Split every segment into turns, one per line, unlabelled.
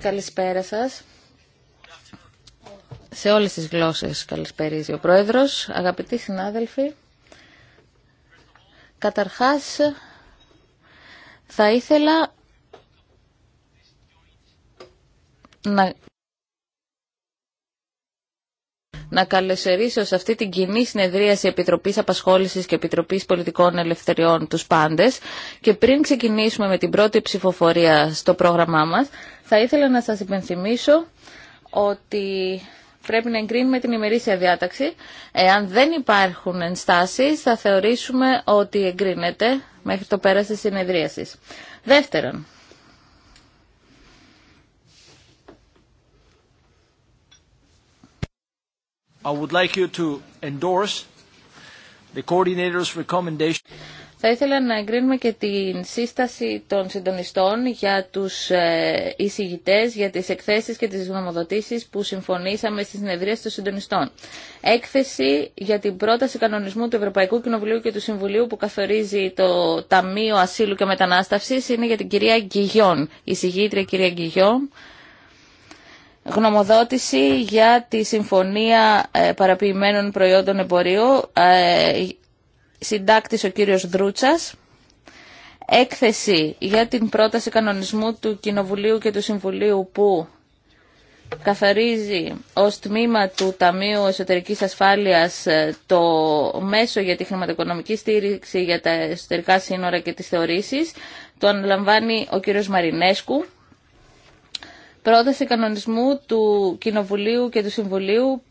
Καλησπέρα σας. Σε όλες τις γλώσσες καλησπέριζει ο Πρόεδρος, αγαπητοί συνάδελφοι. Καταρχάς, θα ήθελα να να καλωσορίσω σε αυτή την κοινή συνεδρίαση Επιτροπής Απασχόλησης και Επιτροπής Πολιτικών Ελευθεριών τους πάντες και πριν ξεκινήσουμε με την πρώτη ψηφοφορία στο πρόγραμμά μας θα ήθελα να σας υπενθυμίσω ότι πρέπει να εγκρίνουμε την ημερήσια διάταξη. Εάν δεν υπάρχουν ενστάσεις θα θεωρήσουμε ότι εγκρίνεται μέχρι το πέρας της συνεδρίασης. Δεύτερον,
I would like you to endorse the coordinator's recommendation.
Θα ήθελα να εγκρίνουμε και την σύσταση των συντονιστών για τους ε, εισηγητές, για τις εκθέσεις και τις γνωμοδοτήσεις που συμφωνήσαμε στις συνεδρίες των συντονιστών. Έκθεση για την πρόταση κανονισμού του Ευρωπαϊκού Κοινοβουλίου και του Συμβουλίου που καθορίζει το Ταμείο Ασύλου και Μετανάστευσης είναι για την κυρία Γκυγιόν. Εισηγήτρια κυρία Γκυγιόν γνωμοδότηση για τη Συμφωνία ε, Παραποιημένων Προϊόντων Εμπορίου, ε, συντάκτης ο κύριος Δρούτσας, έκθεση για την πρόταση κανονισμού του Κοινοβουλίου και του Συμβουλίου που καθαρίζει ως τμήμα του Ταμείου Εσωτερικής Ασφάλειας ε, το μέσο για τη χρηματοοικονομική στήριξη για τα εσωτερικά σύνορα και τις θεωρήσεις. Το αναλαμβάνει ο κύριος Μαρινέσκου πρόταση κανονισμού του Κοινοβουλίου και του Συμβουλίου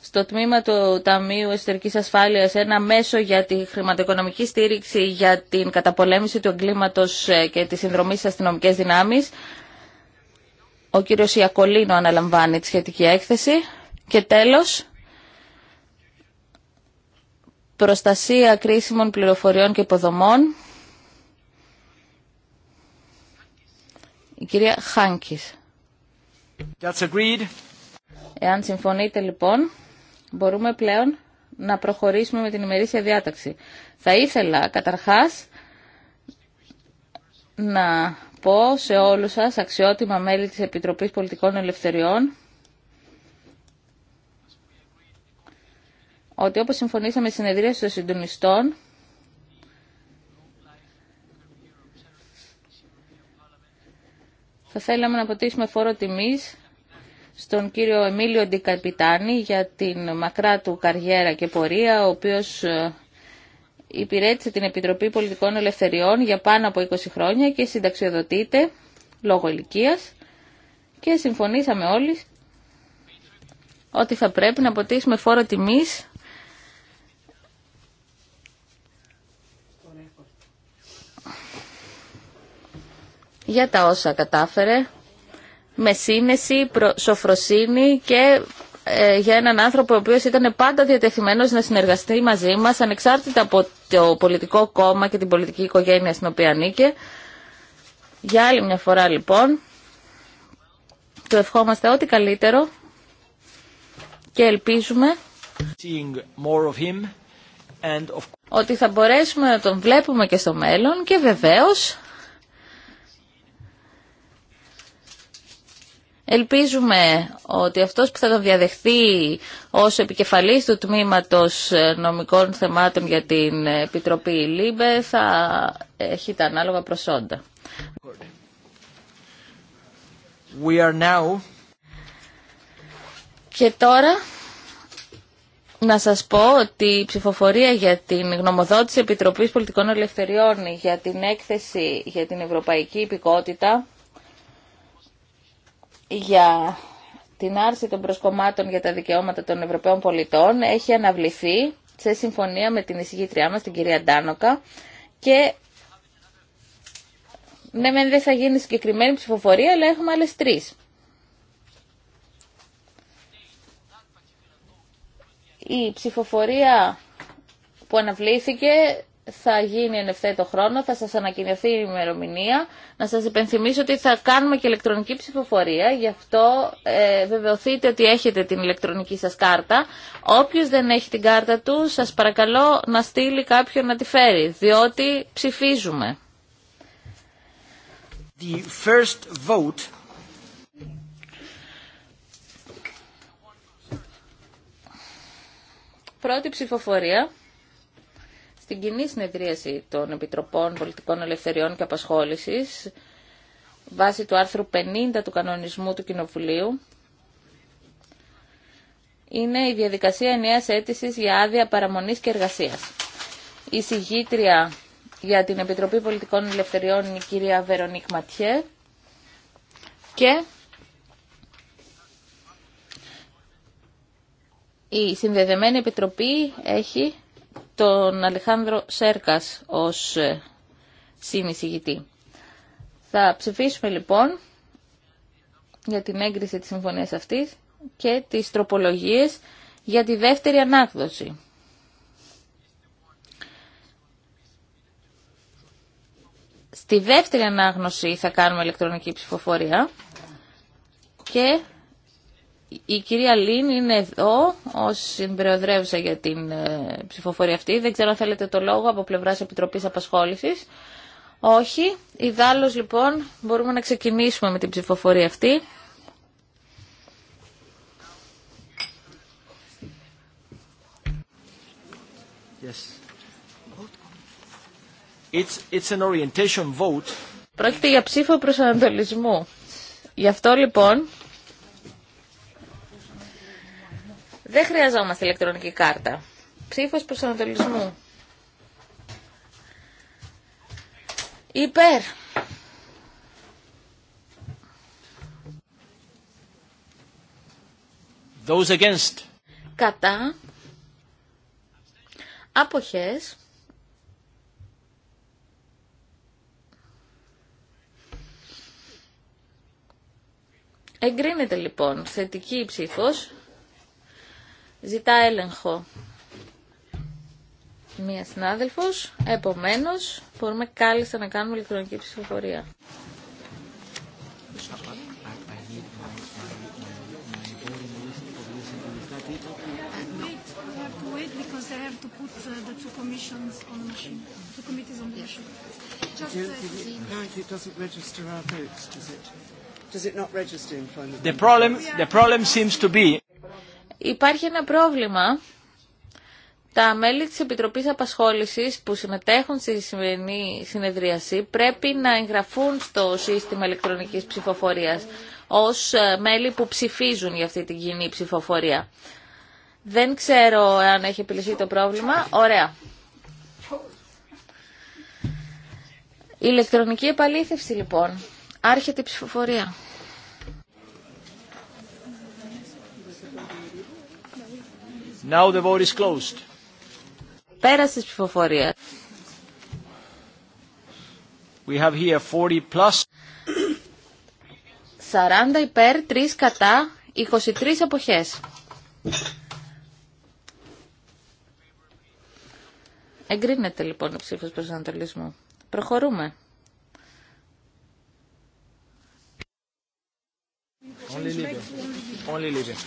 στο τμήμα του Ταμείου Εσωτερικής Ασφάλειας ένα μέσο για τη χρηματοοικονομική στήριξη για την καταπολέμηση του εγκλήματος ε, και τη συνδρομή στις αστυνομικές δυνάμεις. Ο κύριος Ιακολίνο αναλαμβάνει τη σχετική έκθεση. Και τέλος, προστασία κρίσιμων πληροφοριών και υποδομών. Η κυρία Χάνκη. Εάν συμφωνείτε λοιπόν, μπορούμε πλέον να προχωρήσουμε με την ημερήσια διάταξη. Θα ήθελα καταρχάς να πω σε όλους σας, αξιότιμα μέλη της Επιτροπής Πολιτικών Ελευθεριών, ότι όπως συμφωνήσαμε στις συνεδρίες των συντονιστών, Θα θέλαμε να αποτίσουμε φόρο τιμής στον κύριο Εμίλιο Ντικαπιτάνη για την μακρά του καριέρα και πορεία, ο οποίος ε, υπηρέτησε την Επιτροπή Πολιτικών Ελευθεριών για πάνω από 20 χρόνια και συνταξιοδοτείται λόγω ηλικία και συμφωνήσαμε όλοι ότι θα πρέπει να αποτίσουμε φόρο τιμής για τα όσα κατάφερε με σύνεση, σοφροσύνη και ε, για έναν άνθρωπο ο οποίος ήταν πάντα διατεθειμένος να συνεργαστεί μαζί μας ανεξάρτητα από το πολιτικό κόμμα και την πολιτική οικογένεια στην οποία ανήκε. Για άλλη μια φορά λοιπόν, του ευχόμαστε ό,τι καλύτερο και ελπίζουμε ότι θα μπορέσουμε να τον βλέπουμε και στο μέλλον και βεβαίως Ελπίζουμε ότι αυτός που θα τον διαδεχθεί ως επικεφαλής του Τμήματος ε, Νομικών Θεμάτων για την Επιτροπή ΛΥΜΠΕ θα έχει τα ανάλογα προσόντα. We are now... Και τώρα να σας πω ότι η ψηφοφορία για την γνωμοδότηση Επιτροπής Πολιτικών Ελευθεριών για την έκθεση για την Ευρωπαϊκή Υπηκότητα για την άρση των προσκομμάτων για τα δικαιώματα των Ευρωπαίων πολιτών έχει αναβληθεί σε συμφωνία με την εισηγήτριά μας, την κυρία Ντάνοκα και ναι, μεν δεν θα γίνει συγκεκριμένη ψηφοφορία, αλλά έχουμε άλλες τρεις. Η ψηφοφορία που αναβλήθηκε θα γίνει εν ευθέτω χρόνο, θα σας ανακοινωθεί η ημερομηνία. Να σας υπενθυμίσω ότι θα κάνουμε και ηλεκτρονική ψηφοφορία, γι' αυτό ε, βεβαιωθείτε ότι έχετε την ηλεκτρονική σας κάρτα. Όποιος δεν έχει την κάρτα του, σας παρακαλώ να στείλει κάποιον να τη φέρει, διότι ψηφίζουμε.
The first vote.
Πρώτη ψηφοφορία στην κοινή συνεδρίαση των Επιτροπών Πολιτικών Ελευθεριών και Απασχόλησης βάσει του άρθρου 50 του κανονισμού του Κοινοβουλίου είναι η διαδικασία ενιαίας αίτησης για άδεια παραμονής και εργασίας. Η συγγήτρια για την Επιτροπή Πολιτικών Ελευθεριών είναι η κυρία Βερονίκ Ματιέ και η Συνδεδεμένη Επιτροπή έχει τον Αλεχάνδρο Σέρκας ως ε, συνεισηγητή. Θα ψηφίσουμε λοιπόν για την έγκριση της συμφωνίας αυτής και τις τροπολογίες για τη δεύτερη ανάγνωση. Στη δεύτερη ανάγνωση θα κάνουμε ηλεκτρονική ψηφοφορία και η κυρία Λίν είναι εδώ ως συμπεριοδρεύουσα για την ε, ψηφοφορία αυτή. Δεν ξέρω αν θέλετε το λόγο από πλευράς Επιτροπής Απασχόλησης. Όχι. Ιδάλλως λοιπόν μπορούμε να ξεκινήσουμε με την ψηφοφορία αυτή.
Yes. It's, it's an orientation
vote. Πρόκειται για ψήφο προσανατολισμού. Γι' αυτό λοιπόν Δεν χρειαζόμαστε ηλεκτρονική κάρτα. Ψήφος προσανατολισμού. Υπέρ.
Those against.
Κατά. Αποχές. Εγκρίνεται λοιπόν θετική ψήφος. Ζητά έλεγχο μία συνάδελφος, επομένως μπορούμε κάλλιστα να κάνουμε ηλεκτρονική ψηφοφορία.
Το πρόβλημα the
problem
Υπάρχει ένα πρόβλημα. Τα μέλη της Επιτροπής Απασχόλησης που συμμετέχουν στη σημερινή συνεδρίαση πρέπει να εγγραφούν στο σύστημα ηλεκτρονικής ψηφοφορίας ως ε, μέλη που ψηφίζουν για αυτή την κοινή ψηφοφορία. Δεν ξέρω αν έχει επιλυθεί το πρόβλημα. Ωραία. ηλεκτρονική επαλήθευση λοιπόν. Άρχεται η ψηφοφορία. Now the vote is closed. Πέρασε της ψηφοφορίας.
We have here 40 plus.
40 υπέρ, 3 κατά, 23 αποχές. Εγκρίνεται λοιπόν ο ψήφος προσανατολισμού. Προχωρούμε.
Only leaving.
Only leaving.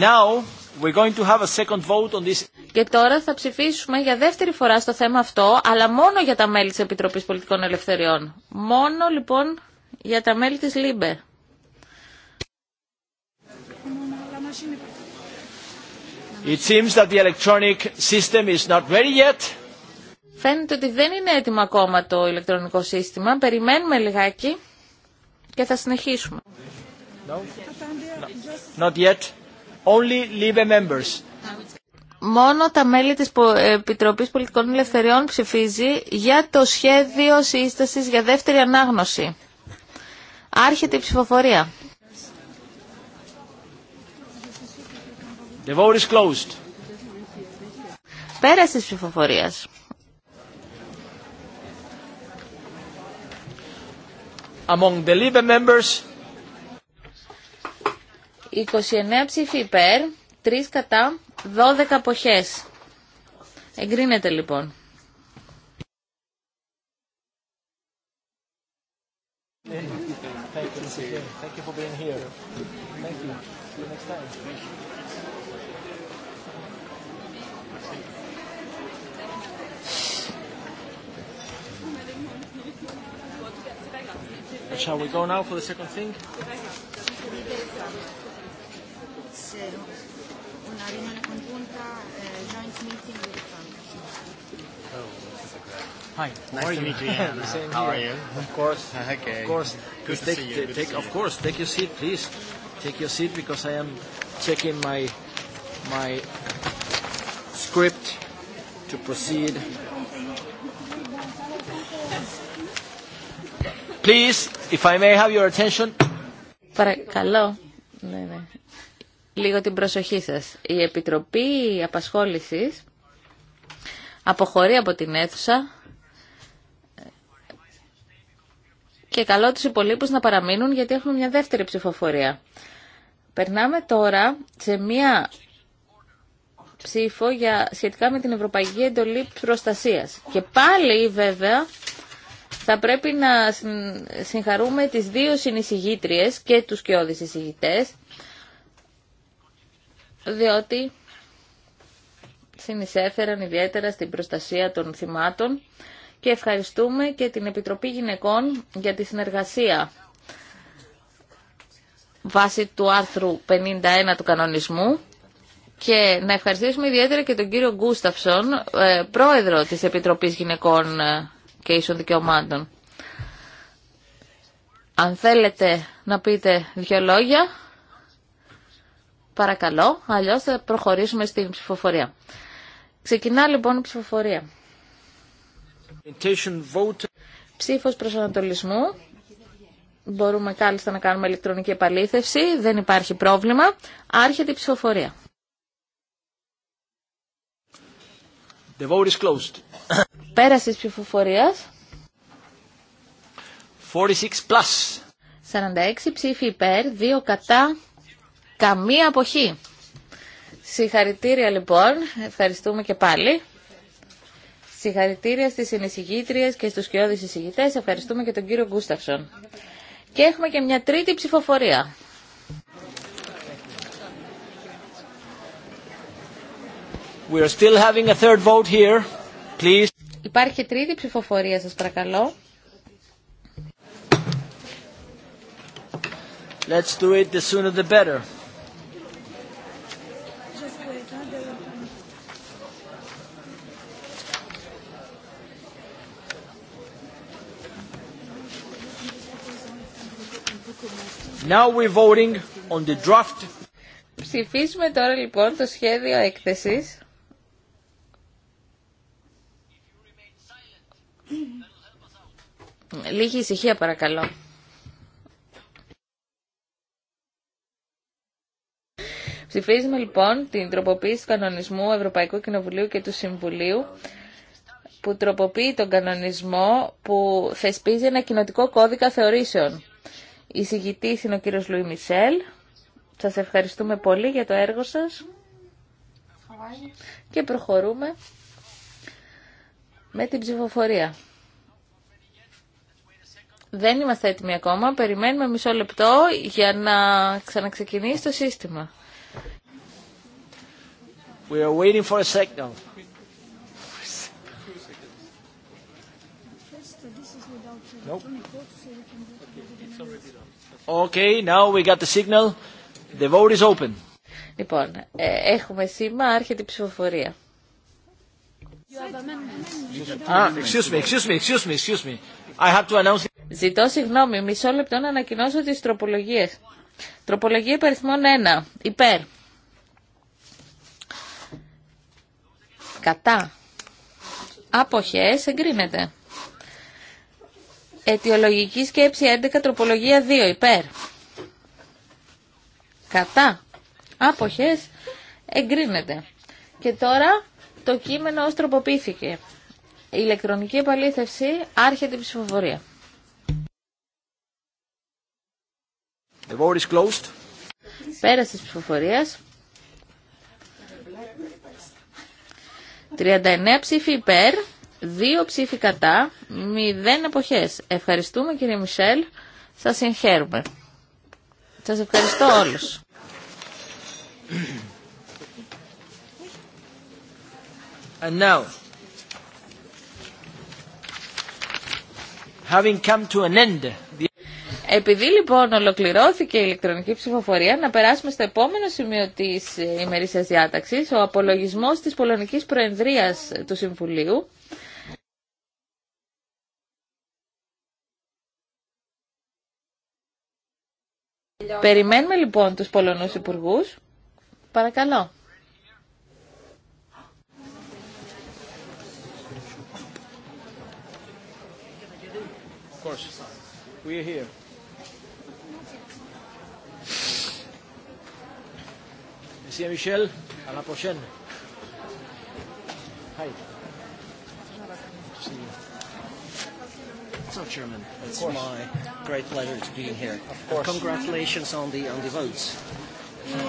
Now We're going to have a second vote on this.
Και τώρα θα ψηφίσουμε για δεύτερη φορά στο θέμα αυτό, αλλά μόνο για τα μέλη της Επιτροπής Πολιτικών Ελευθεριών. Μόνο λοιπόν για τα μέλη της ΛΥΜΠΕ.
It seems that the electronic system is not ready yet.
Φαίνεται ότι δεν είναι έτοιμο ακόμα το ηλεκτρονικό σύστημα. Περιμένουμε λιγάκι και θα συνεχίσουμε. Not yet. Μόνο τα μέλη της Επιτροπής Πολιτικών Ελευθεριών ψηφίζει για το σχέδιο σύστασης για δεύτερη ανάγνωση. Άρχεται η ψηφοφορία. The vote is closed. Πέρασε της ψηφοφορίας.
Among the members,
29 ψήφοι υπέρ, 3 κατά, 12 αποχές. Εγκρίνεται λοιπόν.
Shall we go now for the second thing?
una riunione congiunta joint meeting
with Hi, nice to meet you. How are you? Of course. Okay. Of course. Good Good to see you. Take, of course, take your seat, please. Take your seat because I am checking my my script to proceed. Please, if I may have your attention.
Para Ναι, λίγο την προσοχή σας. Η Επιτροπή Απασχόλησης αποχωρεί από την αίθουσα και καλώ τους υπολείπους να παραμείνουν γιατί έχουμε μια δεύτερη ψηφοφορία. Περνάμε τώρα σε μια ψήφο για, σχετικά με την Ευρωπαϊκή Εντολή Προστασίας. Και πάλι βέβαια θα πρέπει να συγχαρούμε τις δύο συνεισηγήτριες και τους κοιόδης εισηγητές διότι συνεισέφεραν ιδιαίτερα στην προστασία των θυμάτων και ευχαριστούμε και την Επιτροπή Γυναικών για τη συνεργασία βάσει του άρθρου 51 του κανονισμού και να ευχαριστήσουμε ιδιαίτερα και τον κύριο Γκούσταυσον, ε, πρόεδρο της Επιτροπής Γυναικών ε, και Ίσων Δικαιωμάτων. Αν θέλετε να πείτε δύο λόγια, Παρακαλώ, αλλιώς θα προχωρήσουμε στην ψηφοφορία. Ξεκινά λοιπόν η ψηφοφορία. Ψήφος προσανατολισμού. Μπορούμε κάλλιστα να κάνουμε ηλεκτρονική επαλήθευση. Δεν υπάρχει πρόβλημα. Άρχεται η ψηφοφορία.
The vote is closed.
Πέραση ψηφοφορίας.
46 plus.
46 ψήφοι υπέρ, 2 κατά, Καμία αποχή. Συγχαρητήρια λοιπόν, ευχαριστούμε και πάλι. Συγχαρητήρια στις συνεισηγήτριες και στους κοιόδης εισηγητές, ευχαριστούμε και τον κύριο Γκούσταυσον. Και έχουμε και μια τρίτη ψηφοφορία.
We are still a third vote here.
Υπάρχει τρίτη ψηφοφορία, σας παρακαλώ.
Let's do it the sooner the better. Now we're
Ψηφίζουμε τώρα λοιπόν το σχέδιο έκθεσης. Λίγη ησυχία παρακαλώ. Ψηφίζουμε λοιπόν την τροποποίηση του κανονισμού Ευρωπαϊκού Κοινοβουλίου και του Συμβουλίου που τροποποιεί τον κανονισμό που θεσπίζει ένα κοινοτικό κώδικα θεωρήσεων. Η συγητής είναι ο κύριος Λουί Μισελ. Σας ευχαριστούμε πολύ για το έργο σας. Και προχωρούμε με την ψηφοφορία. Δεν είμαστε έτοιμοι ακόμα. Περιμένουμε μισό λεπτό για να ξαναξεκινήσει το σύστημα.
We are waiting for a second. Nope. Okay, now we got the signal. The vote is open. Λοιπόν,
ε, έχουμε σήμα, άρχεται η ψηφοφορία. Ζητώ συγγνώμη, μισό λεπτό να ανακοινώσω τις τροπολογίες. Τροπολογία υπεριθμών 1, υπέρ. Κατά. Αποχές εγκρίνεται. Αιτιολογική σκέψη 11 τροπολογία 2 υπέρ. Κατά. Άποχες. Εγκρίνεται. Και τώρα το κείμενο ως τροποποιήθηκε. Η ηλεκτρονική επαλήθευση άρχεται η ψηφοφορία.
The vote is closed.
Πέρασε της ψηφοφορίας. 39 ψήφοι υπέρ. Δύο ψήφοι κατά, μηδέν εποχές. Ευχαριστούμε κύριε Μισελ, σας συγχαίρουμε. Σας ευχαριστώ όλους. And now, having come to an end, Επειδή λοιπόν ολοκληρώθηκε η ηλεκτρονική ψηφοφορία, να περάσουμε στο επόμενο σημείο της ε, ημερήσιας διάταξης, ο απολογισμός της Πολωνικής Προεδρίας του Συμβουλίου. Περιμένουμε λοιπόν τους Πολωνούς υπουργού. Παρακαλώ.
Monsieur Michel, à la prochaine. Hi. So, Chairman, it's my great pleasure to be here. Of course. Congratulations on the on the votes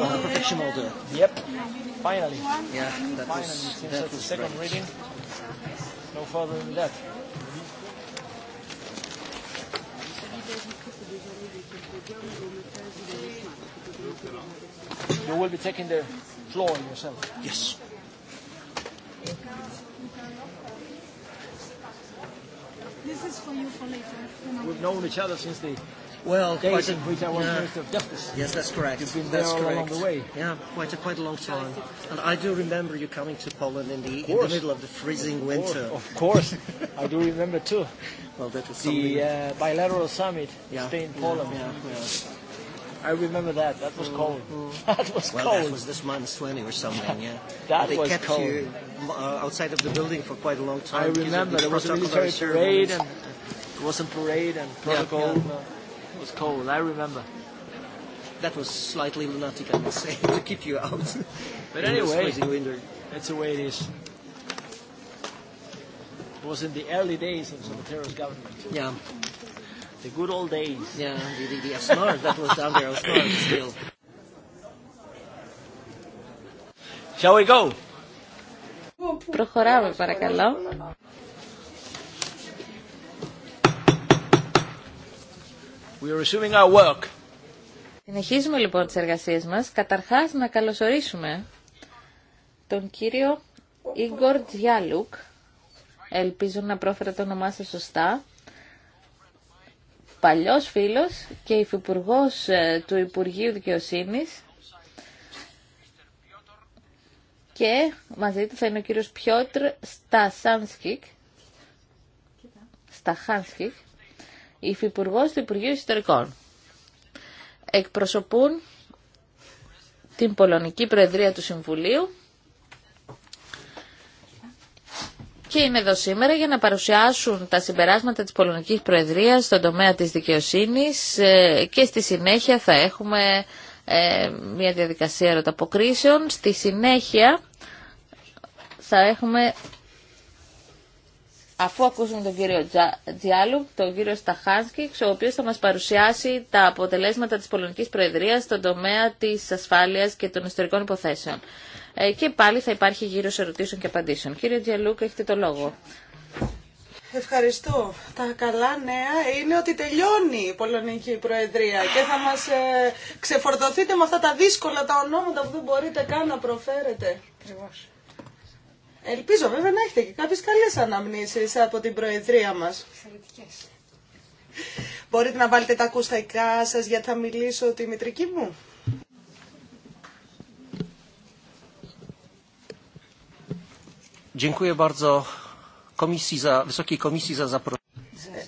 on the order. Yep. Finally. Yeah. That Finally, was, that second reading. No further than that. You will be taking the floor yourself. Yes.
This is for you for later.
We've known each other since the well, days in which I was Minister of Justice. Yes, that's correct. You've been that's correct. along the way. Yeah, quite a, quite a long time. And I do remember you coming to Poland in the, in the middle of the freezing winter. Of course, I do remember too. Well, that was the uh, bilateral summit, yeah. Spain-Poland. Yeah, I remember that. That was cold. That was cold. Well, that was this minus 20 or something, yeah. that was cold outside of the building for quite a long time. I remember there was a military parade and it was a parade and protocol. It was cold. I remember. That was slightly lunatic, I would say, to keep you out. But anyway, that's the way it is. It was in the early days of Zapatero's government. Yeah. The good old days. Yeah, the, the, the that was down there, Asnar still. Shall we go?
Προχωράμε παρακαλώ. work. Συνεχίζουμε λοιπόν τις εργασίες μας. Καταρχάς να καλωσορίσουμε τον κύριο Ίγκορ Τζιάλουκ. Ελπίζω να πρόφερα το όνομά σας σωστά. Παλιός φίλος και υφυπουργός ε, του Υπουργείου Δικαιοσύνης και μαζί του θα είναι ο κύριος Πιότρ Στασάνσκικ, Σταχάνσκικ, υφυπουργός του Υπουργείου Ιστορικών. Εκπροσωπούν την Πολωνική Προεδρία του Συμβουλίου και είναι εδώ σήμερα για να παρουσιάσουν τα συμπεράσματα της Πολωνικής Προεδρίας στον τομέα της δικαιοσύνης ε, και στη συνέχεια θα έχουμε ε, μια διαδικασία ερωταποκρίσεων. Στη συνέχεια θα έχουμε, αφού ακούσουμε τον κύριο Τζιάλου, τον κύριο Σταχάνσκι, ο οποίος θα μας παρουσιάσει τα αποτελέσματα της Πολωνικής Προεδρίας στον τομέα της ασφάλειας και των ιστορικών υποθέσεων. Ε, και πάλι θα υπάρχει γύρος ερωτήσεων και απαντήσεων. Κύριε Τζιαλούκ, έχετε το λόγο.
Ευχαριστώ. Τα καλά νέα είναι ότι τελειώνει η Πολωνική Προεδρία και θα μας ε, ξεφορτωθείτε με αυτά τα δύσκολα, τα ονόματα που δεν μπορείτε καν να προφέρετε. Ελπίζω βέβαια να έχετε και κάποιες καλές αναμνήσεις από την Προεδρία μας.
Εξαιρετικές.
Μπορείτε να βάλετε τα ακουστικά σας γιατί θα μιλήσω τη μητρική μου.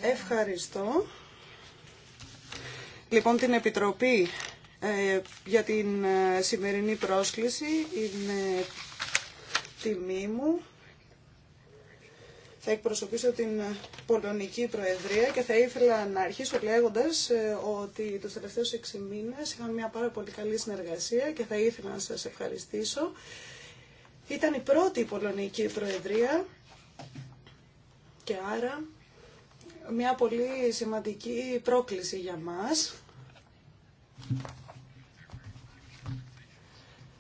Ευχαριστώ. Λοιπόν, την Επιτροπή ε, για την ε, σημερινή πρόσκληση είναι τιμή μου. Θα εκπροσωπήσω την Πολωνική Προεδρία και θα ήθελα να αρχίσω λέγοντας ε, ότι τους τελευταίους έξι μήνες είχαμε μια πάρα πολύ καλή συνεργασία και θα ήθελα να σας ευχαριστήσω. Ήταν η πρώτη Πολωνική Προεδρία και άρα μια πολύ σημαντική πρόκληση για μας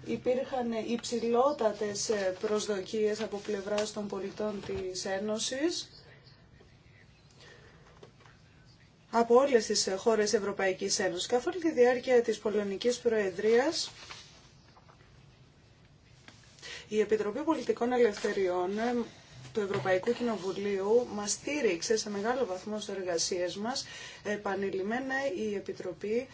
υπήρχαν υψηλότατες προσδοκίες από πλευράς των πολιτών της Ένωσης από όλες τις χώρες Ευρωπαϊκής Ένωσης. Καθ' τη διάρκεια της Πολωνικής Προεδρίας η Επιτροπή Πολιτικών Ελευθεριών του Ευρωπαϊκού Κοινοβουλίου μας στήριξε σε μεγάλο βαθμό στις εργασίες μας. Επανειλημμένα η Επιτροπή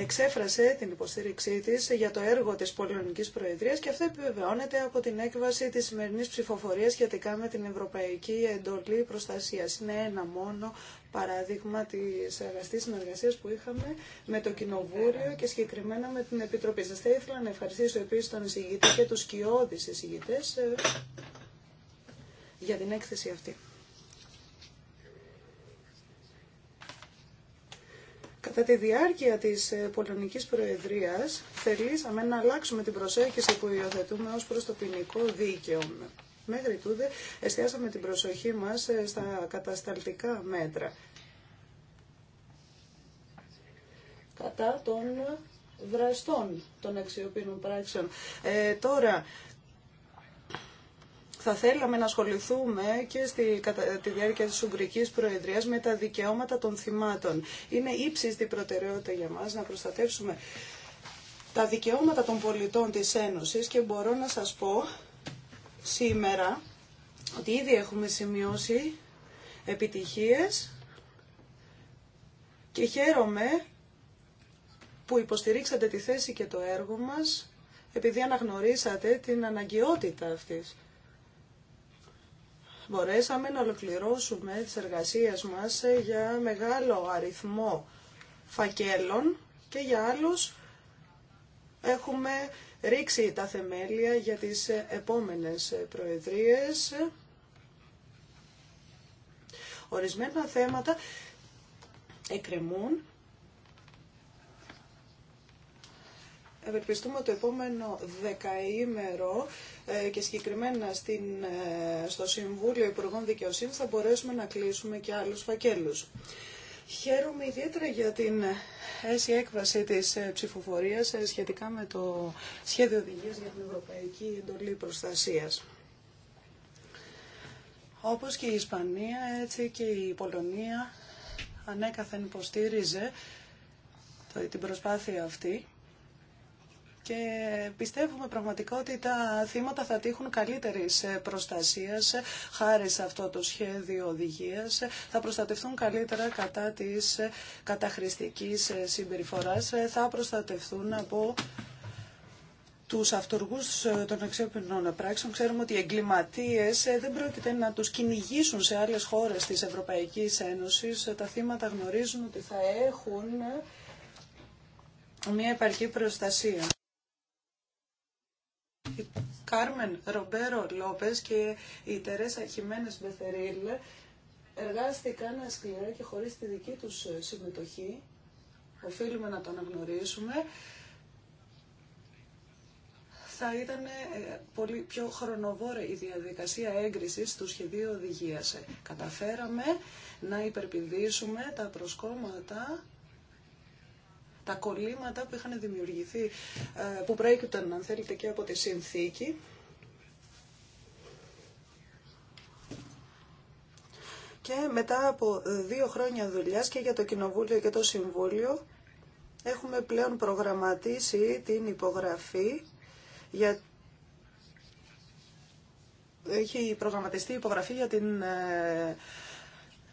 εξέφρασε την υποστήριξή της για το έργο της Πολωνικής Προεδρίας και αυτό επιβεβαιώνεται από την έκβαση της σημερινή ψηφοφορία σχετικά με την Ευρωπαϊκή Εντολή Προστασία. Είναι ένα μόνο παράδειγμα τη αγαστής συνεργασίας που είχαμε με το Κοινοβούριο και συγκεκριμένα με την Επιτροπή σα. Θα ήθελα να ευχαριστήσω επίση τον εισηγητή και τους κοιόδης εισηγητέ ε, για την έκθεση αυτή. Κατά τη διάρκεια της ε, Πολωνικής Προεδρίας θελήσαμε να αλλάξουμε την προσέγγιση που υιοθετούμε ως προς το ποινικό δίκαιο. Μέχρι τούδε εστιάσαμε την προσοχή μας ε, στα κατασταλτικά μέτρα. Κατά των ε, δραστών των αξιοπίνων πράξεων. τώρα, θα θέλαμε να ασχοληθούμε και στη, τη διάρκεια της Ουγγρικής Προεδρίας με τα δικαιώματα των θυμάτων. Είναι ύψιστη προτεραιότητα για μας να προστατεύσουμε τα δικαιώματα των πολιτών της Ένωσης και μπορώ να σας πω σήμερα ότι ήδη έχουμε σημειώσει επιτυχίες και χαίρομαι που υποστηρίξατε τη θέση και το έργο μας επειδή αναγνωρίσατε την αναγκαιότητα αυτής μπορέσαμε να ολοκληρώσουμε τις εργασίες μας για μεγάλο αριθμό φακέλων και για άλλους έχουμε ρίξει τα θεμέλια για τις επόμενες προεδρίες. Ορισμένα θέματα εκκρεμούν. Ευελπιστούμε το επόμενο δεκαήμερο ε, και συγκεκριμένα στην, ε, στο Συμβούλιο Υπουργών Δικαιοσύνης θα μπορέσουμε να κλείσουμε και άλλους φακέλους. Χαίρομαι ιδιαίτερα για την αίσια έκβαση της ε, ψηφοφορίας σχετικά με το σχέδιο οδηγίας για την Ευρωπαϊκή Εντολή Προστασίας. Όπως και η Ισπανία, έτσι και η Πολωνία ανέκαθεν υποστήριζε την προσπάθεια αυτή και πιστεύουμε πραγματικά ότι τα θύματα θα τύχουν καλύτερης προστασίας χάρη σε αυτό το σχέδιο οδηγίας. Θα προστατευτούν καλύτερα κατά της καταχρηστικής συμπεριφοράς. Θα προστατευτούν από τους αυτοργούς των εξέπινων πράξεων. Ξέρουμε ότι οι εγκληματίες δεν πρόκειται να τους κυνηγήσουν σε άλλε χώρε της Ευρωπαϊκή Ένωση. Τα θύματα γνωρίζουν ότι θα έχουν μια επαρκή προστασία η Κάρμεν Ρομπέρο Λόπες και η Τερέσα Χιμένες Μπεθερίλ εργάστηκαν σκληρά και χωρίς τη δική τους ε, συμμετοχή. Οφείλουμε να το αναγνωρίσουμε. Θα ήταν ε, πολύ πιο χρονοβόρη η διαδικασία έγκρισης του σχεδίου οδηγίας. Καταφέραμε να υπερπηδήσουμε τα προσκόμματα τα κολλήματα που είχαν δημιουργηθεί, ε, που προέκυπταν αν θέλετε και από τη συνθήκη. Και μετά από ε, δύο χρόνια δουλειάς και για το Κοινοβούλιο και το Συμβούλιο έχουμε πλέον προγραμματίσει την υπογραφή για έχει προγραμματιστεί η υπογραφή για την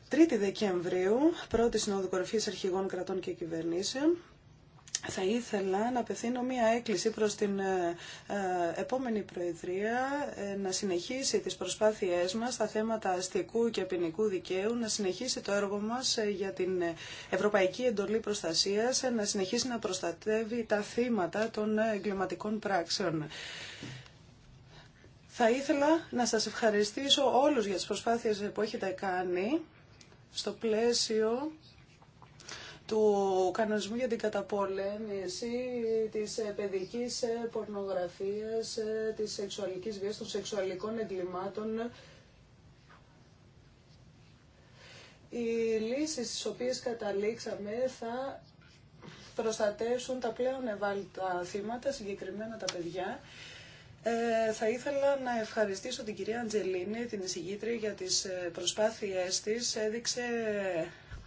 3η ε, Δεκεμβρίου, πρώτη συνόδου κορυφή αρχηγών κρατών και κυβερνήσεων θα ήθελα να απευθύνω μία έκκληση προς την ε, ε, επόμενη Προεδρία ε, να συνεχίσει τις προσπάθειές μας στα θέματα αστικού και ποινικού δικαίου, να συνεχίσει το έργο μας για την Ευρωπαϊκή Εντολή Προστασίας, να συνεχίσει να προστατεύει τα θύματα των εγκληματικών πράξεων. Θα ήθελα να σας ευχαριστήσω όλους για τις προσπάθειες που έχετε κάνει στο πλαίσιο του κανονισμού για την καταπολέμηση της παιδικής πορνογραφίας, της σεξουαλικής βίας, των σεξουαλικών εγκλημάτων. Οι λύσεις στις οποίες καταλήξαμε θα προστατεύσουν τα πλέον ευάλωτα θύματα, συγκεκριμένα τα παιδιά. Ε, θα ήθελα να ευχαριστήσω την κυρία Αντζελίνη, την εισηγήτρια, για τις ε, προσπάθειές της. Έδειξε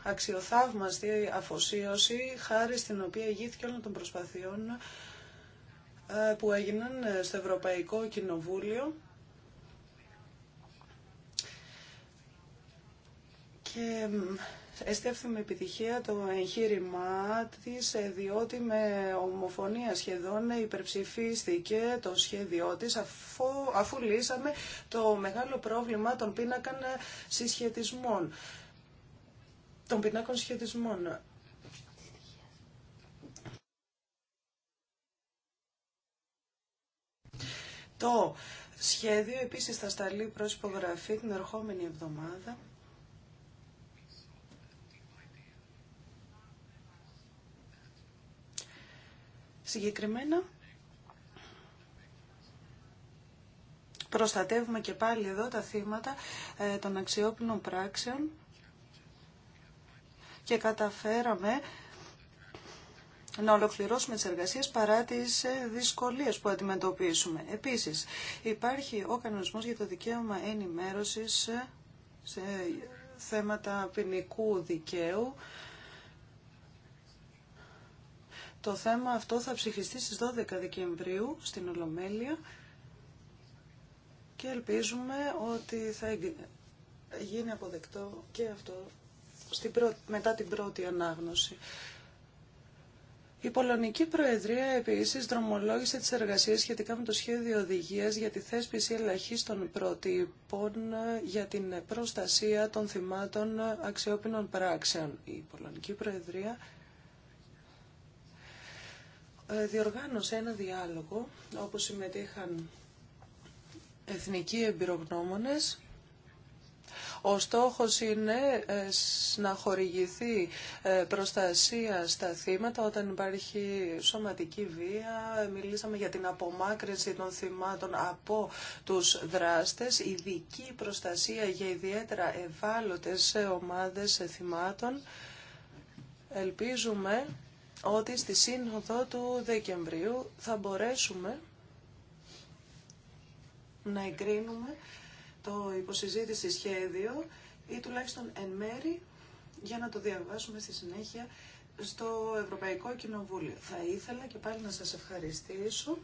αξιοθαύμαστη αφοσίωση χάρη στην οποία ηγήθηκε όλων των προσπαθειών ε, που έγιναν ε, στο Ευρωπαϊκό Κοινοβούλιο και Έστεφθη με επιτυχία το εγχείρημά της, ε, διότι με ομοφωνία σχεδόν υπερψηφίστηκε το σχέδιό της, αφού, αφού λύσαμε το μεγάλο πρόβλημα των πίνακων συσχετισμών των πινάκων σχετισμών. Το σχέδιο επίσης θα σταλεί προς υπογραφή την ερχόμενη εβδομάδα. Συγκεκριμένα, προστατεύουμε και πάλι εδώ τα θύματα ε, των αξιόπινων πράξεων και καταφέραμε να ολοκληρώσουμε τις εργασίες παρά τις ε, δυσκολίες που αντιμετωπίσουμε. Επίσης, υπάρχει ο κανονισμός για το δικαίωμα ενημέρωσης ε, σε θέματα ποινικού δικαίου. Το θέμα αυτό θα ψηφιστεί στις 12 Δεκεμβρίου στην Ολομέλεια και ελπίζουμε ότι θα γίνει αποδεκτό και αυτό στην μετά την πρώτη ανάγνωση. Η Πολωνική Προεδρία επίσης δρομολόγησε τις εργασίες σχετικά με το σχέδιο οδηγίας για τη θέσπιση ελαχίστων προτύπων για την προστασία των θυμάτων αξιόπινων πράξεων. Η Πολωνική Προεδρία ε, διοργάνωσε ένα διάλογο όπου συμμετείχαν εθνικοί εμπειρογνώμονες ο στόχος είναι ε, να χορηγηθεί ε, προστασία στα θύματα όταν υπάρχει σωματική βία. Μιλήσαμε για την απομάκρυνση των θυμάτων από τους δράστες, ειδική προστασία για ιδιαίτερα ευάλωτες ομάδες θυμάτων. Ελπίζουμε ότι στη σύνοδο του Δεκεμβρίου θα μπορέσουμε να εγκρίνουμε το υποσυζήτηση σχέδιο ή τουλάχιστον εν μέρη για να το διαβάσουμε στη συνέχεια στο Ευρωπαϊκό Κοινοβούλιο. Θα ήθελα και πάλι να σας ευχαριστήσω.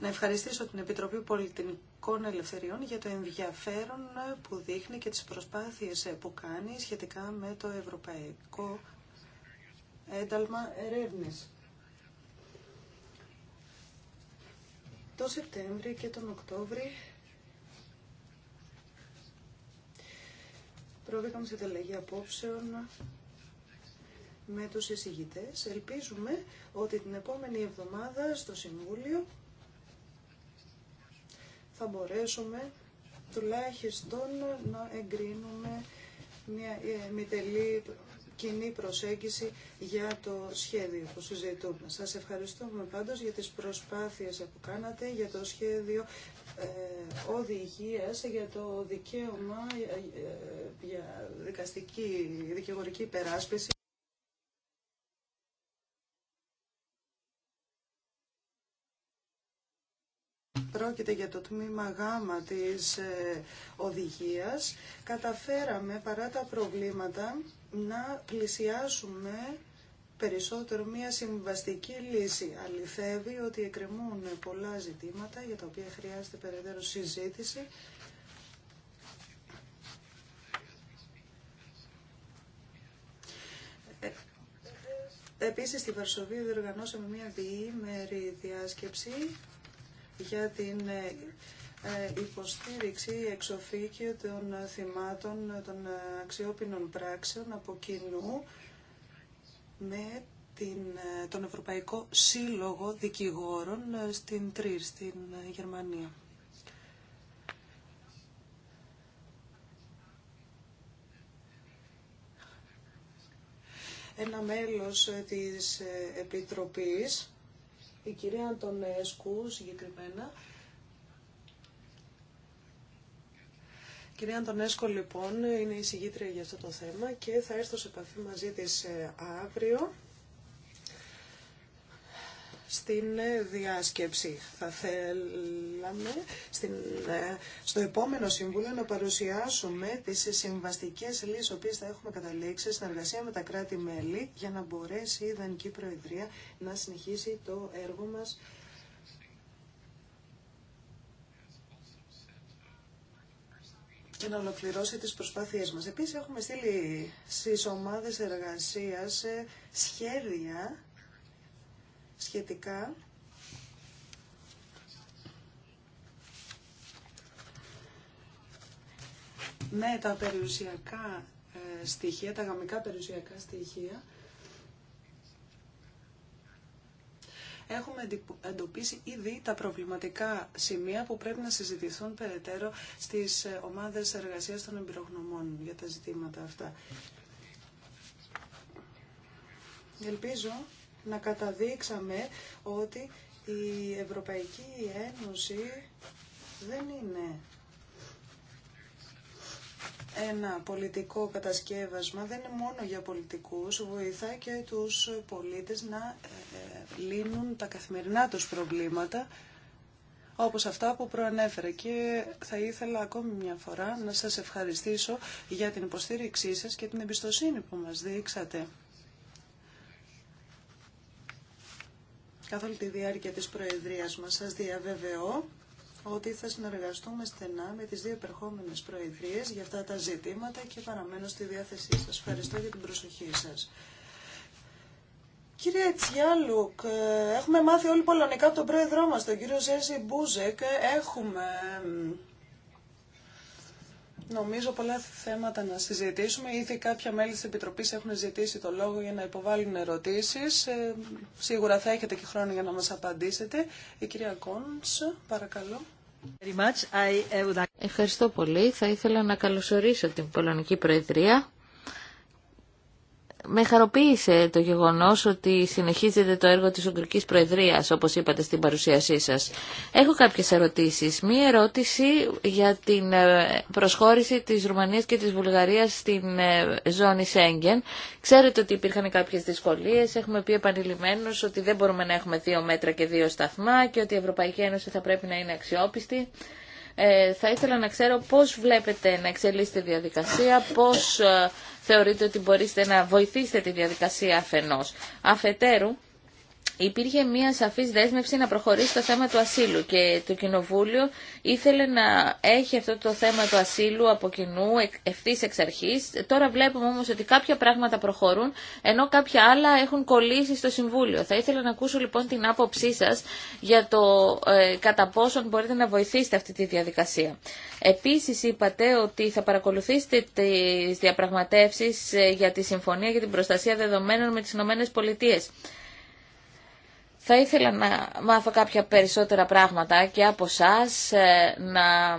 Να ευχαριστήσω την Επιτροπή Πολιτικών Ελευθεριών για το ενδιαφέρον που δείχνει και τις προσπάθειες που κάνει σχετικά με το Ευρωπαϊκό Ένταλμα Ερεύνης. Το Σεπτέμβρη και τον Οκτώβρη προβήκαμε σε ανταλλαγή απόψεων με τους εισηγητές. Ελπίζουμε ότι την επόμενη εβδομάδα στο Συμβούλιο θα μπορέσουμε τουλάχιστον να εγκρίνουμε μια ε, μητελή κοινή προσέγγιση για το σχέδιο που συζητούμε. Σας ευχαριστούμε πάντως για τις προσπάθειες που κάνατε για το σχέδιο ε, οδηγίας για το δικαίωμα ε, ε, για δικαστική, δικηγορική υπεράσπιση. πρόκειται για το τμήμα Γ της ε, οδηγίας, καταφέραμε παρά τα προβλήματα να πλησιάσουμε περισσότερο μία συμβαστική λύση. Αληθεύει ότι εκκρεμούν πολλά ζητήματα για τα οποία χρειάζεται περαιτέρω συζήτηση. Ε, επίσης, στη Βαρσοβία διοργανώσαμε μία διήμερη διάσκεψη για την ε, ε, υποστήριξη εξοφίκιο των θυμάτων των αξιόπινων πράξεων από κοινού με την, ε, τον Ευρωπαϊκό Σύλλογο Δικηγόρων στην Τρίρ, στην Γερμανία. Ένα μέλος της Επιτροπής η κυρία Αντωνέσκου συγκεκριμένα. Η κυρία Αντωνέσκου, λοιπόν είναι η συγγήτρια για αυτό το θέμα και θα έρθω σε επαφή μαζί της ε, αύριο στην ε, διάσκεψη. Θα θέλαμε στην, ε, στο επόμενο Συμβούλιο να παρουσιάσουμε τις συμβαστικές λύσεις που θα έχουμε καταλήξει στην εργασία με τα κράτη-μέλη για να μπορέσει η Ιδανική Προεδρία να συνεχίσει το έργο μας και να ολοκληρώσει τις προσπάθειές μας. Επίσης έχουμε στείλει στις ομάδες εργασίας ε, σχέδια σχετικά με τα περιουσιακά ε, στοιχεία, τα γαμικά περιουσιακά στοιχεία, έχουμε εντοπίσει ήδη τα προβληματικά σημεία που πρέπει να συζητηθούν περαιτέρω στις ε, ομάδες εργασίας των εμπειρογνωμών για τα ζητήματα αυτά. Ελπίζω να καταδείξαμε ότι η Ευρωπαϊκή Ένωση δεν είναι ένα πολιτικό κατασκεύασμα, δεν είναι μόνο για πολιτικούς, Βοηθάει και τους πολίτες να ε, λύνουν τα καθημερινά τους προβλήματα, όπως αυτά που προανέφερα. Και θα ήθελα ακόμη μια φορά να σας ευχαριστήσω για την υποστήριξή σας και την εμπιστοσύνη που μας δείξατε. καθ' όλη τη διάρκεια της Προεδρίας μας. Σας διαβεβαιώ ότι θα συνεργαστούμε στενά με τις δύο επερχόμενες Προεδρίες για αυτά τα ζητήματα και παραμένω στη διάθεσή σας. Ευχαριστώ για την προσοχή σας. Κύριε Τσιάλουκ, έχουμε μάθει όλοι πολωνικά από τον πρόεδρό μας, τον κύριο Ζέζι Μπούζεκ. Έχουμε Νομίζω πολλά θέματα να συζητήσουμε. Ήδη κάποια μέλη της Επιτροπής έχουν ζητήσει το λόγο για να υποβάλουν ερωτήσεις. Ε, σίγουρα θα έχετε και χρόνο για να μας απαντήσετε. Η κυρία Κόντ, παρακαλώ.
Ευχαριστώ πολύ. Θα ήθελα να καλωσορίσω την Πολωνική Προεδρία με χαροποίησε το γεγονός ότι συνεχίζεται το έργο της Ουγγρικής Προεδρίας, όπως είπατε στην παρουσίασή σας. Έχω κάποιες ερωτήσεις. Μία ερώτηση για την ε, προσχώρηση της Ρουμανίας και της Βουλγαρίας στην ε, ζώνη Σέγγεν. Ξέρετε ότι υπήρχαν κάποιες δυσκολίες. Έχουμε πει επανειλημμένως ότι δεν μπορούμε να έχουμε δύο μέτρα και δύο σταθμά και ότι η Ευρωπαϊκή Ένωση θα πρέπει να είναι αξιόπιστη. Ε, θα ήθελα να ξέρω πώς βλέπετε να εξελίσσετε η διαδικασία, πώς ε, θεωρείτε ότι μπορείτε να βοηθήσετε τη διαδικασία αφενός. Αφετέρου, υπήρχε μια σαφής δέσμευση να προχωρήσει το θέμα του ασύλου και το Κοινοβούλιο ήθελε να έχει αυτό το θέμα του ασύλου από κοινού ευθύ εξ αρχή. Τώρα βλέπουμε όμως ότι κάποια πράγματα προχωρούν ενώ κάποια άλλα έχουν κολλήσει στο Συμβούλιο. Θα ήθελα να ακούσω λοιπόν την άποψή σας για το ε, κατά πόσον μπορείτε να βοηθήσετε αυτή τη διαδικασία. Επίσης είπατε ότι θα παρακολουθήσετε τις διαπραγματεύσεις ε, για τη Συμφωνία για την Προστασία Δεδομένων με τις ΗΠΑ. Θα ήθελα να μάθω κάποια περισσότερα πράγματα και από εσά να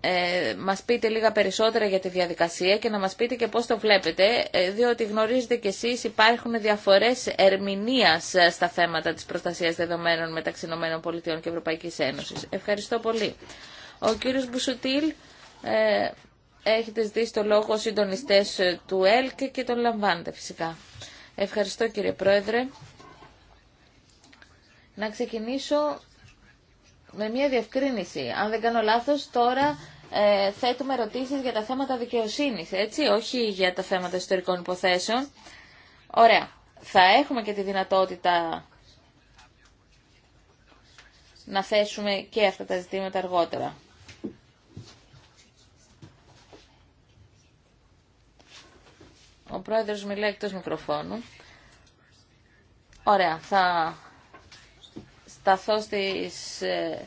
ε, μας πείτε λίγα περισσότερα για τη διαδικασία και να μας πείτε και πώς το βλέπετε, ε, διότι γνωρίζετε κι εσείς υπάρχουν διαφορές ερμηνείας ε, στα θέματα της προστασίας δεδομένων μεταξύ ΗΠΑ και Ευρωπαϊκής Ένωσης. Ευχαριστώ πολύ. Ο κύριος Μπουσουτήλ, ε, έχετε ζητήσει το λόγο συντονιστές του ΕΛΚ και τον λαμβάνετε φυσικά. Ευχαριστώ κύριε Πρόεδρε να ξεκινήσω με μια διευκρίνηση. Αν δεν κάνω λάθος, τώρα ε, θέτουμε ερωτήσεις για τα θέματα δικαιοσύνης, έτσι, όχι για τα θέματα ιστορικών υποθέσεων. Ωραία. Θα έχουμε και τη δυνατότητα να θέσουμε και αυτά τα ζητήματα αργότερα. Ο πρόεδρος μιλάει εκτός μικροφώνου. Ωραία, θα σταθώ στις, ε,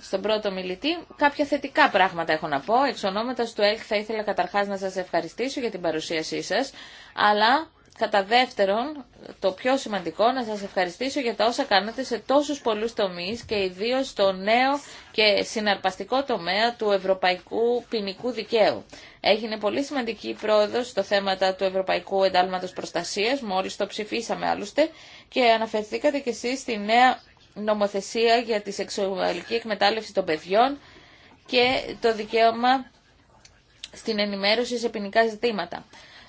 στον πρώτο μιλητή. Κάποια θετικά πράγματα έχω να πω. Εξ ονόματος του ΕΛΚ θα ήθελα καταρχάς να σας ευχαριστήσω για την παρουσίασή σας, αλλά κατά δεύτερον, το πιο σημαντικό, να σας ευχαριστήσω για τα όσα κάνετε σε τόσους πολλούς τομείς και ιδίως στο νέο και συναρπαστικό τομέα του Ευρωπαϊκού Ποινικού Δικαίου. Έγινε πολύ σημαντική πρόοδος στο θέμα του Ευρωπαϊκού Εντάλματος Προστασίας, μόλις το ψηφίσαμε άλλωστε, και αναφερθήκατε κι εσείς στη νέα νομοθεσία για τη σεξουαλική εκμετάλλευση των παιδιών και το δικαίωμα στην ενημέρωση σε ποινικά ζητήματα.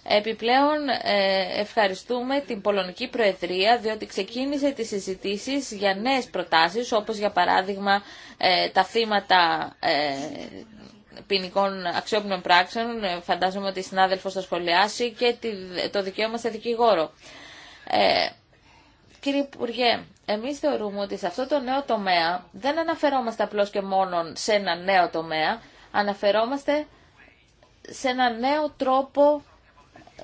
Επιπλέον ε, ευχαριστούμε την Πολωνική Προεδρία διότι ξεκίνησε τις συζητήσεις για νέες προτάσεις όπως για παράδειγμα ε, τα θύματα ε, ποινικών αξιόπινων πράξεων, φαντάζομαι ότι η συνάδελφος θα σχολιάσει, και το δικαίωμα σε δικηγόρο. κύριε Υπουργέ, εμείς θεωρούμε ότι σε αυτό το νέο τομέα δεν αναφερόμαστε απλώς και μόνο σε ένα νέο τομέα, αναφερόμαστε σε ένα νέο τρόπο ε,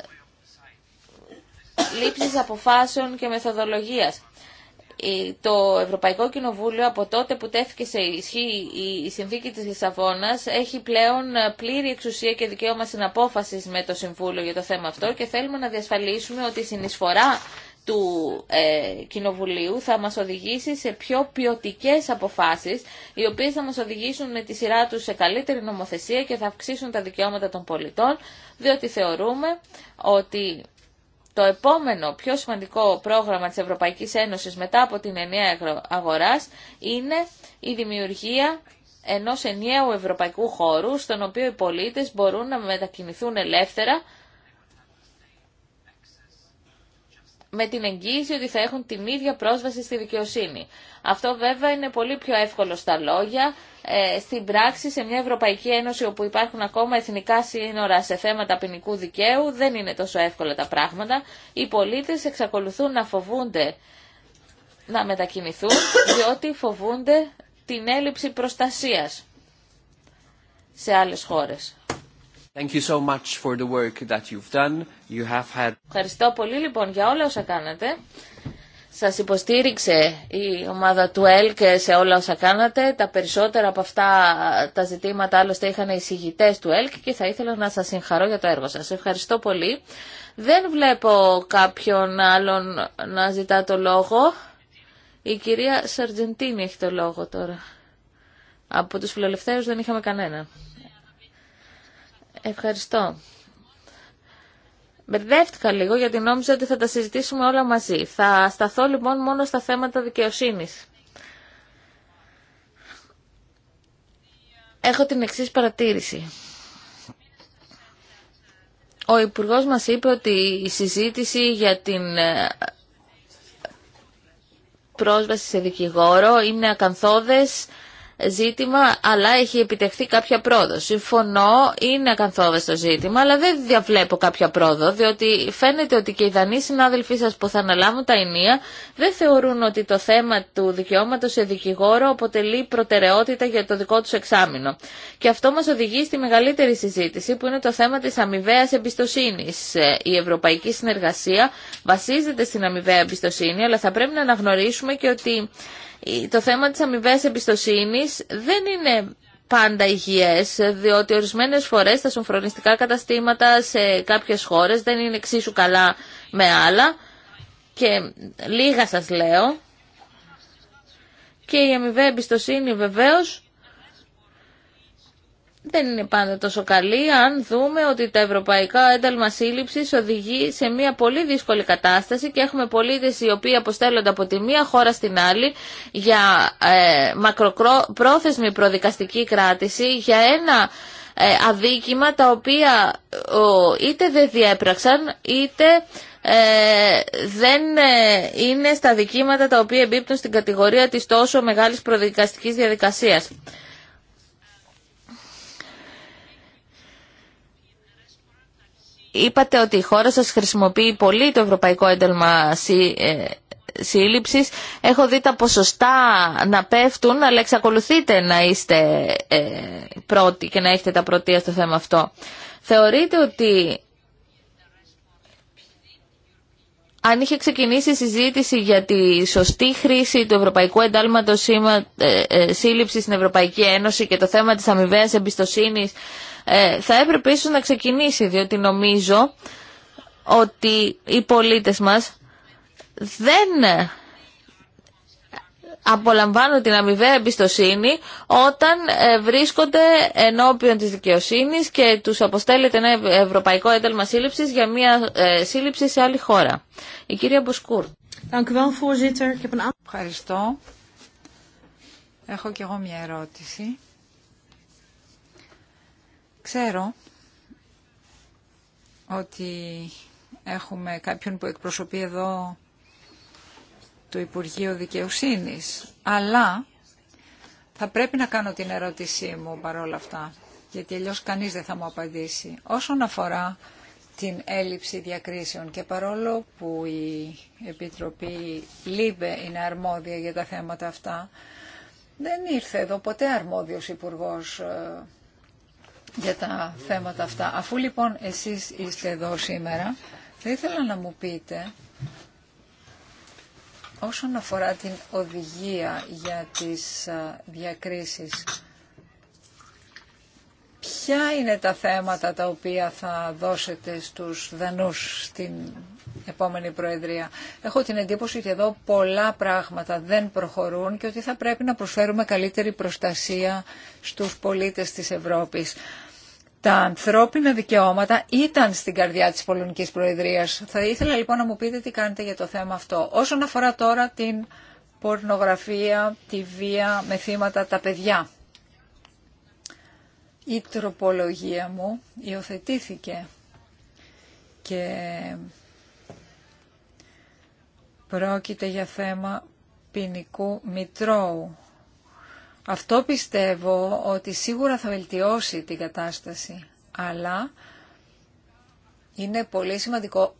λήψης αποφάσεων και μεθοδολογίας. Το Ευρωπαϊκό Κοινοβούλιο από τότε που τέθηκε σε ισχύ η συνθήκη της Λισαβόνας έχει πλέον ε, πλήρη εξουσία και δικαίωμα συναπόφασης με το Συμβούλιο για το θέμα αυτό και θέλουμε να διασφαλίσουμε ότι η συνεισφορά του ε, Κοινοβουλίου θα μας οδηγήσει σε πιο ποιοτικέ αποφάσεις, οι οποίες θα μας οδηγήσουν με τη σειρά τους σε καλύτερη νομοθεσία και θα αυξήσουν τα δικαιώματα των πολιτών, διότι θεωρούμε ότι το επόμενο πιο σημαντικό πρόγραμμα της Ευρωπαϊκής Ένωσης μετά από την ενιαία αγοράς είναι η δημιουργία ενός ενιαίου ευρωπαϊκού χώρου, στον οποίο οι πολίτες μπορούν να μετακινηθούν ελεύθερα, με την εγγύηση ότι θα έχουν την ίδια πρόσβαση στη δικαιοσύνη. Αυτό βέβαια είναι πολύ πιο εύκολο στα λόγια. Ε, στην πράξη, σε μια Ευρωπαϊκή Ένωση όπου υπάρχουν ακόμα εθνικά σύνορα σε θέματα ποινικού δικαίου, δεν είναι τόσο εύκολα τα πράγματα. Οι πολίτες εξακολουθούν να φοβούνται να μετακινηθούν, διότι φοβούνται την έλλειψη προστασίας σε άλλες χώρες. Ευχαριστώ πολύ λοιπόν για όλα όσα κάνατε. Σα υποστήριξε η ομάδα του ΕΛΚ σε όλα όσα κάνατε. Τα περισσότερα από αυτά τα ζητήματα άλλωστε είχαν οι συγητές του ΕΛΚ και θα ήθελα να σα συγχαρώ για το έργο σα. Ευχαριστώ πολύ. Δεν βλέπω κάποιον άλλον να ζητά το λόγο. Η κυρία Σαρτζεντίνη έχει το λόγο τώρα. Από τους φιλελευθέρους δεν είχαμε κανέναν. Ευχαριστώ. Μπερδεύτηκα λίγο γιατί νόμιζα ότι θα τα συζητήσουμε όλα μαζί. Θα σταθώ λοιπόν μόνο στα θέματα δικαιοσύνης. Έχω την εξής παρατήρηση. Ο Υπουργός μας είπε ότι η συζήτηση για την ε, πρόσβαση σε δικηγόρο είναι ακαθόδες ζήτημα, αλλά έχει επιτευχθεί κάποια πρόοδο. Συμφωνώ, είναι ακαθόδεστο ζήτημα, αλλά δεν διαβλέπω κάποια πρόοδο, διότι φαίνεται ότι και οι Δανείοι συνάδελφοί σα που θα αναλάβουν τα ενία δεν θεωρούν ότι το θέμα του δικαιώματο σε δικηγόρο αποτελεί προτεραιότητα για το δικό του εξάμεινο. Και αυτό μα οδηγεί στη μεγαλύτερη συζήτηση, που είναι το θέμα τη αμοιβαία εμπιστοσύνη. Ε, η ευρωπαϊκή συνεργασία βασίζεται στην αμοιβαία εμπιστοσύνη, αλλά θα πρέπει να αναγνωρίσουμε και ότι το θέμα της αμοιβέ εμπιστοσύνης δεν είναι πάντα υγιές, διότι ορισμένες φορές τα σοφρονιστικά καταστήματα σε κάποιες χώρες δεν είναι εξίσου καλά με άλλα και λίγα σας λέω και η αμοιβέ εμπιστοσύνη βεβαίως δεν είναι πάντα τόσο καλή αν δούμε ότι τα ευρωπαϊκά ένταλμα σύλληψη οδηγεί σε μια πολύ δύσκολη κατάσταση και έχουμε πολίτε οι οποίοι αποστέλλονται από τη μία χώρα στην άλλη για ε, μακροπρόθεσμη προδικαστική κράτηση για ένα ε, αδίκημα τα οποία είτε δεν διέπραξαν είτε ε, δεν ε, είναι στα δικήματα τα οποία εμπίπτουν στην κατηγορία της τόσο μεγάλης προδικαστικής διαδικασίας. Είπατε ότι η χώρα σας χρησιμοποιεί πολύ το Ευρωπαϊκό Ένταλμα ε, Σύλληψης. Έχω δει τα ποσοστά να πέφτουν, αλλά εξακολουθείτε να είστε ε, πρώτοι και να έχετε τα πρωτεία στο θέμα αυτό. Θεωρείτε ότι αν είχε ξεκινήσει η συζήτηση για τη σωστή χρήση του Ευρωπαϊκού Εντάλματος ε, Σύλληψης στην Ευρωπαϊκή Ένωση και το θέμα της αμοιβαίας εμπιστοσύνης ε, θα έπρεπε ίσως να ξεκινήσει, διότι νομίζω ότι οι πολίτες μας δεν απολαμβάνουν την αμοιβαία εμπιστοσύνη όταν ε, βρίσκονται ενώπιον της δικαιοσύνης και τους αποστέλλεται ένα ευρωπαϊκό ένταλμα σύλληψης για μια ε, σύλληψη σε άλλη χώρα. Η κυρία Μποσκούρ. Ευχαριστώ. Έχω και εγώ μια ερώτηση.
Ξέρω ότι έχουμε κάποιον που εκπροσωπεί εδώ το Υπουργείο Δικαιοσύνης, αλλά θα πρέπει να κάνω την ερώτησή μου παρόλα αυτά, γιατί αλλιώ κανείς δεν θα μου απαντήσει. Όσον αφορά την έλλειψη διακρίσεων και παρόλο που η Επιτροπή ΛΥΜΠΕ είναι αρμόδια για τα θέματα αυτά, δεν ήρθε εδώ ποτέ αρμόδιος υπουργός ε, για τα θέματα αυτά. Αφού λοιπόν εσείς είστε εδώ σήμερα, θα ήθελα να μου πείτε όσον αφορά την οδηγία για τις διακρίσεις, ποια είναι τα θέματα τα οποία θα δώσετε στους Δανούς στην επόμενη Προεδρία. Έχω την εντύπωση ότι εδώ πολλά πράγματα δεν προχωρούν και ότι θα πρέπει να προσφέρουμε καλύτερη προστασία στους πολίτες της Ευρώπης τα ανθρώπινα δικαιώματα ήταν στην καρδιά της Πολωνικής Προεδρίας. Θα ήθελα λοιπόν να μου πείτε τι κάνετε για το θέμα αυτό. Όσον αφορά τώρα την πορνογραφία, τη βία με θύματα τα παιδιά. Η τροπολογία μου υιοθετήθηκε και πρόκειται για θέμα ποινικού μητρώου. Αυτό πιστεύω ότι σίγουρα θα βελτιώσει την κατάσταση, αλλά είναι πολύ σημαντικό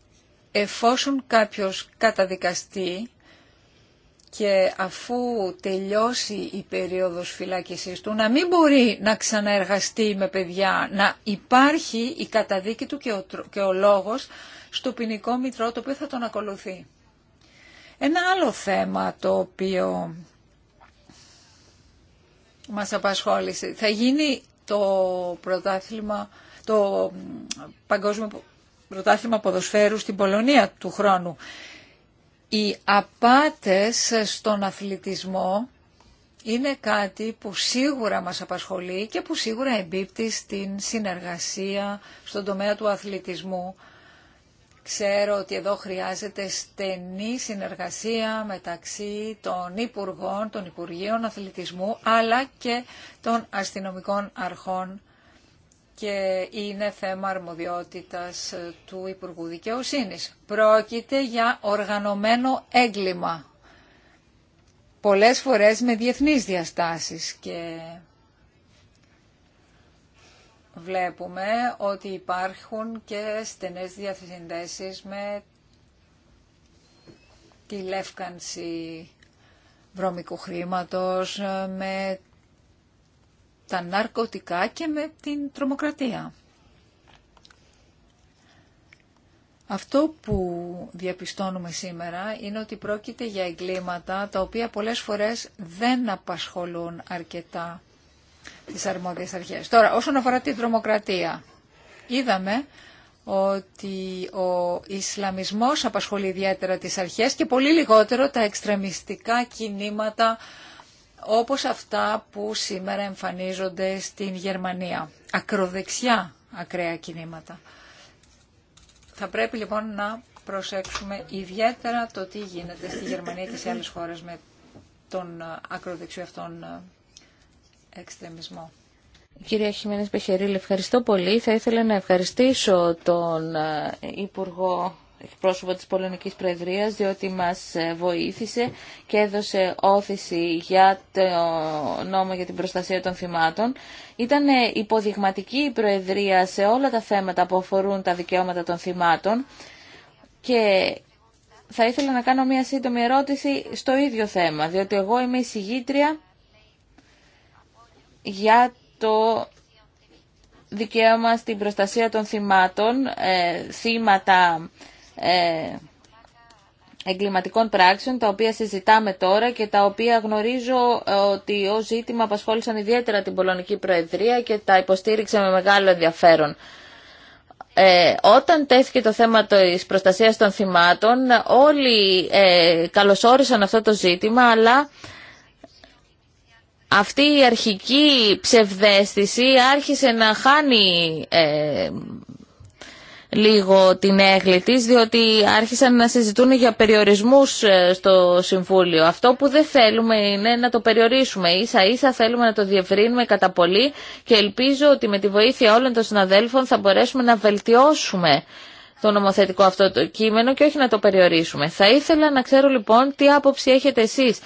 εφόσον κάποιος καταδικαστεί και αφού τελειώσει η περίοδος φυλάκισης του να μην μπορεί να ξαναεργαστεί με παιδιά, να υπάρχει η καταδίκη του και ο, και ο λόγος στο ποινικό μητρό το οποίο θα τον ακολουθεί. Ένα άλλο θέμα το οποίο μας απασχόλησε. Θα γίνει το πρωτάθλημα, το παγκόσμιο πρωτάθλημα ποδοσφαίρου στην Πολωνία του χρόνου. Οι απάτες στον αθλητισμό είναι κάτι που σίγουρα μας απασχολεί και που σίγουρα εμπίπτει στην συνεργασία στον τομέα του αθλητισμού Ξέρω ότι εδώ χρειάζεται στενή συνεργασία μεταξύ των Υπουργών, των Υπουργείων Αθλητισμού, αλλά και των αστυνομικών αρχών και είναι θέμα αρμοδιότητας του Υπουργού Δικαιοσύνης. Πρόκειται για οργανωμένο έγκλημα, πολλές φορές με διεθνείς διαστάσεις και βλέπουμε ότι υπάρχουν και στενές διασυνδέσεις με τη λεύκανση βρωμικού χρήματος, με τα ναρκωτικά και με την τρομοκρατία. Αυτό που διαπιστώνουμε σήμερα είναι ότι πρόκειται για εγκλήματα τα οποία πολλές φορές δεν απασχολούν αρκετά τις αρμόδιες αρχές. Τώρα, όσον αφορά την τρομοκρατία, είδαμε ότι ο Ισλαμισμός απασχολεί ιδιαίτερα τις αρχές και πολύ λιγότερο τα εξτρεμιστικά κινήματα όπως αυτά που σήμερα εμφανίζονται στην Γερμανία. Ακροδεξιά ακραία κινήματα. Θα πρέπει λοιπόν να προσέξουμε ιδιαίτερα το τι γίνεται στη Γερμανία και σε άλλες χώρες με τον ακροδεξιό αυτόν εξτρεμισμό.
Κυρία Χιμένες Πεχερίλη, ευχαριστώ πολύ. Θα ήθελα να ευχαριστήσω τον ε, Υπουργό εκπρόσωπο της Πολωνικής Προεδρίας, διότι μας ε, βοήθησε και έδωσε όθηση για το νόμο για την προστασία των θυμάτων. Ήταν ε, υποδειγματική η Προεδρία σε όλα τα θέματα που αφορούν τα δικαιώματα των θυμάτων και θα ήθελα να κάνω μια σύντομη ερώτηση στο ίδιο θέμα, διότι εγώ είμαι η για το δικαίωμα στην προστασία των θυμάτων, ε, θύματα ε, εγκληματικών πράξεων, τα οποία συζητάμε τώρα και τα οποία γνωρίζω ε, ότι ω ζήτημα απασχόλησαν ιδιαίτερα την Πολωνική Προεδρία και τα υποστήριξε με μεγάλο ενδιαφέρον. Ε, όταν τέθηκε το θέμα της προστασίας των θυμάτων, όλοι ε, καλωσόρισαν αυτό το ζήτημα, αλλά αυτή η αρχική ψευδέστηση άρχισε να χάνει ε, λίγο την έγκλη της, διότι άρχισαν να συζητούν για περιορισμούς ε, στο Συμβούλιο. Αυτό που δεν θέλουμε είναι να το περιορίσουμε. Ίσα ίσα θέλουμε να το διευρύνουμε κατά πολύ και ελπίζω ότι με τη βοήθεια όλων των συναδέλφων θα μπορέσουμε να βελτιώσουμε το νομοθετικό αυτό το κείμενο και όχι να το περιορίσουμε. Θα ήθελα να ξέρω λοιπόν τι άποψη έχετε εσείς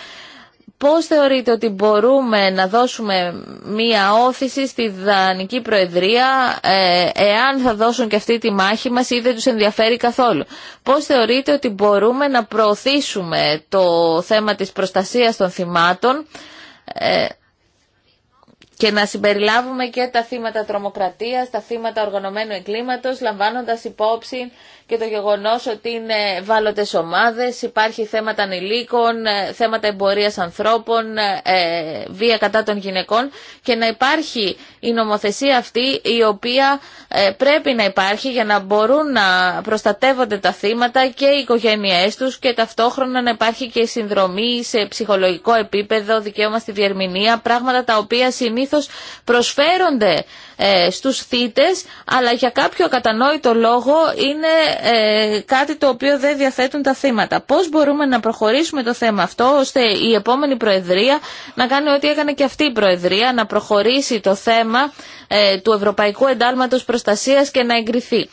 Πώς θεωρείτε ότι μπορούμε να δώσουμε μία όθηση στη Δανική Προεδρία ε, εάν θα δώσουν και αυτή τη μάχη μας ή δεν τους ενδιαφέρει καθόλου. Πώς θεωρείτε ότι μπορούμε να προωθήσουμε το θέμα της προστασίας των θυμάτων ε, και να συμπεριλάβουμε και τα θύματα τρομοκρατίας, τα θύματα οργανωμένου εγκλήματος, λαμβάνοντας υπόψη και το γεγονός ότι είναι βάλλοντες ομάδες, υπάρχει θέματα ανηλίκων, ε, θέματα εμπορίας ανθρώπων, ε, ε, βία κατά των γυναικών και να υπάρχει η νομοθεσία αυτή η οποία πρέπει να υπάρχει για να μπορούν να προστατεύονται τα θύματα και οι οικογένειές τους και ταυτόχρονα να υπάρχει και συνδρομή σε ψυχολογικό επίπεδο, δικαίωμα στη διερμηνία, πράγματα τα οποία συνήθως προσφέρονται ε, στους θήτες αλλά για κάποιο κατανόητο λόγο είναι ε, κάτι το οποίο δεν διαθέτουν τα θύματα. Πώς μπορούμε να προχωρήσουμε το θέμα αυτό, ώστε η επόμενη Προεδρία να κάνει ό,τι έκανε και αυτή η Προεδρία, να προχωρήσει το θέμα ε, του Ευρωπαϊκού Εντάλματος Προστασίας και να εγκριθεί.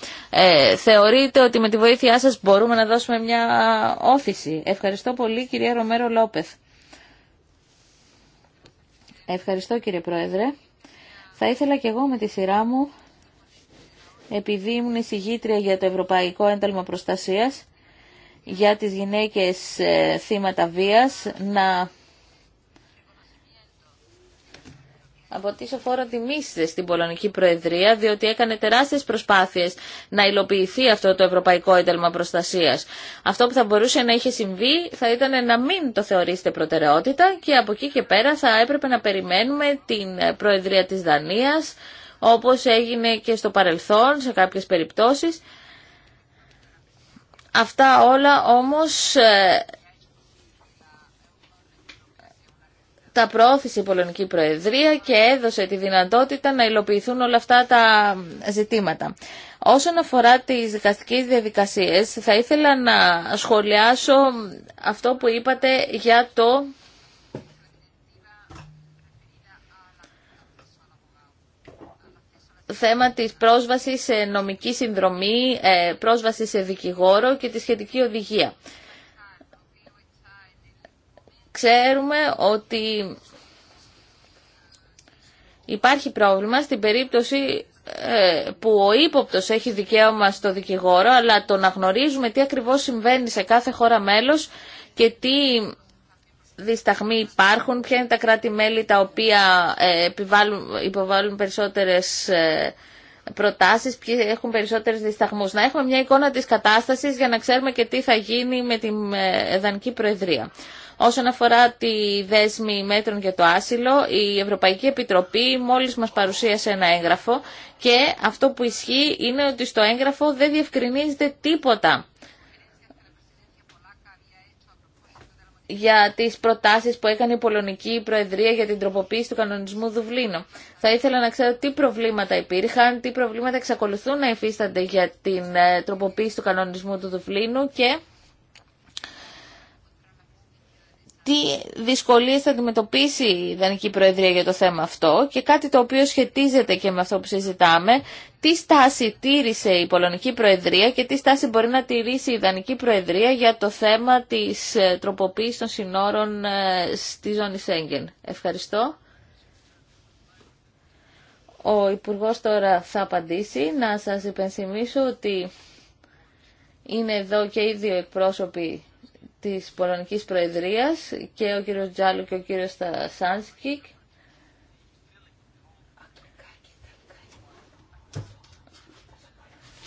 θεωρείτε ότι με τη βοήθειά σας μπορούμε να δώσουμε μια όθηση. Ευχαριστώ πολύ κυρία Ρομέρο Λόπεθ. Ευχαριστώ κύριε Πρόεδρε. Θα ήθελα και εγώ με τη σειρά μου, επειδή ήμουν εισηγήτρια για το Ευρωπαϊκό Ένταλμα Προστασίας, για τις γυναίκες ε, θύματα βίας, να Από τι φορά τιμή στην Πολωνική Προεδρία, διότι έκανε τεράστιες προσπάθειες να υλοποιηθεί αυτό το ευρωπαϊκό ένταλμα προστασίας. Αυτό που θα μπορούσε να είχε συμβεί θα ήταν να μην το θεωρήσετε προτεραιότητα και από εκεί και πέρα θα έπρεπε να περιμένουμε την Προεδρία της Δανίας, όπως έγινε και στο παρελθόν σε κάποιε περιπτώσει. Αυτά όλα όμως ε, τα προώθησε η Πολωνική Προεδρία και έδωσε τη δυνατότητα να υλοποιηθούν όλα αυτά τα ζητήματα. Όσον αφορά τις δικαστικές διαδικασίες, θα ήθελα να σχολιάσω αυτό που είπατε για το... θέμα της πρόσβασης σε νομική συνδρομή, ε, πρόσβαση σε δικηγόρο και τη σχετική οδηγία. Ξέρουμε ότι υπάρχει πρόβλημα στην περίπτωση ε, που ο ύποπτος έχει δικαίωμα στο δικηγόρο, αλλά το να γνωρίζουμε τι ακριβώς συμβαίνει σε κάθε χώρα μέλος και τι δισταγμοί υπάρχουν, ποια είναι τα κράτη-μέλη τα οποία ε, υποβάλλουν περισσότερες ε, προτάσεις, ποιοι έχουν περισσότερες δισταγμούς. Να έχουμε μια εικόνα της κατάστασης για να ξέρουμε και τι θα γίνει με την Εδανική Προεδρία. Όσον αφορά τη δέσμη μέτρων για το άσυλο, η Ευρωπαϊκή Επιτροπή μόλις μας παρουσίασε ένα έγγραφο και αυτό που ισχύει είναι ότι στο έγγραφο δεν διευκρινίζεται τίποτα για τις προτάσεις που έκανε η Πολωνική Προεδρία για την τροποποίηση του κανονισμού Δουβλίνου. Θα ήθελα να ξέρω τι προβλήματα υπήρχαν, τι προβλήματα εξακολουθούν να υφίστανται για την ε, τροποποίηση του κανονισμού του Δουβλίνου και τι δυσκολίες θα αντιμετωπίσει η Δανική Προεδρία για το θέμα αυτό και κάτι το οποίο σχετίζεται και με αυτό που συζητάμε, τι στάση τήρησε η Πολωνική Προεδρία και τι στάση μπορεί να τηρήσει η Δανική Προεδρία για το θέμα της ε, τροποποίησης των συνόρων ε, στη ζώνη Σέγγεν. Ευχαριστώ. Ο Υπουργός τώρα θα απαντήσει. Να σας υπενθυμίσω ότι είναι εδώ και οι δύο εκπρόσωποι της Πολωνικής Προεδρίας και ο κύριος Τζάλου και ο κύριος Σάνσκικ.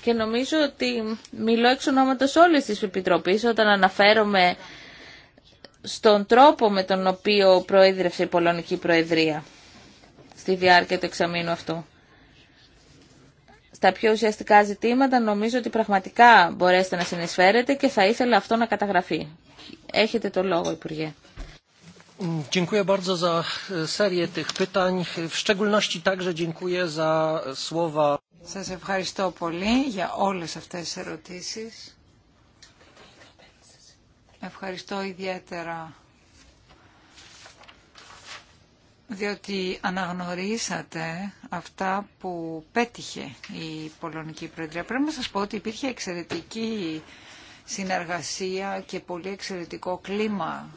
Και νομίζω ότι μιλώ εξ ονόματος όλης της Επιτροπής όταν αναφέρομαι στον τρόπο με τον οποίο προέδρευσε η Πολωνική Προεδρία στη διάρκεια του εξαμήνου αυτού. Τα πιο ουσιαστικά ζητήματα νομίζω ότι πραγματικά μπορέσετε να συνεισφέρετε και θα ήθελα αυτό να καταγραφεί. Έχετε το λόγο, Υπουργέ.
Dziękuję bardzo ευχαριστώ πολύ για όλες αυτές τις ερωτήσεις. Ευχαριστώ ιδιαίτερα διότι αναγνωρίσατε αυτά που πέτυχε η Πολωνική Προεδρία. Πρέπει να σας πω ότι υπήρχε εξαιρετική συνεργασία και πολύ εξαιρετικό κλίμα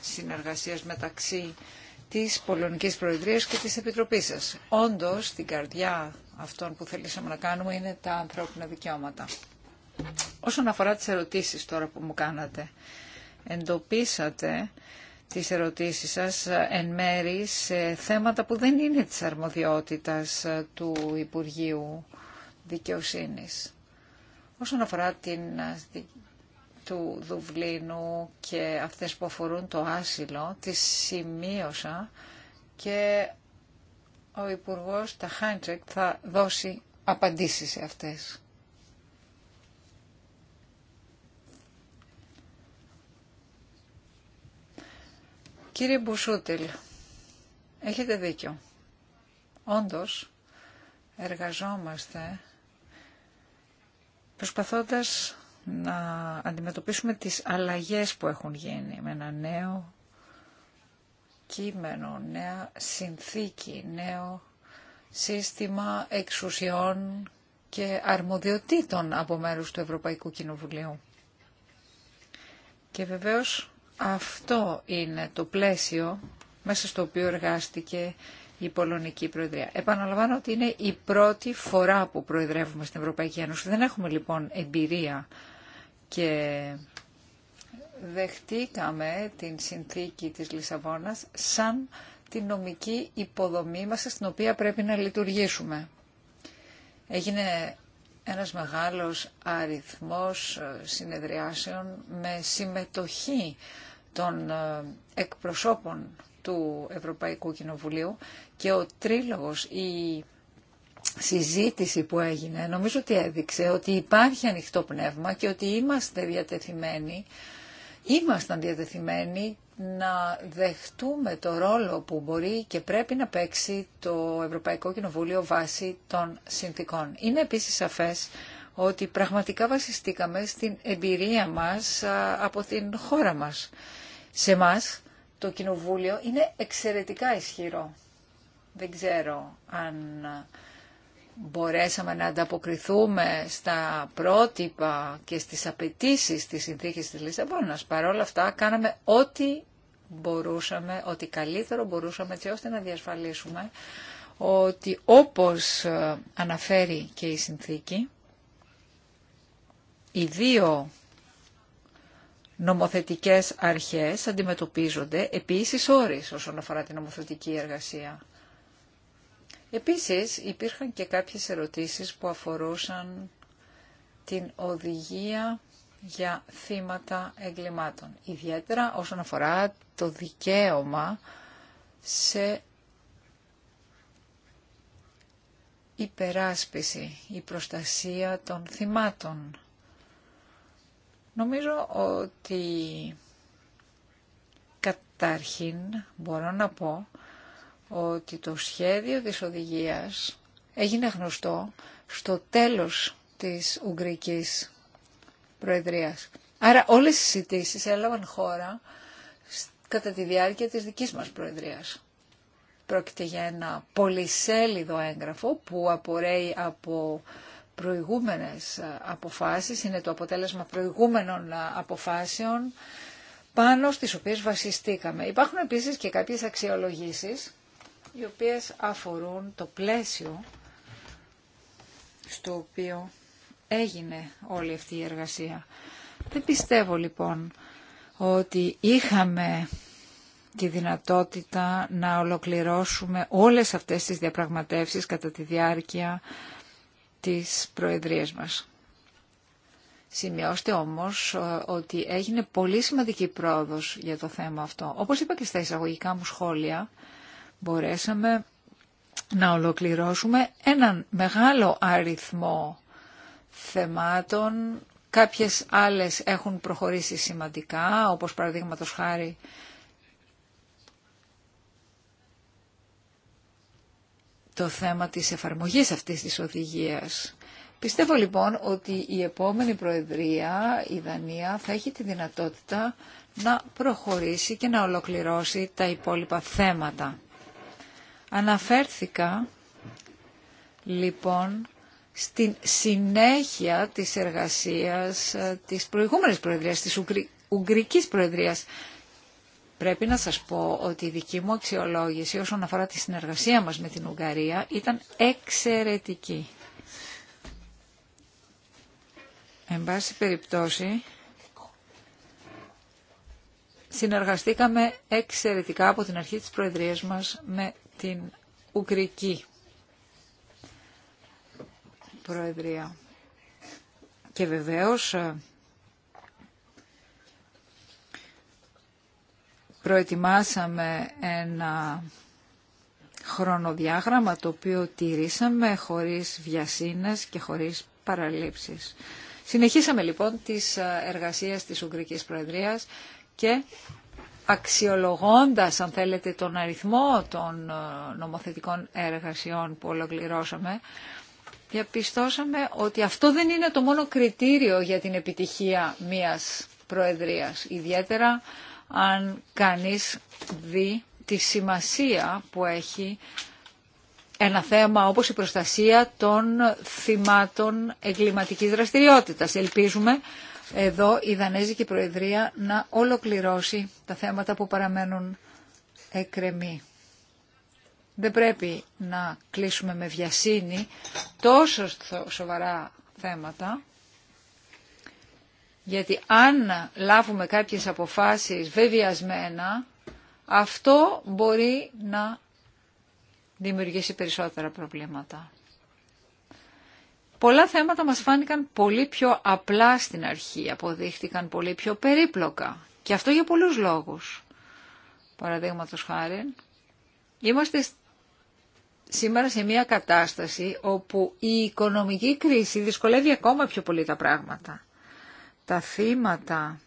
συνεργασίας μεταξύ της Πολωνικής Προεδρίας και της Επιτροπής σας. Όντως, την καρδιά αυτών που θέλησαμε να κάνουμε είναι τα ανθρώπινα δικαιώματα. Όσον αφορά τις ερωτήσεις τώρα που μου κάνατε, εντοπίσατε τις ερωτήσεις σας εν μέρη σε θέματα που δεν είναι της αρμοδιότητας ε, του Υπουργείου Δικαιοσύνης. Όσον αφορά την ε, του Δουβλίνου και αυτές που αφορούν το άσυλο, τις σημείωσα και ο Υπουργός Ταχάντζεκ θα δώσει απαντήσεις σε αυτές. Κύριε Μπουσούτιλ, έχετε δίκιο. Όντως, εργαζόμαστε προσπαθώντας να αντιμετωπίσουμε τις αλλαγές που έχουν γίνει με ένα νέο κείμενο, νέα συνθήκη, νέο σύστημα εξουσιών και αρμοδιοτήτων από μέρους του Ευρωπαϊκού Κοινοβουλίου. Και βεβαίως αυτό είναι το πλαίσιο μέσα στο οποίο εργάστηκε η Πολωνική Προεδρία. Επαναλαμβάνω ότι είναι η πρώτη φορά που προεδρεύουμε στην Ευρωπαϊκή Ένωση. Δεν έχουμε λοιπόν εμπειρία και δεχτήκαμε την συνθήκη της Λισαβόνας σαν την νομική υποδομή μας στην οποία πρέπει να λειτουργήσουμε. Έγινε ένας μεγάλος αριθμός ε, συνεδριάσεων με συμμετοχή των ε, εκπροσώπων του Ευρωπαϊκού Κοινοβουλίου και ο τρίλογος, η συζήτηση που έγινε, νομίζω ότι έδειξε ότι υπάρχει ανοιχτό πνεύμα και ότι είμαστε διατεθειμένοι, ήμασταν διατεθειμένοι να δεχτούμε το ρόλο που μπορεί και πρέπει να παίξει το Ευρωπαϊκό Κοινοβούλιο βάσει των συνθήκων. Είναι επίσης σαφές ότι πραγματικά βασιστήκαμε στην εμπειρία μας από την χώρα μας. Σε μας το Κοινοβούλιο είναι εξαιρετικά ισχυρό. Δεν ξέρω αν μπορέσαμε να ανταποκριθούμε στα πρότυπα και στις απαιτήσεις της συνθήκης της Λισαβόνας. Παρ' όλα αυτά κάναμε ό,τι μπορούσαμε, ό,τι καλύτερο μπορούσαμε έτσι ώστε να διασφαλίσουμε ότι όπως ε, αναφέρει και η συνθήκη, οι δύο νομοθετικές αρχές αντιμετωπίζονται επίσης όρις όσον αφορά την νομοθετική εργασία. Επίσης υπήρχαν και κάποιες ερωτήσεις που αφορούσαν την οδηγία για θύματα εγκλημάτων. Ιδιαίτερα όσον αφορά το δικαίωμα σε υπεράσπιση, η προστασία των θυμάτων. Νομίζω ότι καταρχήν μπορώ να πω ότι το σχέδιο της οδηγίας έγινε γνωστό στο τέλος της Ουγγρικής Προεδρίας. Άρα όλες οι συζητήσεις έλαβαν χώρα κατά τη διάρκεια της δικής μας Προεδρίας. Πρόκειται για ένα πολυσέλιδο έγγραφο που απορρέει από προηγούμενες αποφάσεις, είναι το αποτέλεσμα προηγούμενων αποφάσεων πάνω στις οποίες βασιστήκαμε. Υπάρχουν επίσης και κάποιες αξιολογήσεις οι οποίες αφορούν το πλαίσιο στο οποίο έγινε όλη αυτή η εργασία. Δεν πιστεύω λοιπόν ότι είχαμε τη δυνατότητα να ολοκληρώσουμε όλες αυτές τις διαπραγματεύσεις κατά τη διάρκεια της Προεδρίας μας. Σημειώστε όμως ότι έγινε πολύ σημαντική πρόοδος για το θέμα αυτό. Όπως είπα και στα εισαγωγικά μου σχόλια, μπορέσαμε να ολοκληρώσουμε έναν μεγάλο αριθμό θεμάτων. Κάποιες άλλες έχουν προχωρήσει σημαντικά, όπως παραδείγματο χάρη το θέμα της εφαρμογής αυτής της οδηγίας. Πιστεύω λοιπόν ότι η επόμενη Προεδρία, η Δανία, θα έχει τη δυνατότητα να προχωρήσει και να ολοκληρώσει τα υπόλοιπα θέματα. Αναφέρθηκα λοιπόν στην συνέχεια της εργασίας ε, της προηγούμενης προεδρίας, της Ουγγρικής Προεδρίας. Πρέπει να σας πω ότι η δική μου αξιολόγηση όσον αφορά τη συνεργασία μας με την Ουγγαρία ήταν εξαιρετική. Εν πάση περιπτώσει, συνεργαστήκαμε εξαιρετικά από την αρχή της Προεδρίας μας με την Ουγγρική Προεδρία. Και βεβαίως ε, προετοιμάσαμε ένα χρονοδιάγραμμα το οποίο τηρήσαμε χωρίς βιασύνες και χωρίς παραλήψεις. Συνεχίσαμε λοιπόν τις ε, εργασίες της Ουγγρικής Προεδρίας και αξιολογώντας αν θέλετε τον αριθμό των ε, νομοθετικών εργασιών που ολοκληρώσαμε, διαπιστώσαμε ότι αυτό δεν είναι το μόνο κριτήριο για την επιτυχία μιας προεδρίας. Ιδιαίτερα αν κανείς δει τη σημασία που έχει ένα θέμα όπως η προστασία των θυμάτων εγκληματικής δραστηριότητας. Ελπίζουμε εδώ η Δανέζικη Προεδρία να ολοκληρώσει τα θέματα που παραμένουν εκρεμή. Δεν πρέπει να κλείσουμε με βιασύνη τόσο σοβαρά θέματα, γιατί αν λάβουμε κάποιες αποφάσεις βεβιασμένα, αυτό μπορεί να δημιουργήσει περισσότερα προβλήματα. Πολλά θέματα μας φάνηκαν πολύ πιο απλά στην αρχή, αποδείχτηκαν πολύ πιο περίπλοκα. Και αυτό για πολλούς λόγους. Παραδείγματος χάρη, είμαστε σήμερα σε μια κατάσταση όπου η οικονομική κρίση δυσκολεύει ακόμα πιο πολύ τα πράγματα. Τα θύματα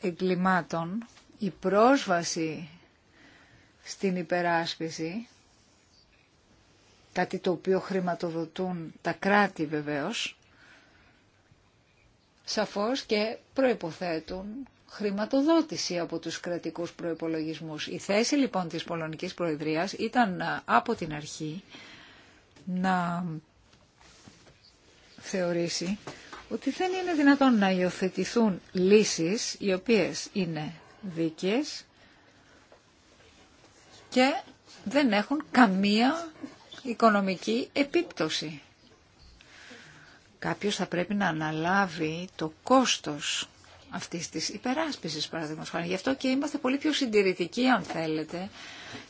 εγκλημάτων, η πρόσβαση στην υπεράσπιση κάτι το οποίο χρηματοδοτούν τα κράτη βεβαίως, σαφώς και προϋποθέτουν χρηματοδότηση από τους κρατικούς προϋπολογισμούς. Η θέση λοιπόν της Πολωνικής Προεδρίας ήταν ε, από την αρχή να θεωρήσει ότι δεν είναι δυνατόν να υιοθετηθούν λύσεις οι οποίες είναι δίκαιες και δεν έχουν καμία οικονομική επίπτωση. Κάποιος θα πρέπει να αναλάβει το κόστος αυτής της υπεράσπισης παραδείγματος χάρη. Γι' αυτό και είμαστε πολύ πιο συντηρητικοί αν θέλετε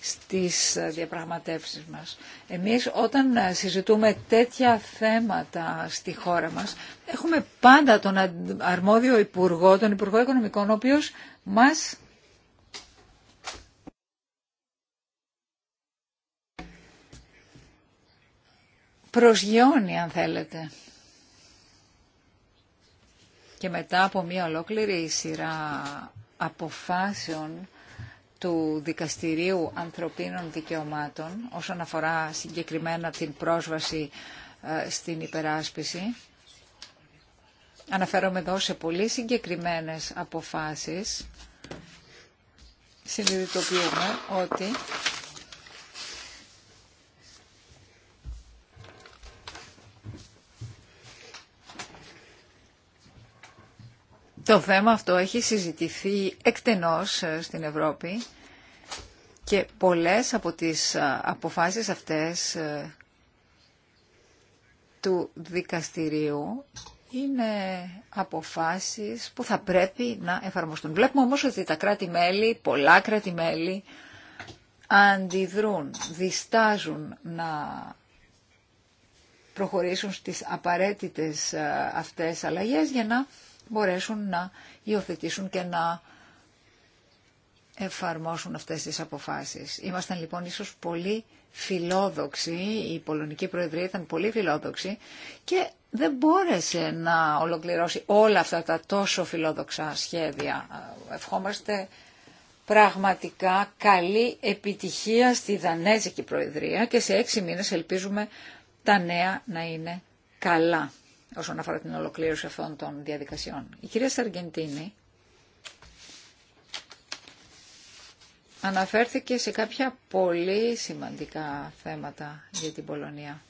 στις διαπραγματεύσεις μας. Εμείς όταν συζητούμε τέτοια θέματα στη χώρα μας έχουμε πάντα τον αρμόδιο υπουργό, τον Υπουργό Οικονομικών ο οποίος μας προσγειώνει αν θέλετε. Και μετά από μια ολόκληρη σειρά αποφάσεων του Δικαστηρίου Ανθρωπίνων Δικαιωμάτων όσον αφορά συγκεκριμένα την πρόσβαση ε, στην υπεράσπιση. Αναφέρομαι εδώ σε πολύ συγκεκριμένες αποφάσεις. Συνειδητοποιούμε ότι Το θέμα αυτό έχει συζητηθεί εκτενώς ε, στην Ευρώπη και πολλές από τις ε, αποφάσεις αυτές ε, του δικαστηρίου είναι αποφάσεις που θα πρέπει να εφαρμοστούν. Βλέπουμε όμως ότι τα κράτη-μέλη, πολλά κράτη-μέλη, αντιδρούν, διστάζουν να προχωρήσουν στις απαραίτητες αυτές αλλαγές για να μπορέσουν να υιοθετήσουν και να εφαρμόσουν αυτές τις αποφάσεις. Ήμασταν λοιπόν ίσως πολύ φιλόδοξοι, η Πολωνική Προεδρία ήταν πολύ φιλόδοξη και δεν μπόρεσε να ολοκληρώσει όλα αυτά τα τόσο φιλόδοξα σχέδια. Ευχόμαστε πραγματικά καλή επιτυχία στη Δανέζικη Προεδρία και σε έξι μήνες ελπίζουμε τα νέα να είναι καλά όσον αφορά την ολοκλήρωση αυτών των διαδικασιών. Η κυρία Σαργεντίνη αναφέρθηκε σε κάποια πολύ σημαντικά θέματα για την Πολωνία.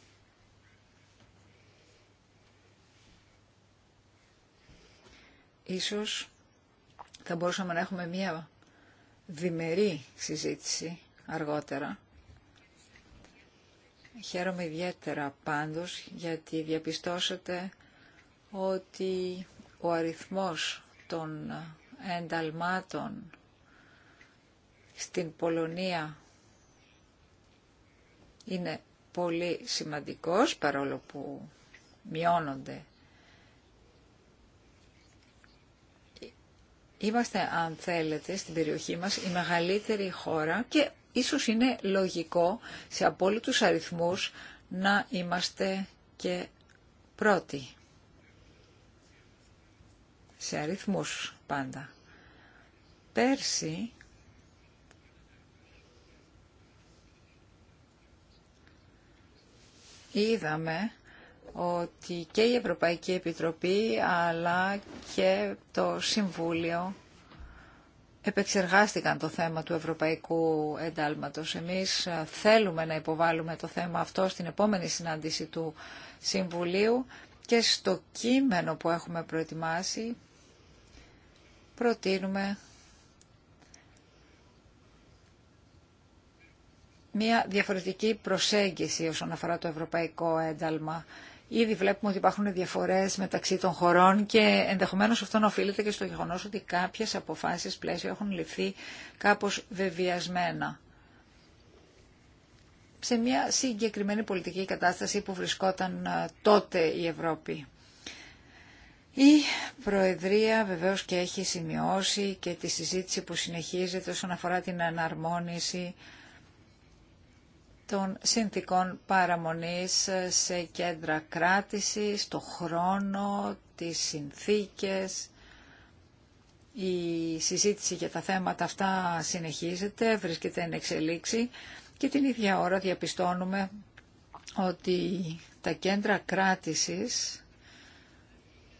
Ίσως θα μπορούσαμε να έχουμε μία διμερή συζήτηση αργότερα Χαίρομαι ιδιαίτερα πάντως γιατί διαπιστώσατε ότι ο αριθμός των ενταλμάτων στην Πολωνία είναι πολύ σημαντικός παρόλο που μειώνονται. Είμαστε, αν θέλετε, στην περιοχή μας η μεγαλύτερη χώρα και ίσως είναι λογικό σε απόλυτους αριθμούς να είμαστε και πρώτοι. Σε αριθμούς πάντα. Πέρσι είδαμε ότι και η Ευρωπαϊκή Επιτροπή αλλά και το Συμβούλιο επεξεργάστηκαν το θέμα του Ευρωπαϊκού Εντάλματος. Εμείς ε, θέλουμε να υποβάλουμε το θέμα αυτό στην επόμενη συνάντηση του Συμβουλίου και στο κείμενο που έχουμε προετοιμάσει προτείνουμε μια διαφορετική προσέγγιση όσον αφορά το Ευρωπαϊκό Ένταλμα. Ήδη βλέπουμε ότι υπάρχουν διαφορές μεταξύ των χωρών και ενδεχομένω αυτό να οφείλεται και στο γεγονό ότι κάποιε αποφάσει πλαίσιο έχουν ληφθεί κάπω βεβιασμένα. Σε μια συγκεκριμένη πολιτική κατάσταση που βρισκόταν ε, τότε η Ευρώπη. Η Προεδρία βεβαίως και έχει σημειώσει και τη συζήτηση που συνεχίζεται όσον αφορά την αναρμόνιση των συνθήκων παραμονής ε, σε κέντρα κράτησης, το χρόνο, τις συνθήκες. Η συζήτηση για τα θέματα αυτά συνεχίζεται, βρίσκεται εν εξελίξη και την ίδια ώρα διαπιστώνουμε ότι τα κέντρα κράτησης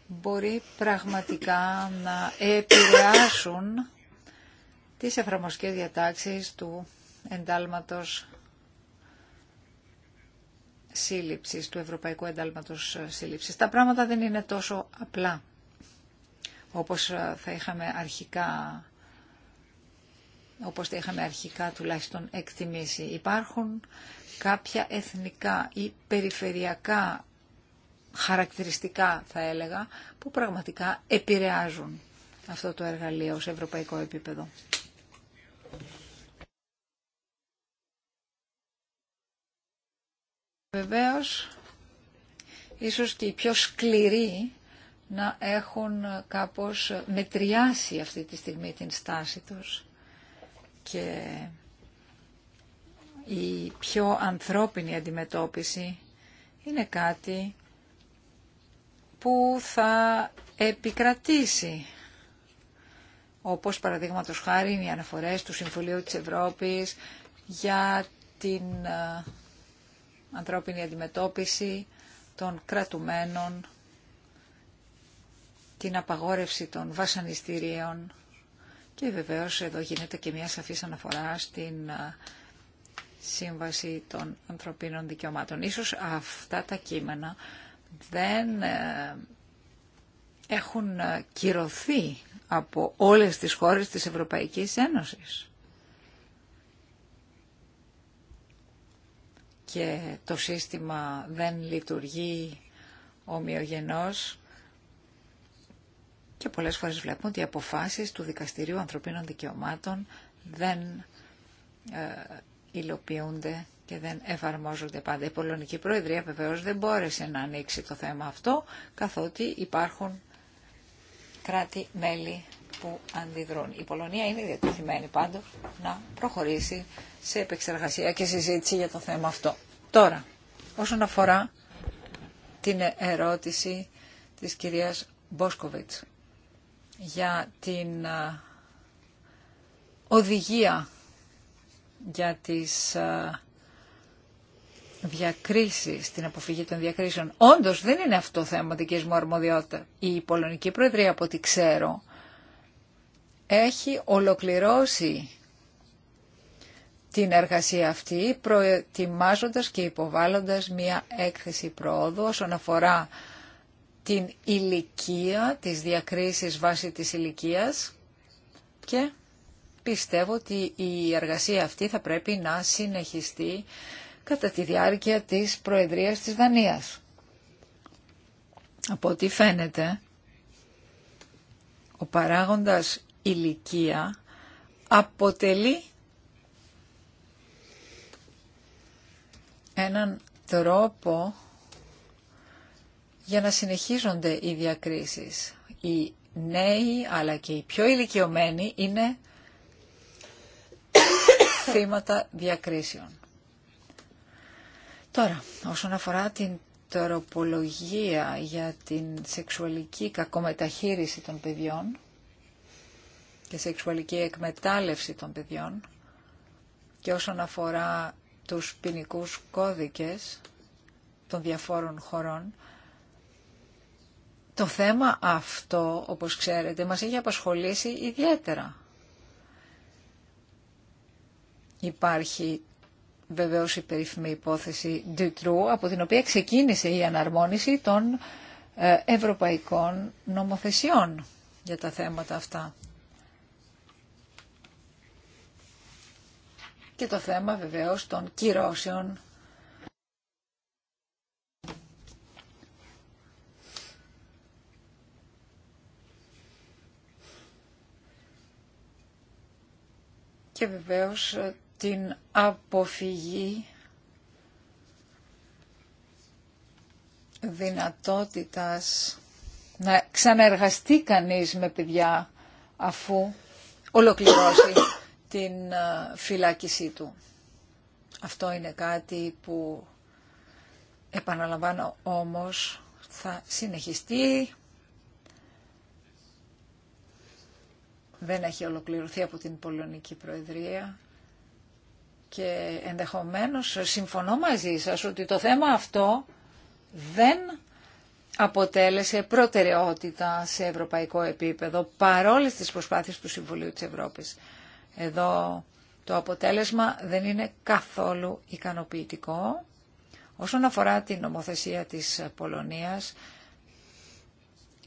μπορεί πραγματικά να επηρεάσουν τις εφαρμοσκές διατάξεις του εντάλματος σύλληψης, του Ευρωπαϊκού Εντάλματος Σύλληψης. Τα πράγματα δεν είναι τόσο απλά όπως θα είχαμε αρχικά όπως τα είχαμε αρχικά τουλάχιστον εκτιμήσει. Υπάρχουν κάποια εθνικά ή περιφερειακά χαρακτηριστικά θα έλεγα που πραγματικά επηρεάζουν αυτό το εργαλείο σε ευρωπαϊκό επίπεδο. Βεβαίως, ίσως και οι πιο σκληροί να έχουν κάπως μετριάσει αυτή τη στιγμή την στάση τους και η πιο ανθρώπινη αντιμετώπιση είναι κάτι που θα επικρατήσει όπως παραδείγματο χάρη οι αναφορές του Συμβουλίου της Ευρώπης για την ε, ανθρώπινη αντιμετώπιση των κρατουμένων, την απαγόρευση των βασανιστήριων και βεβαίως εδώ γίνεται και μια σαφής αναφορά στην Σύμβαση των Ανθρωπίνων Δικαιωμάτων. Ίσως αυτά τα κείμενα δεν ε, έχουν ε, κυρωθεί από όλες τις χώρες της Ευρωπαϊκής Ένωσης. και το σύστημα δεν λειτουργεί ομοιογενώς και πολλές φορές βλέπουμε ότι οι αποφάσεις του Δικαστηρίου Ανθρωπίνων Δικαιωμάτων δεν ε, υλοποιούνται και δεν εφαρμόζονται πάντα. Η Πολωνική Προεδρία βεβαίω δεν μπόρεσε να ανοίξει το θέμα αυτό καθότι υπάρχουν κράτη-μέλη που αντιδρούν. Η Πολωνία είναι διατεθειμένη πάντω να προχωρήσει σε επεξεργασία και συζήτηση για το θέμα αυτό. Τώρα, όσον αφορά την ερώτηση της κυρίας Μπόσκοβιτς για την οδηγία για τις διακρίσεις, την αποφυγή των διακρίσεων. Όντως δεν είναι αυτό θέμα δικής μου αρμοδιότητα. Η Πολωνική Προεδρία, από ό,τι ξέρω, έχει ολοκληρώσει την εργασία αυτή προετοιμάζοντας και υποβάλλοντας μία έκθεση προόδου όσον αφορά την ηλικία, τις διακρίσεις βάσει της ηλικίας και πιστεύω ότι η εργασία αυτή θα πρέπει να συνεχιστεί κατά τη διάρκεια της Προεδρίας της Δανίας. Από ό,τι φαίνεται, ο παράγοντας ηλικία αποτελεί έναν τρόπο για να συνεχίζονται οι διακρίσεις. Οι νέοι αλλά και οι πιο ηλικιωμένοι είναι θύματα διακρίσεων. Τώρα, όσον αφορά την τροπολογία για την σεξουαλική κακομεταχείριση των παιδιών, και σεξουαλική εκμετάλλευση των παιδιών και όσον αφορά τους ποινικού κώδικες των διαφόρων χωρών. Το θέμα αυτό, όπως ξέρετε, μας έχει απασχολήσει ιδιαίτερα. Υπάρχει βεβαίως η περίφημη υπόθεση Dutroux, από την οποία ξεκίνησε η αναρμόνιση των ε, ευρωπαϊκών νομοθεσιών για τα θέματα αυτά. και το θέμα βεβαίως των κυρώσεων και βεβαίως την αποφυγή δυνατότητας να ξαναεργαστεί κανείς με παιδιά αφού ολοκληρώσει την φυλάκισή του. Αυτό είναι κάτι που επαναλαμβάνω όμως θα συνεχιστεί. Δεν έχει ολοκληρωθεί από την Πολωνική Προεδρία και ενδεχομένως συμφωνώ μαζί σας ότι το θέμα αυτό δεν αποτέλεσε προτεραιότητα σε ευρωπαϊκό επίπεδο παρόλες τις προσπάθειες του Συμβουλίου της Ευρώπης. Εδώ το αποτέλεσμα δεν είναι καθόλου ικανοποιητικό. Όσον αφορά την νομοθεσία της Πολωνίας,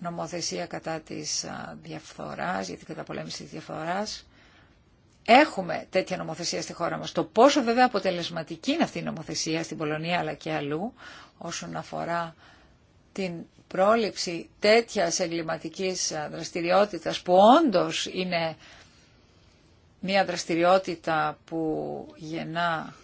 νομοθεσία κατά της διαφθοράς, γιατί την καταπολέμηση της διαφθοράς, Έχουμε τέτοια νομοθεσία στη χώρα μας. Το πόσο βέβαια αποτελεσματική είναι αυτή η νομοθεσία στην Πολωνία αλλά και αλλού όσον αφορά την πρόληψη τέτοιας εγκληματικής δραστηριότητας που όντως είναι μια δραστηριότητα που γεννά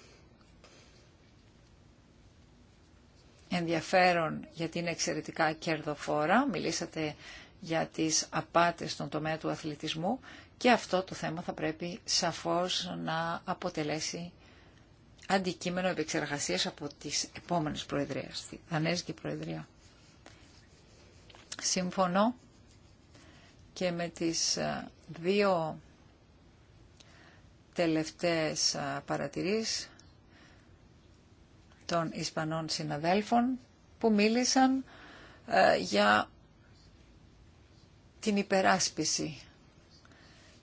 ενδιαφέρον γιατί είναι εξαιρετικά κερδοφόρα. Μιλήσατε για τις απάτες στον τομέα του αθλητισμού και αυτό το θέμα θα πρέπει σαφώς να αποτελέσει αντικείμενο επεξεργασίας από τις επόμενες προεδρίες, τη Δανέζικη Προεδρία. συμφωνώ και με τις ε, δύο τελευταίες παρατηρήσεις των Ισπανών συναδέλφων που μίλησαν ε, για την υπεράσπιση.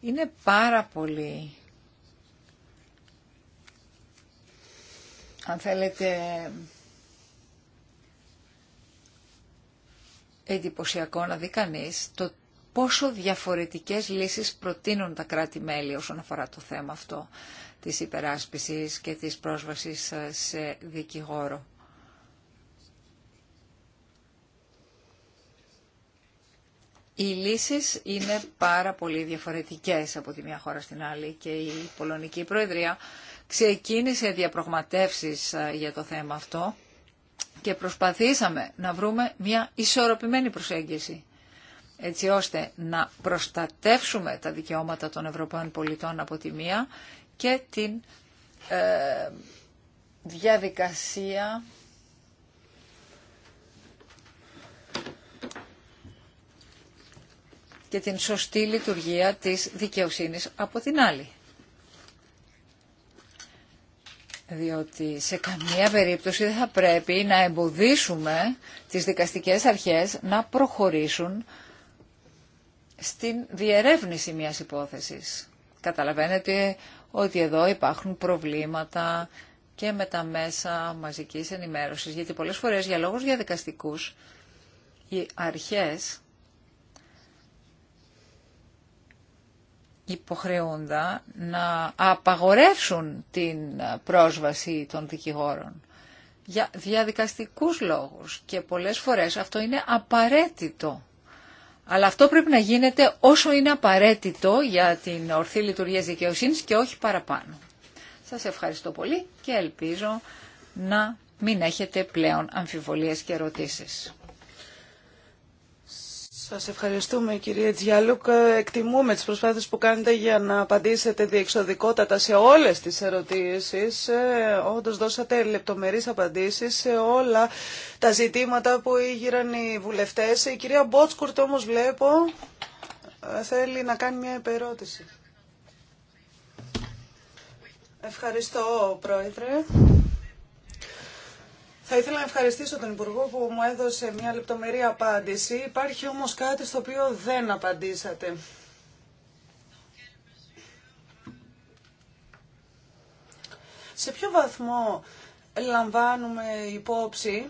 Είναι πάρα πολύ, αν θέλετε, εντυπωσιακό να δει κανείς το πόσο διαφορετικές λύσεις προτείνουν τα κράτη-μέλη όσον αφορά το θέμα αυτό της υπεράσπισης και της πρόσβασης ε, σε δικηγόρο. Οι λύσεις είναι πάρα πολύ διαφορετικές από τη μια χώρα στην άλλη και η Πολωνική Προεδρία ξεκίνησε διαπραγματεύσεις ε, για το θέμα αυτό και προσπαθήσαμε να βρούμε μια ισορροπημένη προσέγγιση έτσι ώστε να προστατεύσουμε τα δικαιώματα των Ευρωπαίων πολιτών από τη μία και την ε, διαδικασία και την σωστή λειτουργία της δικαιοσύνης από την άλλη. Διότι σε καμία περίπτωση δεν θα πρέπει να εμποδίσουμε τις δικαστικές αρχές να προχωρήσουν στην διερεύνηση μιας υπόθεσης. Καταλαβαίνετε ότι εδώ υπάρχουν προβλήματα και με τα μέσα μαζικής ενημέρωσης, γιατί πολλές φορές για λόγους διαδικαστικούς οι αρχές υποχρεούντα να απαγορεύσουν την πρόσβαση των δικηγόρων για διαδικαστικούς λόγους και πολλές φορές αυτό είναι απαραίτητο αλλά αυτό πρέπει να γίνεται όσο είναι απαραίτητο για την ορθή λειτουργία δικαιοσύνη και όχι παραπάνω. Σας ευχαριστώ πολύ και ελπίζω να μην έχετε πλέον αμφιβολίες και ερωτήσεις.
Σας ευχαριστούμε κυρία Τζιάλουκ. Εκτιμούμε τις προσπάθειες που κάνετε για να απαντήσετε διεξοδικότατα σε όλες τις ερωτήσεις. Ε, όντως δώσατε λεπτομερείς απαντήσεις σε όλα τα ζητήματα που ήγηραν οι βουλευτές. Η κυρία Μπότσκουρτ όμως βλέπω θέλει να κάνει μια επερώτηση. Ευχαριστώ πρόεδρε. Θα ήθελα να ευχαριστήσω τον Υπουργό που μου έδωσε μια λεπτομερή απάντηση. Υπάρχει όμως κάτι στο οποίο δεν απαντήσατε. Σε ποιο βαθμό λαμβάνουμε υπόψη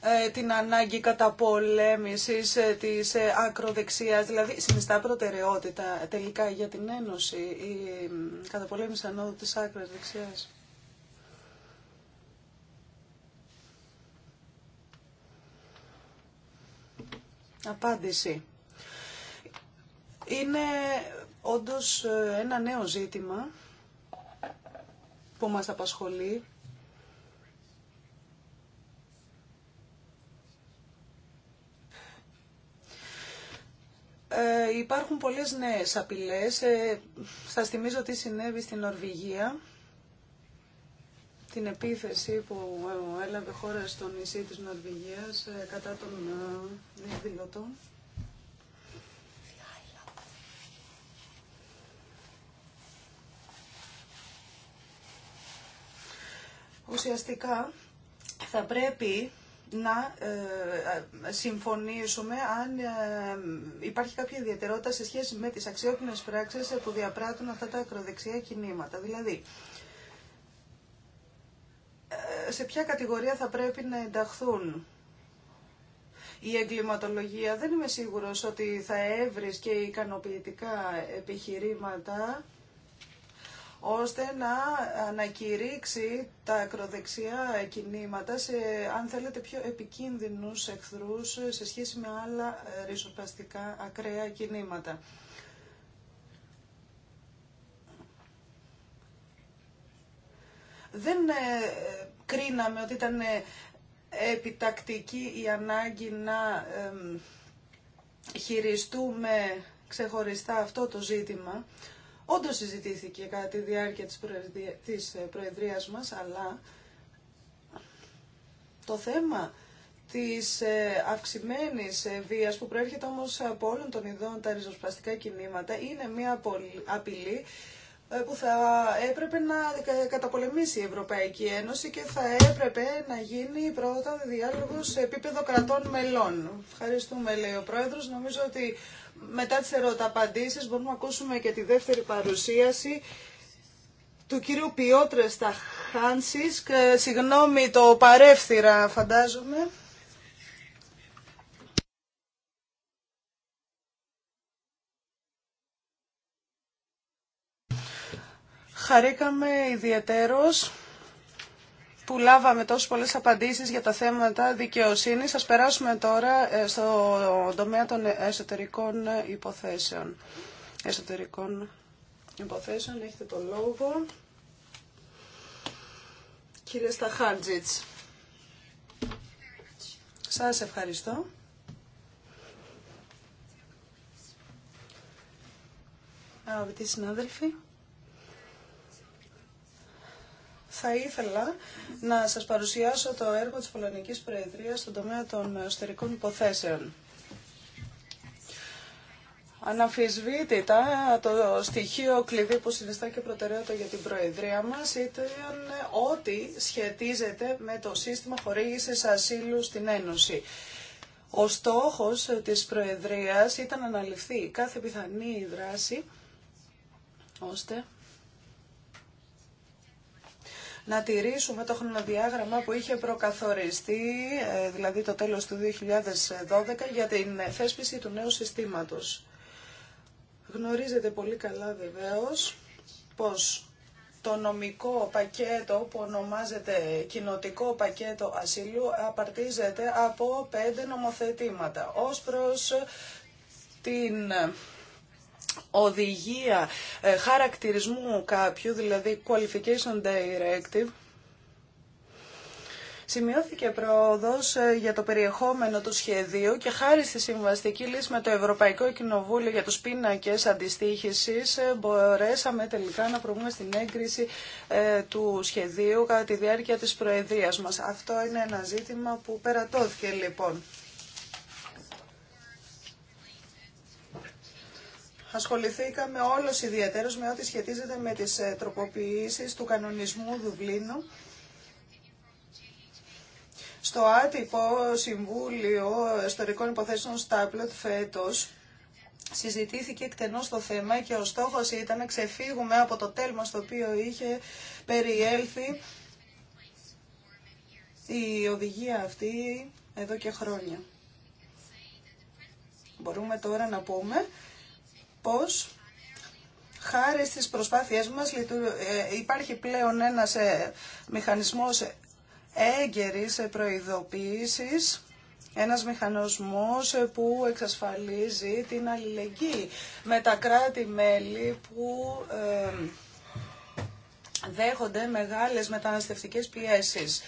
ε, την ανάγκη καταπολέμησης ε, της ε, ακροδεξίας, δηλαδή συνιστά προτεραιότητα τελικά για την Ένωση η καταπολέμηση ανώδου της ακροδεξίας. Απάντηση. Είναι όντως ε, ένα νέο ζήτημα που μας απασχολεί. Ε, υπάρχουν πολλές νέες απειλές. Ε, σας θυμίζω τι συνέβη στην Νορβηγία την επίθεση που ε, έλαβε χώρα στο νησί της Νορβηγίας ε, κατά των ε, εκδηλωτών. Ουσιαστικά θα πρέπει να συμφωνήσουμε αν υπάρχει κάποια ιδιαιτερότητα σε σχέση με τις αξιόπινες πράξεις που διαπράττουν αυτά τα ακροδεξιά κινήματα. Δηλαδή, σε ποια κατηγορία θα πρέπει να ενταχθούν. Η εγκληματολογία δεν είμαι σίγουρος ότι θα και ικανοποιητικά επιχειρήματα ώστε να ανακηρύξει τα ακροδεξιά κινήματα σε, αν θέλετε, πιο επικίνδυνους εχθρούς σε σχέση με άλλα ρισοπαστικά ακραία κινήματα. Δεν ε, κρίναμε ότι ήταν ε, επιτακτική η ανάγκη να χειριστούμε ξεχωριστά αυτό το ζήτημα. Όντω συζητήθηκε κατά τη διάρκεια της ε, Προεδρίας μας, αλλά το θέμα της ε, αυξημένης βίας που προέρχεται όμως από όλων των ειδών τα ριζοσπαστικά κινήματα είναι μια απειλή ε, που θα έπρεπε να καταπολεμήσει η Ευρωπαϊκή Ένωση και θα έπρεπε να γίνει πρώτα διάλογο σε επίπεδο κρατών μελών. Ευχαριστούμε, λέει ο Πρόεδρος. Νομίζω ότι μετά τις ερωταπαντήσεις μπορούμε να ακούσουμε και τη δεύτερη παρουσίαση του κύριου Πιότρε Σταχάνσης. Ε, συγγνώμη, το παρεύθυρα φαντάζομαι. χαρήκαμε ιδιαίτερως που λάβαμε τόσες πολλές απαντήσεις για τα θέματα δικαιοσύνης. Σας περάσουμε τώρα ε, στο τομέα των εσωτερικών υποθέσεων. Εσωτερικών υποθέσεων, έχετε το λόγο. Κύριε Σταχάντζιτς, σας ευχαριστώ. Αγαπητοί συνάδελφοι, θα ήθελα να σας παρουσιάσω το έργο της Πολωνικής Προεδρίας στον τομέα των εσωτερικών υποθέσεων. Αναμφισβήτητα, το στοιχείο κλειδί που συνιστά και προτεραιότητα για την Προεδρία μας ήταν ό,τι σχετίζεται με το σύστημα χορήγησης ασύλου στην Ένωση. Ο στόχος της Προεδρίας ήταν να αναλυφθεί κάθε πιθανή δράση ώστε να τηρήσουμε το χρονοδιάγραμμα που είχε προκαθοριστεί, ε, δηλαδή το τέλος του 2012, για την θέσπιση του νέου συστήματος. Γνωρίζετε πολύ καλά βεβαίως πως το νομικό πακέτο που ονομάζεται κοινοτικό πακέτο ασύλου απαρτίζεται από πέντε νομοθετήματα. Ως προς την οδηγία ε, χαρακτηρισμού κάποιου, δηλαδή Qualification Directive, Σημειώθηκε πρόοδο ε, για το περιεχόμενο του σχεδίου και χάρη στη συμβαστική λύση με το Ευρωπαϊκό Κοινοβούλιο για του πίνακε αντιστοίχηση ε, μπορέσαμε τελικά να προβούμε στην έγκριση του σχεδίου κατά τη διάρκεια τη προεδρία μα. Αυτό είναι ένα ζήτημα που περατώθηκε λοιπόν. ασχοληθήκαμε όλος ιδιαίτερος με ό,τι σχετίζεται με τις ε, τροποποιήσεις του κανονισμού Δουβλίνου. Στο άτυπο Συμβούλιο Ιστορικών Υποθέσεων Στάπλετ φέτος συζητήθηκε εκτενώς το θέμα και ο στόχος ήταν να ξεφύγουμε από το τέλμα στο οποίο είχε περιέλθει η οδηγία αυτή εδώ και χρόνια. Μπορούμε τώρα να πούμε πως χάρη στις προσπάθειές μας ε, υπάρχει πλέον ένας ε, μηχανισμός έγκαιρης προειδοποίησης ένας μηχανισμός που εξασφαλίζει την αλληλεγγύη με τα κράτη-μέλη που ε, δέχονται μεγάλες μεταναστευτικές πιέσεις.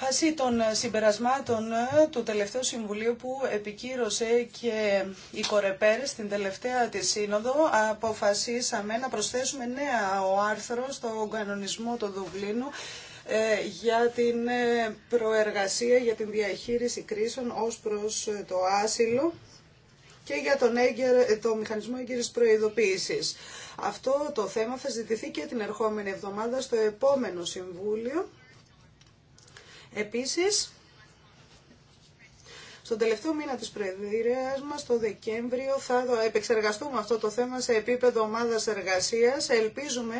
Φασί των συμπερασμάτων ε, του τελευταίου Συμβουλίου που επικύρωσε και η Κορεπέρ στην τελευταία της σύνοδο, αποφασίσαμε να προσθέσουμε νέα ο άρθρο στο κανονισμό του Δουβλίνου ε, για την ε, προεργασία, για την διαχείριση κρίσεων ως προς το άσυλο και για τον το μηχανισμό έγκαιρης προειδοποίησης. Αυτό το θέμα θα ζητηθεί και την ερχόμενη εβδομάδα στο επόμενο Συμβούλιο Επίσης, στον τελευταίο μήνα της Προεδρίας μας, το Δεκέμβριο, θα επεξεργαστούμε αυτό το θέμα σε επίπεδο ομάδας εργασίας. Ελπίζουμε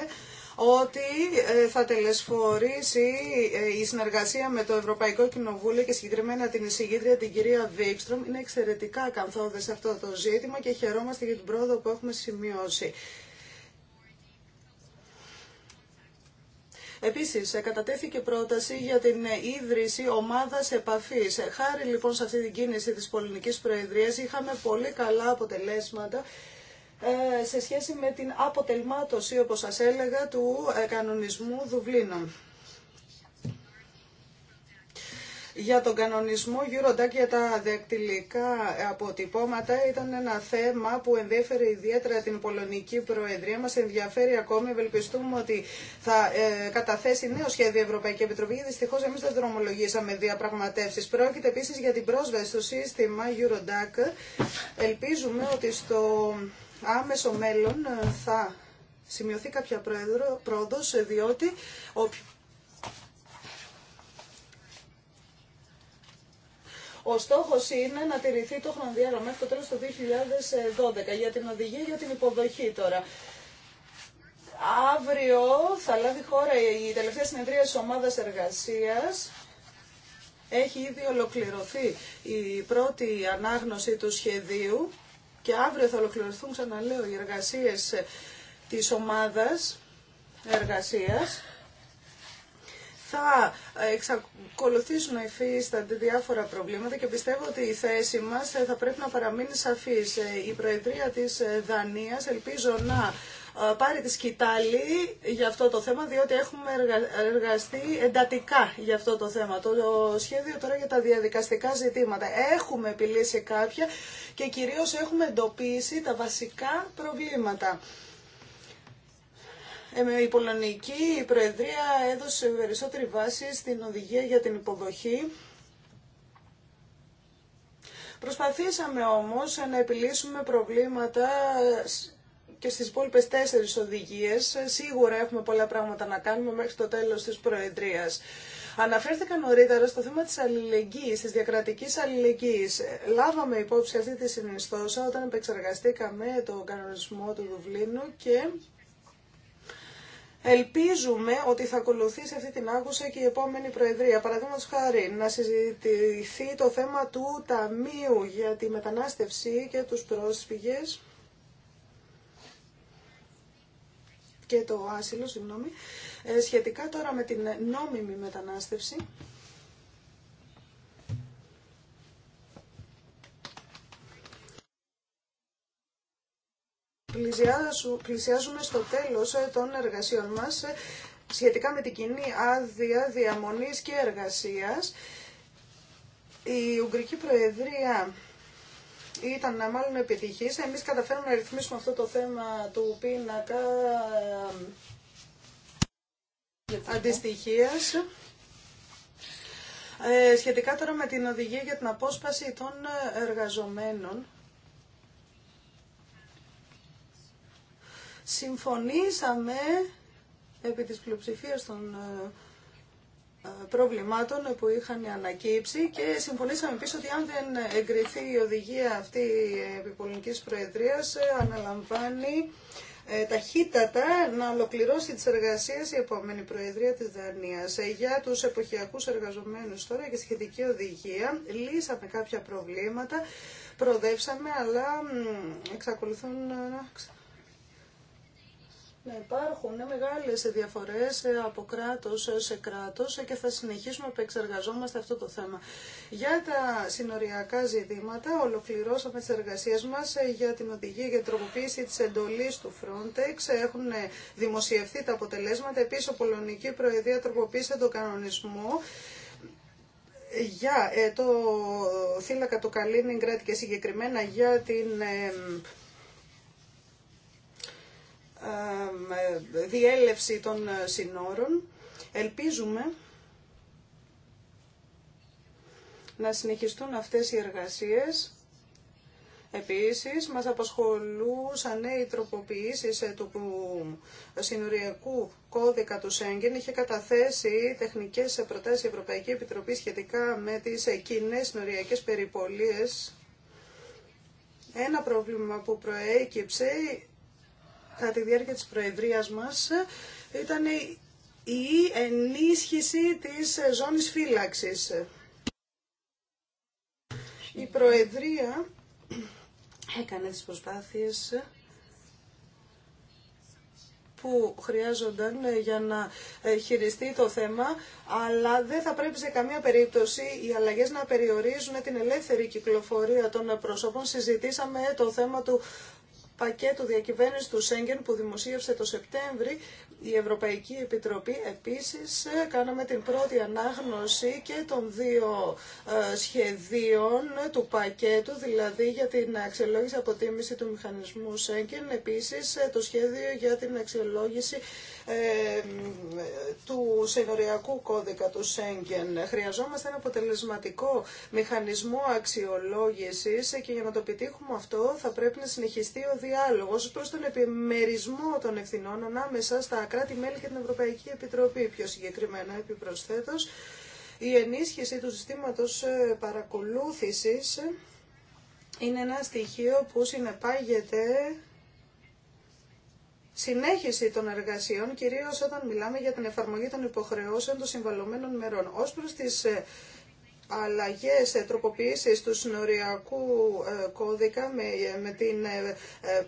ότι ε, θα τελεσφορήσει ε, η συνεργασία με το Ευρωπαϊκό Κοινοβούλιο και συγκεκριμένα την εισηγήτρια την κυρία Βίξτρομ. Είναι εξαιρετικά καθόδες αυτό το ζήτημα και χαιρόμαστε για την πρόοδο που έχουμε σημειώσει. Επίση, ε, κατατέθηκε πρόταση για την ε, ίδρυση ομάδας επαφή. Ε, χάρη λοιπόν σε αυτή την κίνηση της Πολωνικής Προεδρία είχαμε πολύ καλά αποτελέσματα σε σχέση με την αποτελμάτωση, όπως σας έλεγα, του κανονισμού Δουβλίνων. Για τον κανονισμό Eurodac για τα δεκτυλικά αποτυπώματα ήταν ένα θέμα που ενδιαφέρε ιδιαίτερα την Πολωνική Προεδρία. Μας ενδιαφέρει ακόμη, ευελπιστούμε ότι θα ε, καταθέσει νέο σχέδιο η Ευρωπαϊκή Επιτροπή, Δυστυχώ εμεί εμείς δεν δρομολογήσαμε διαπραγματεύσει. Πρόκειται επίσης για την πρόσβαση στο σύστημα Eurodac. Ελπίζουμε ότι στο άμεσο μέλλον ε, θα σημειωθεί κάποια πρόοδος, ε, διότι Ο στόχο είναι να τηρηθεί το χρονοδιάγραμμα μέχρι το τέλο του 2012 για την οδηγία για την υποδοχή τώρα. Αύριο θα λάβει χώρα η τελευταία συνεδρία της ομάδας εργασίας. Έχει ήδη ολοκληρωθεί η πρώτη ανάγνωση του σχεδίου και αύριο θα ολοκληρωθούν, ξαναλέω, οι εργασίες της ομάδας εργασίας θα εξακολουθήσουν να υφίστανται διάφορα προβλήματα και πιστεύω ότι η θέση μας θα πρέπει να παραμείνει σαφής. Η Προεδρία της Δανίας ελπίζω να ε, πάρει τη σκητάλη για αυτό το θέμα, διότι έχουμε εργαστεί εντατικά για αυτό το θέμα. Το σχέδιο τώρα για τα διαδικαστικά ζητήματα. Έχουμε επιλύσει κάποια και κυρίως έχουμε εντοπίσει τα βασικά προβλήματα. Ε, η Πολωνική Προεδρία έδωσε περισσότερη βάση στην οδηγία για την υποδοχή. Προσπαθήσαμε όμως να επιλύσουμε προβλήματα και στις υπόλοιπες τέσσερις οδηγίες. Σίγουρα έχουμε πολλά πράγματα να κάνουμε μέχρι το τέλος της Προεδρίας. Αναφέρθηκα νωρίτερα στο θέμα της αλληλεγγύης, της διακρατικής αλληλεγγύης. Λάβαμε υπόψη αυτή τη συνιστόσα όταν επεξεργαστήκαμε το κανονισμό του Δουβλίνου και Ελπίζουμε ότι θα ακολουθήσει αυτή την άκουσα και η επόμενη Προεδρία. Παραδείγματο χάρη, να συζητηθεί το θέμα του Ταμείου για τη μετανάστευση και τους πρόσφυγες και το άσυλο, συγγνώμη, ε, σχετικά τώρα με την νόμιμη μετανάστευση. πλησιάζουμε στο τέλος ε, των εργασιών μας ε, σχετικά με την κοινή άδεια διαμονής και εργασίας. Η Ουγγρική Προεδρία ήταν μάλλον επιτυχής. Εμείς καταφέρουμε να ρυθμίσουμε αυτό το θέμα του πίνακα ε, αντιστοιχίας. Ε, σχετικά τώρα με την οδηγία για την απόσπαση των εργαζομένων, συμφωνήσαμε επί της πλειοψηφίας των ε, ε, προβλημάτων που είχαν ανακύψει και συμφωνήσαμε επίσης ότι αν δεν εγκριθεί η οδηγία αυτή επί πολιτικής Προεδρίας ε, αναλαμβάνει ταχύτατα να ολοκληρώσει τις εργασίες η επόμενη Προεδρία της Δανίας. Για τους εποχιακούς εργαζομένους τώρα και σχετική οδηγία λύσαμε κάποια προβλήματα, προδέψαμε, αλλά εξακολουθούν να να υπάρχουν μεγάλες διαφορέ από κράτο σε κράτο και θα συνεχίσουμε να επεξεργαζόμαστε αυτό το θέμα. Για τα συνοριακά ζητήματα ολοκληρώσαμε τις εργασίες μας για την οδηγία για τροποποίηση της εντολής του Frontex. Έχουν δημοσιευθεί τα αποτελέσματα. Επίση ο Πολωνική Προεδρία τροποποίησε τον κανονισμό για ε, το θύλακα του Καλίνιγκρατ και συγκεκριμένα για την ε, ε, διέλευση των ε, συνόρων. Ελπίζουμε να συνεχιστούν αυτές οι εργασίες. Επίσης, μας απασχολούσαν ε, οι τροποποιήσεις του συνοριακού κώδικα του Σέγγεν. Είχε καταθέσει τεχνικές προτάσεις η Ευρωπαϊκή Επιτροπή σχετικά με τις κοινές συνοριακές περιπολίες. Ένα πρόβλημα που προέκυψε κατά τη διάρκεια της προεδρίας μας ήταν η ενίσχυση της ζώνης φύλαξης. Η Προεδρία έκανε τις προσπάθειες που χρειάζονταν για να χειριστεί το θέμα, αλλά δεν θα πρέπει σε καμία περίπτωση οι αλλαγές να περιορίζουν την ελεύθερη κυκλοφορία των προσώπων. Συζητήσαμε το θέμα του πακέτο διακυβέρνηση του Σέγγεν που δημοσίευσε το Σεπτέμβρη η Ευρωπαϊκή Επιτροπή. Επίσης, ε, κάναμε την πρώτη ανάγνωση και των δύο ε, σχεδίων του πακέτου, δηλαδή για την αξιολόγηση αποτίμηση του μηχανισμού Σέγγεν, επίσης ε, το σχέδιο για την αξιολόγηση του συνοριακού κώδικα του Σέγγεν. Χρειαζόμαστε ένα αποτελεσματικό μηχανισμό αξιολόγησης και για να το επιτύχουμε αυτό θα πρέπει να συνεχιστεί ο διάλογος προς τον επιμερισμό των ευθυνών ανάμεσα στα κράτη-μέλη και την Ευρωπαϊκή Επιτροπή. Πιο συγκεκριμένα επιπροσθέτως η ενίσχυση του συστήματος ε, παρακολούθησης είναι ένα στοιχείο που συνεπάγεται συνέχιση των εργασιών, κυρίως όταν μιλάμε για την εφαρμογή των υποχρεώσεων των συμβαλωμένων μερών. Ω προ τι ε, αλλαγές, ε, τροποποιήσεις του συνοριακού ε, κώδικα με, με την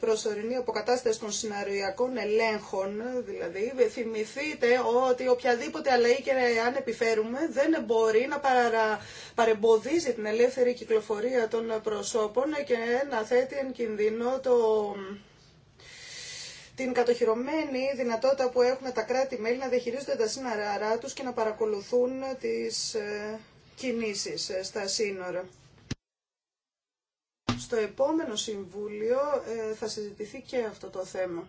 προσωρινή αποκατάσταση των συνοριακών ελέγχων. Δηλαδή, θυμηθείτε ότι οποιαδήποτε αλλαγή και αν επιφέρουμε δεν μπορεί να παρα, παρεμποδίζει την ελεύθερη κυκλοφορία των προσώπων και να θέτει εν κινδύνο το την κατοχυρωμένη δυνατότητα που έχουν τα κράτη-μέλη να διαχειρίζονται τα σύνορά τους και να παρακολουθούν τις ε, κινήσεις ε, στα σύνορα. Στο επόμενο Συμβούλιο ε, θα συζητηθεί και αυτό το θέμα.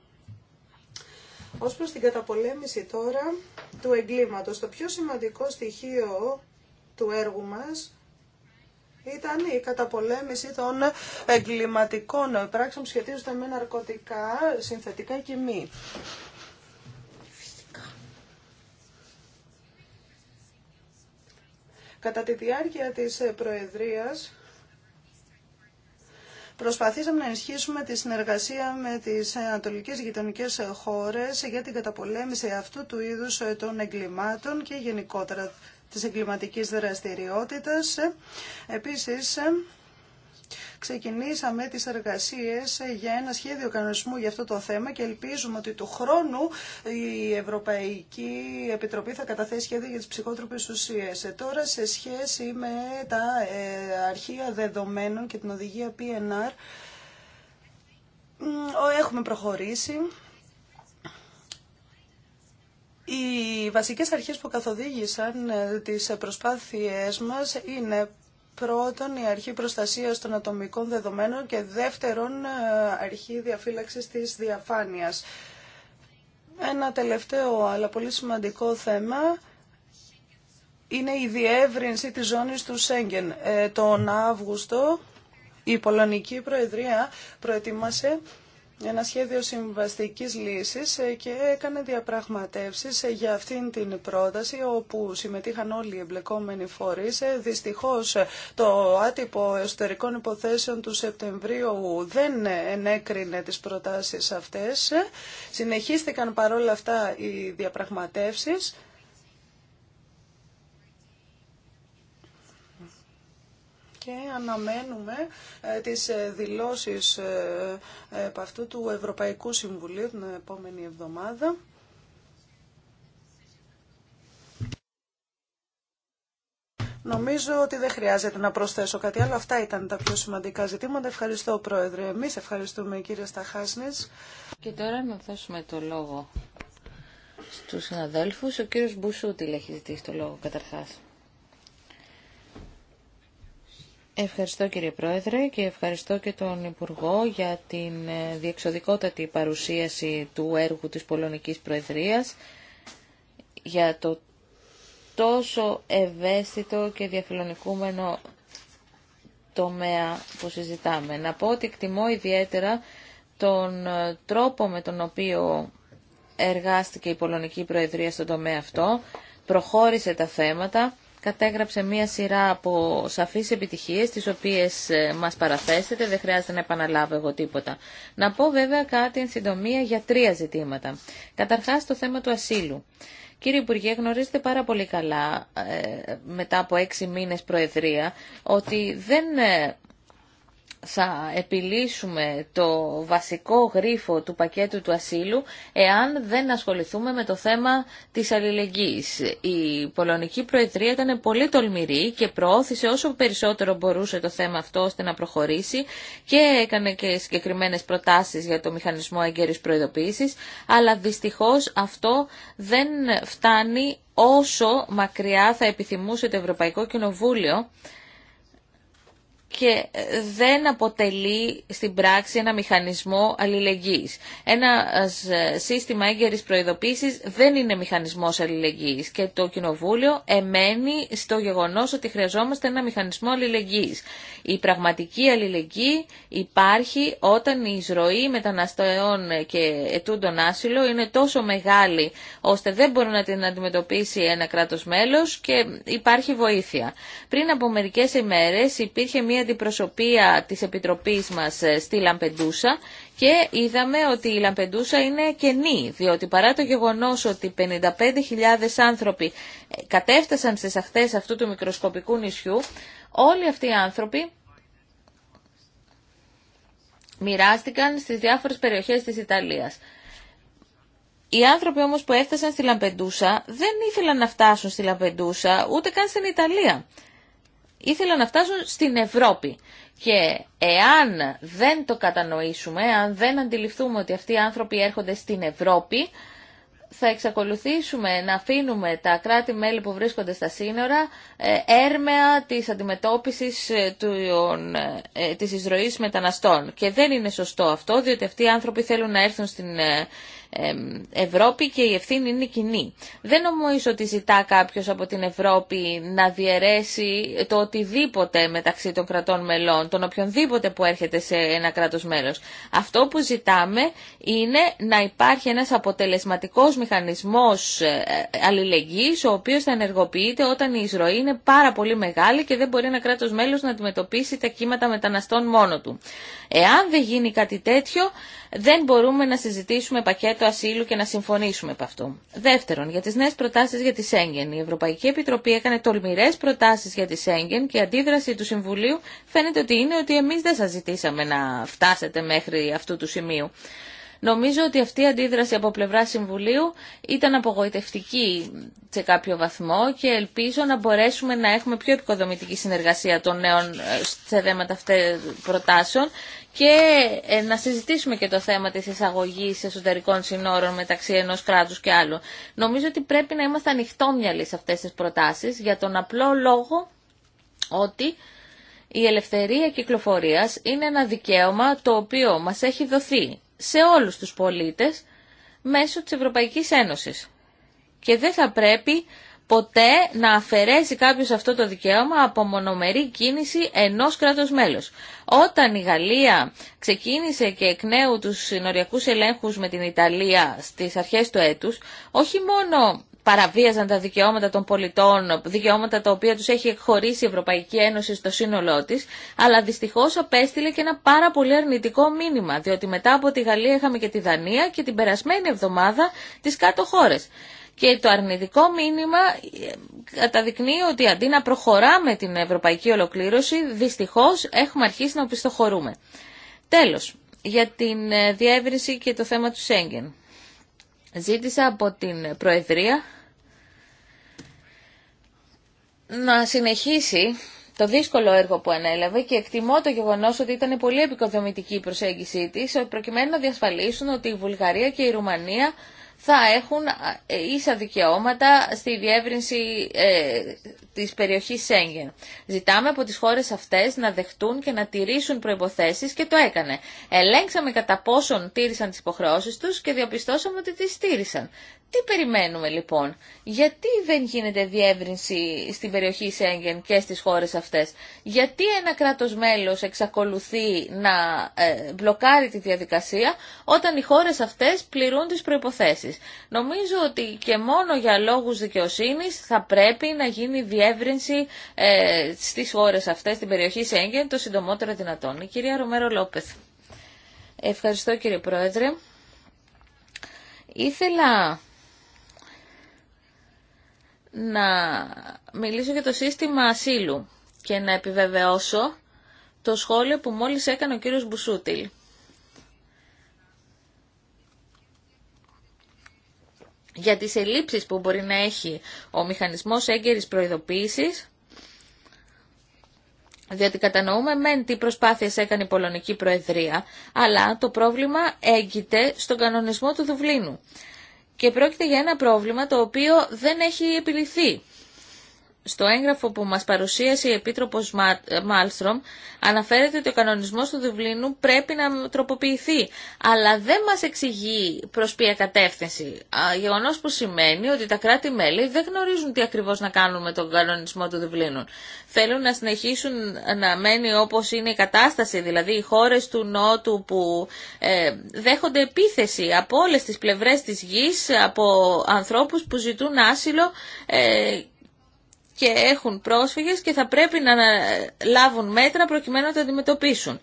Ως προς την καταπολέμηση τώρα του εγκλήματος, το πιο σημαντικό στοιχείο του έργου μας ήταν η καταπολέμηση των εγκληματικών πράξεων σχετίζονται με ναρκωτικά, συνθετικά και μη. Κατά τη διάρκεια της Προεδρίας προσπαθήσαμε να ενισχύσουμε τη συνεργασία με τις ανατολικές γειτονικές χώρες για την καταπολέμηση αυτού του είδους των εγκλημάτων και γενικότερα της εγκληματικής δραστηριότητας. Επίσης, Ξεκινήσαμε τις εργασίες για ένα σχέδιο κανονισμού για αυτό το θέμα και ελπίζουμε ότι του χρόνου η Ευρωπαϊκή Επιτροπή θα καταθέσει σχέδιο για τις ψυχότροπες ουσίες. Ε, τώρα σε σχέση με τα ε, αρχεία δεδομένων και την οδηγία PNR έχουμε προχωρήσει. Οι βασικές αρχές που καθοδήγησαν ε, τις προσπάθειές μας είναι πρώτον η αρχή προστασίας των ατομικών δεδομένων και δεύτερον ε, αρχή διαφύλαξης της διαφάνειας. Ένα τελευταίο αλλά πολύ σημαντικό θέμα είναι η διεύρυνση της ζώνης του Σέγγεν. Ε, τον Αύγουστο η Πολωνική Προεδρία προετοίμασε ένα σχέδιο συμβαστικής λύσης ε, και έκανε διαπραγματεύσεις ε, για αυτήν την πρόταση όπου συμμετείχαν όλοι οι εμπλεκόμενοι φορείς. Ε, δυστυχώς το άτυπο εσωτερικών υποθέσεων του Σεπτεμβρίου δεν ενέκρινε τις προτάσεις αυτές. Συνεχίστηκαν παρόλα αυτά οι διαπραγματεύσεις. και αναμένουμε ε, τις ε, δηλώσεις ε, από αυτού του Ευρωπαϊκού Συμβουλίου την επόμενη εβδομάδα. Νομίζω ότι δεν χρειάζεται να προσθέσω κάτι άλλο. Αυτά ήταν τα πιο σημαντικά ζητήματα. Ευχαριστώ, Πρόεδρε. Εμεί ευχαριστούμε, κύριε Σταχάσνης. Και τώρα
να δώσουμε το λόγο στους συναδέλφους. Ο κύριος Μπουσούτηλ έχει ζητήσει το λόγο, καταρχάς. Ευχαριστώ κύριε Πρόεδρε και ευχαριστώ και τον Υπουργό για την ε, διεξοδικότατη παρουσίαση του έργου της Πολωνικής Προεδρίας για το τόσο ευαίσθητο και διαφιλονικούμενο τομέα που συζητάμε. Να πω ότι εκτιμώ ιδιαίτερα τον ε, τρόπο με τον οποίο εργάστηκε η Πολωνική Προεδρία στον τομέα αυτό, προχώρησε τα θέματα κατέγραψε μία σειρά από σαφείς επιτυχίες, τις οποίες ε, μας παραθέσετε, δεν χρειάζεται να επαναλάβω εγώ τίποτα. Να πω βέβαια κάτι εν συντομία για τρία ζητήματα. Καταρχάς το θέμα του ασύλου. Κύριε Υπουργέ, γνωρίζετε πάρα πολύ καλά, ε, μετά από έξι μήνες προεδρία, ότι δεν ε, θα επιλύσουμε το βασικό γρίφο του πακέτου του ασύλου εάν δεν ασχοληθούμε με το θέμα της αλληλεγγύης. Η Πολωνική Προεδρία ήταν πολύ τολμηρή και προώθησε όσο περισσότερο μπορούσε το θέμα αυτό ώστε να προχωρήσει και έκανε και συγκεκριμένες προτάσεις για το μηχανισμό εγκαίρης προειδοποίησης, αλλά δυστυχώς αυτό δεν φτάνει όσο μακριά θα επιθυμούσε το Ευρωπαϊκό Κοινοβούλιο και δεν αποτελεί στην πράξη ένα μηχανισμό αλληλεγγύης. Ένα σύστημα έγκαιρης προειδοποίησης δεν είναι μηχανισμός αλληλεγγύης και το Κοινοβούλιο εμένει στο γεγονός ότι χρειαζόμαστε ένα μηχανισμό αλληλεγγύης. Η πραγματική αλληλεγγύη υπάρχει όταν η εισρωή μεταναστών και ετούντων άσυλο είναι τόσο μεγάλη ώστε δεν μπορεί να την αντιμετωπίσει ένα κράτος μέλος και υπάρχει βοήθεια. Πριν από μερικές ημέρες υπήρχε μια την αντιπροσωπεία της Επιτροπής μας ε, στη Λαμπεντούσα και είδαμε ότι η Λαμπεντούσα είναι κενή, διότι παρά το γεγονός ότι 55.000 άνθρωποι ε, κατέφτασαν στις αχθές αυτού του μικροσκοπικού νησιού, όλοι αυτοί οι άνθρωποι μοιράστηκαν στις διάφορες περιοχές της Ιταλίας. Οι άνθρωποι όμως που έφτασαν στη Λαμπεντούσα δεν ήθελαν να φτάσουν στη Λαμπεντούσα ούτε καν στην Ιταλία ήθελαν να φτάσουν στην Ευρώπη. Και εάν δεν το κατανοήσουμε, αν δεν αντιληφθούμε ότι αυτοί οι άνθρωποι έρχονται στην Ευρώπη, θα εξακολουθήσουμε να αφήνουμε τα κράτη-μέλη που βρίσκονται στα σύνορα ε, έρμεα της αντιμετώπισης ε, ε, της εισρωής μεταναστών. Και δεν είναι σωστό αυτό, διότι αυτοί οι άνθρωποι θέλουν να έρθουν στην Ευρώπη και η ευθύνη είναι κοινή. Δεν νομίζω ότι ζητά κάποιος από την Ευρώπη να διαιρέσει το οτιδήποτε μεταξύ των κρατών μελών, τον οποιονδήποτε που έρχεται σε ένα κράτος μέλος. Αυτό που ζητάμε είναι να υπάρχει ένας αποτελεσματικός μηχανισμός ε, αλληλεγγύης, ο οποίος θα ενεργοποιείται όταν η εισρωή είναι πάρα πολύ μεγάλη και δεν μπορεί ένα κράτος μέλος να αντιμετωπίσει τα κύματα μεταναστών μόνο του. Εάν δεν γίνει κάτι τέτοιο, δεν μπορούμε να συζητήσουμε πακέτο ασύλου και να συμφωνήσουμε επ' αυτού. Δεύτερον, για τις νέες προτάσεις για τη Σέγγεν. Η Ευρωπαϊκή Επιτροπή έκανε τολμηρές προτάσεις για τη Σέγγεν και η αντίδραση του Συμβουλίου φαίνεται ότι είναι ότι εμείς δεν σα ζητήσαμε να φτάσετε μέχρι αυτού του σημείου. Νομίζω ότι αυτή η αντίδραση από πλευρά Συμβουλίου ήταν απογοητευτική σε κάποιο βαθμό και ελπίζω να μπορέσουμε να έχουμε πιο επικοδομητική συνεργασία των νέων ε, σε θέματα αυτές προτάσεων και ε, να συζητήσουμε και το θέμα της εισαγωγής εσωτερικών συνόρων μεταξύ ενός κράτους και άλλου. Νομίζω ότι πρέπει να είμαστε ανοιχτόμυαλοι σε αυτές τις προτάσεις για τον απλό λόγο ότι η ελευθερία κυκλοφορίας είναι ένα δικαίωμα το οποίο μας έχει δοθεί σε όλους τους πολίτες μέσω της Ευρωπαϊκής Ένωσης. Και δεν θα πρέπει ποτέ να αφαιρέσει κάποιος αυτό το δικαίωμα από μονομερή κίνηση ενός κράτος μέλος. Όταν η Γαλλία ξεκίνησε και εκ νέου τους συνοριακούς ελέγχους με την Ιταλία στις αρχές του έτους, όχι μόνο παραβίαζαν τα δικαιώματα των πολιτών, δικαιώματα τα οποία τους έχει εκχωρήσει η Ευρωπαϊκή Ένωση στο σύνολό της, αλλά δυστυχώς απέστειλε και ένα πάρα πολύ αρνητικό μήνυμα, διότι μετά από τη Γαλλία είχαμε και τη Δανία και την περασμένη εβδομάδα τις κάτω χώρες. Και το αρνητικό μήνυμα ε, καταδεικνύει ότι αντί να προχωράμε την ευρωπαϊκή ολοκλήρωση, δυστυχώς έχουμε αρχίσει να οπισθοχωρούμε. Τέλος, για την ε, διεύρυνση και το θέμα του Σέγγεν ζήτησα από την Προεδρία να συνεχίσει το δύσκολο έργο που ανέλαβε και εκτιμώ το γεγονό ότι ήταν πολύ επικοδομητική η προσέγγιση τη, προκειμένου να διασφαλίσουν ότι η Βουλγαρία και η Ρουμανία θα έχουν ε, ίσα δικαιώματα στη διεύρυνση ε, της περιοχής Σέγγεν. Ζητάμε από τις χώρες αυτές να δεχτούν και να τηρήσουν προϋποθέσεις και το έκανε. Ελέγξαμε κατά πόσον τήρησαν τις υποχρεώσεις τους και διαπιστώσαμε ότι τις τήρησαν. Τι περιμένουμε λοιπόν, γιατί δεν γίνεται διεύρυνση στην περιοχή Σέγγεν και στις χώρες αυτές, γιατί ένα κράτος μέλος εξακολουθεί να ε, μπλοκάρει τη διαδικασία όταν οι χώρες αυτές πληρούν τις προϋποθέσεις. Νομίζω ότι και μόνο για λόγους δικαιοσύνης θα πρέπει να γίνει διεύρυνση ε, στις χώρες αυτές, στην περιοχή Σέγγεν, το συντομότερο δυνατόν. Η κυρία Ρωμέρο Λόπεθ. Ευχαριστώ κύριε Πρόεδρε. Ήθελα να μιλήσω για το σύστημα ασύλου και να επιβεβαιώσω το σχόλιο που μόλις έκανε ο κύριος Μπουσούτιλ. Για τις ελλείψεις που μπορεί να έχει ο μηχανισμός έγκαιρης προειδοποίησης, διότι κατανοούμε μεν τι προσπάθειες έκανε η Πολωνική Προεδρία, αλλά το πρόβλημα έγκυται στον κανονισμό του Δουβλίνου και πρόκειται για ένα πρόβλημα το οποίο δεν έχει επιληθεί στο έγγραφο που μας παρουσίασε η Επίτροπος Μάλστρομ αναφέρεται ότι ο κανονισμός του Δουβλίνου πρέπει να τροποποιηθεί, αλλά δεν μας εξηγεί προς ποια κατεύθυνση. Γεγονός που σημαίνει ότι τα κράτη-μέλη δεν γνωρίζουν τι ακριβώς να κάνουν με τον κανονισμό του Δουβλίνου. Θέλουν να συνεχίσουν να μένει όπως είναι η κατάσταση, δηλαδή οι χώρες του Νότου που ε, δέχονται επίθεση από όλες τις πλευρές της γης, από ανθρώπους που ζητούν άσυλο ε, και έχουν πρόσφυγες και θα πρέπει να λάβουν μέτρα προκειμένου να τα αντιμετωπίσουν.